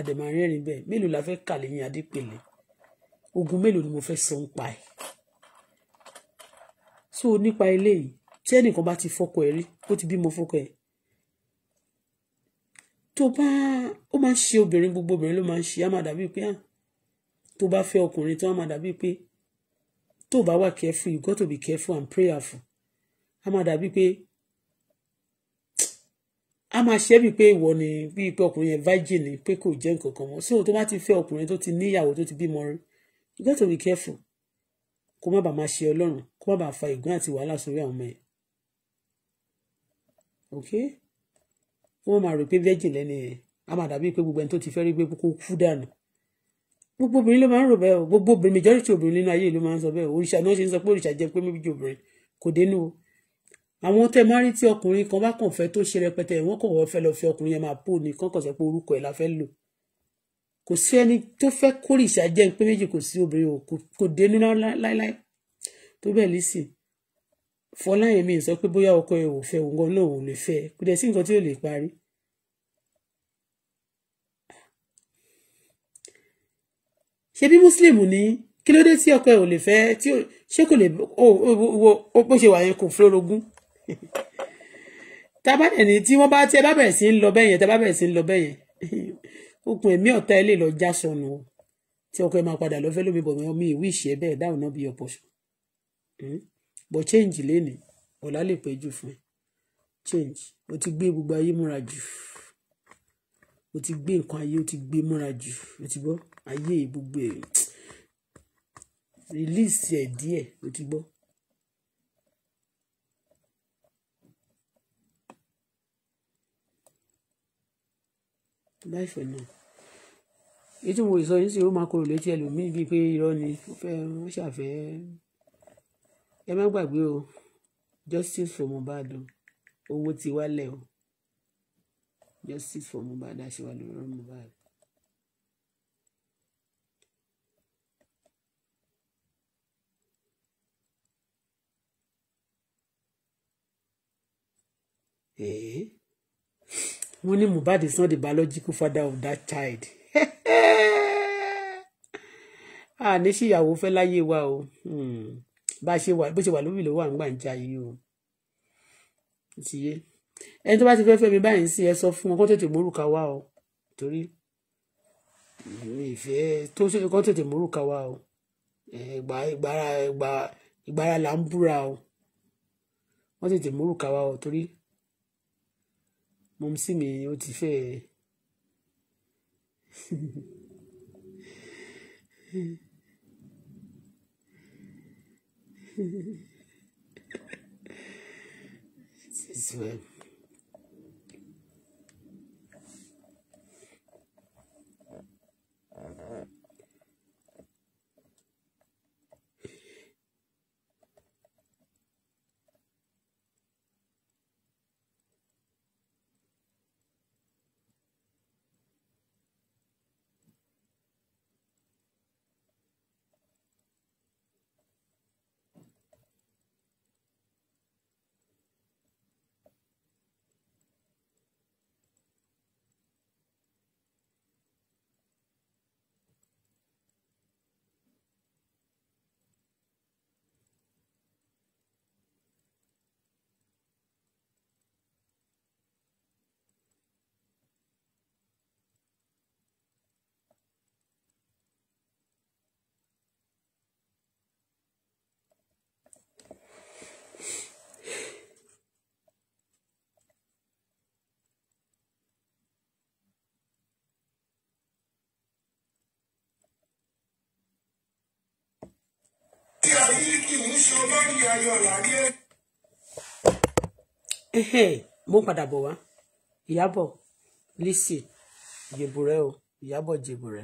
àdèmàrẹ́rìn bẹ́ẹ̀ mélòó la fẹ́ kà lẹ́yìn adépèlé ogun mélòó ni mo fẹ́ sọ ń pa ẹ̀ so nípa eléyìí tí ẹnìkan bá ti fọkọ ẹ̀ rí ó ti bímọ fọkọ ẹ̀ tó bá ó máa ń ṣe obìnrin gbogbo obìnrin ló máa ń ṣe á máa dàbí pé ah, tó bá fẹ́ ọkùnrin tó á máa dàbí pé tó bá wà careful you got to be careful and prayerful á máa dàbí pé a máa ṣe é bíi pé ìwọ ni bíi pé ọkùnrin yẹn virgin ni pé kò jẹ́ nǹkan kan mọ́ sí tó bá ti fẹ́ ọkùnrin tó ti níyàwó tó ti bímọ rí you got to be careful kó má bàa máa ṣe ọlọ́run kó má bàa fa ìgbọ́n àti wàhálà sórí àwọn ọmọ yẹn ok wọ́n máa rò pé virgin lẹ́ni yẹn a máa dàbí pé gbogbo ẹni tó ti fẹ́ rí pé kó kú dànù gbogbo obìnrin ló máa ń rò bẹ́ẹ̀ o gbogbo obìnrin majority obìnrin nínú ayé ló máa ń sọ bẹ́ẹ̀ òrìṣà náà ṣe ń sọ pé òrìṣà jẹ́ pé méjì obìnrin kò dénú o àwọn tẹ máa rí tí ọkùnrin kan bá kàn fẹ́ tó ṣe rẹpẹtẹ wọn kò wọ́n fẹ́ lọ fi ọkùnrin yẹn máa pò ní kọ́kàn sọ pé orúkọ ẹ̀ la fẹ́ lò kò sí ẹni tó fẹ́ kórìṣà jẹ́ pé méjì kò sí obìnrin o kò dé nínú láéláé tó bẹ́ẹ̀ lísì Fọláyẹmí sọ pé bóyá ọkọ ẹ̀ ò fẹ́ òun gan náà ò lè fẹ́ kò dẹ̀ sí nǹkan tí ò lè parí ṣebí muslim ní kí ló dé tí ọkọ ẹ ò lè fẹ́ tí ṣé kò lè wo bó ṣe wà yẹn kò fúlórogún tábàdẹ̀ ni tí wọ́n bá tí ẹ bá bẹ̀rẹ̀ sí ń lọ bẹ́yẹn tẹ bá bẹ̀rẹ̀ sí ń lọ bẹ́yẹn okùn ẹ̀mí ọ̀tá ẹ lè lọ já sọnù o tí ọkọ ẹ máa padà lọ́fẹ́ lómi bọ̀ mọ́ mi be ìṣẹ́ bẹ́ẹ̀ dáhùn náà bí ọ̀pọ̀ sùn bọ̀ change lénìí ọ̀la lè pẹ́ jù fún ẹ change o ti gbé gbogbo ayé múra jù o ti gbé nǹkan ayé o ti gbé múra jù o ti gbọ́ ayé gbogbo release ẹ̀ die. o ti gbọ́ bye for now èyí tí mo sọ yín sí ó máa kúrò létí ẹlòmíín bíi pé irọ́ ni ó fẹ́ wọ́n ṣàfẹ́ ẹ má gbàgbé o justice for Mohbad owó ti wálẹ̀ o justice for Mohbad àṣewà lórí ọ̀rọ̀ Mohbad. Eh? mo ní Mohbad is not the biological father of that child àní ah, ṣìyàwó fẹ́ láyé wa o hmm. bá ṣe wà bó ṣe wà lóbì ló wà nígbà ń ja yìí o tìyé ẹni tó bá ti fẹ́ fẹ́ mi báyìí sí ẹ sọ fún wọn kó tètè mórúkà wá o torí ìfẹ́ tó ṣe kó tètè mórúkà wá o ìgbára ìgbára là ń búra o wọ́n tètè mórúkà wá o torí mọ̀mísí mi ó ti fẹ́ ẹ̀. This is tí Adeleke ń ṣe olórí ayọ̀ láyé. mo padà bọ̀ wá ìyábọ̀ lisi jèbùrẹ́ o ìyábọ̀ jèbùrẹ́.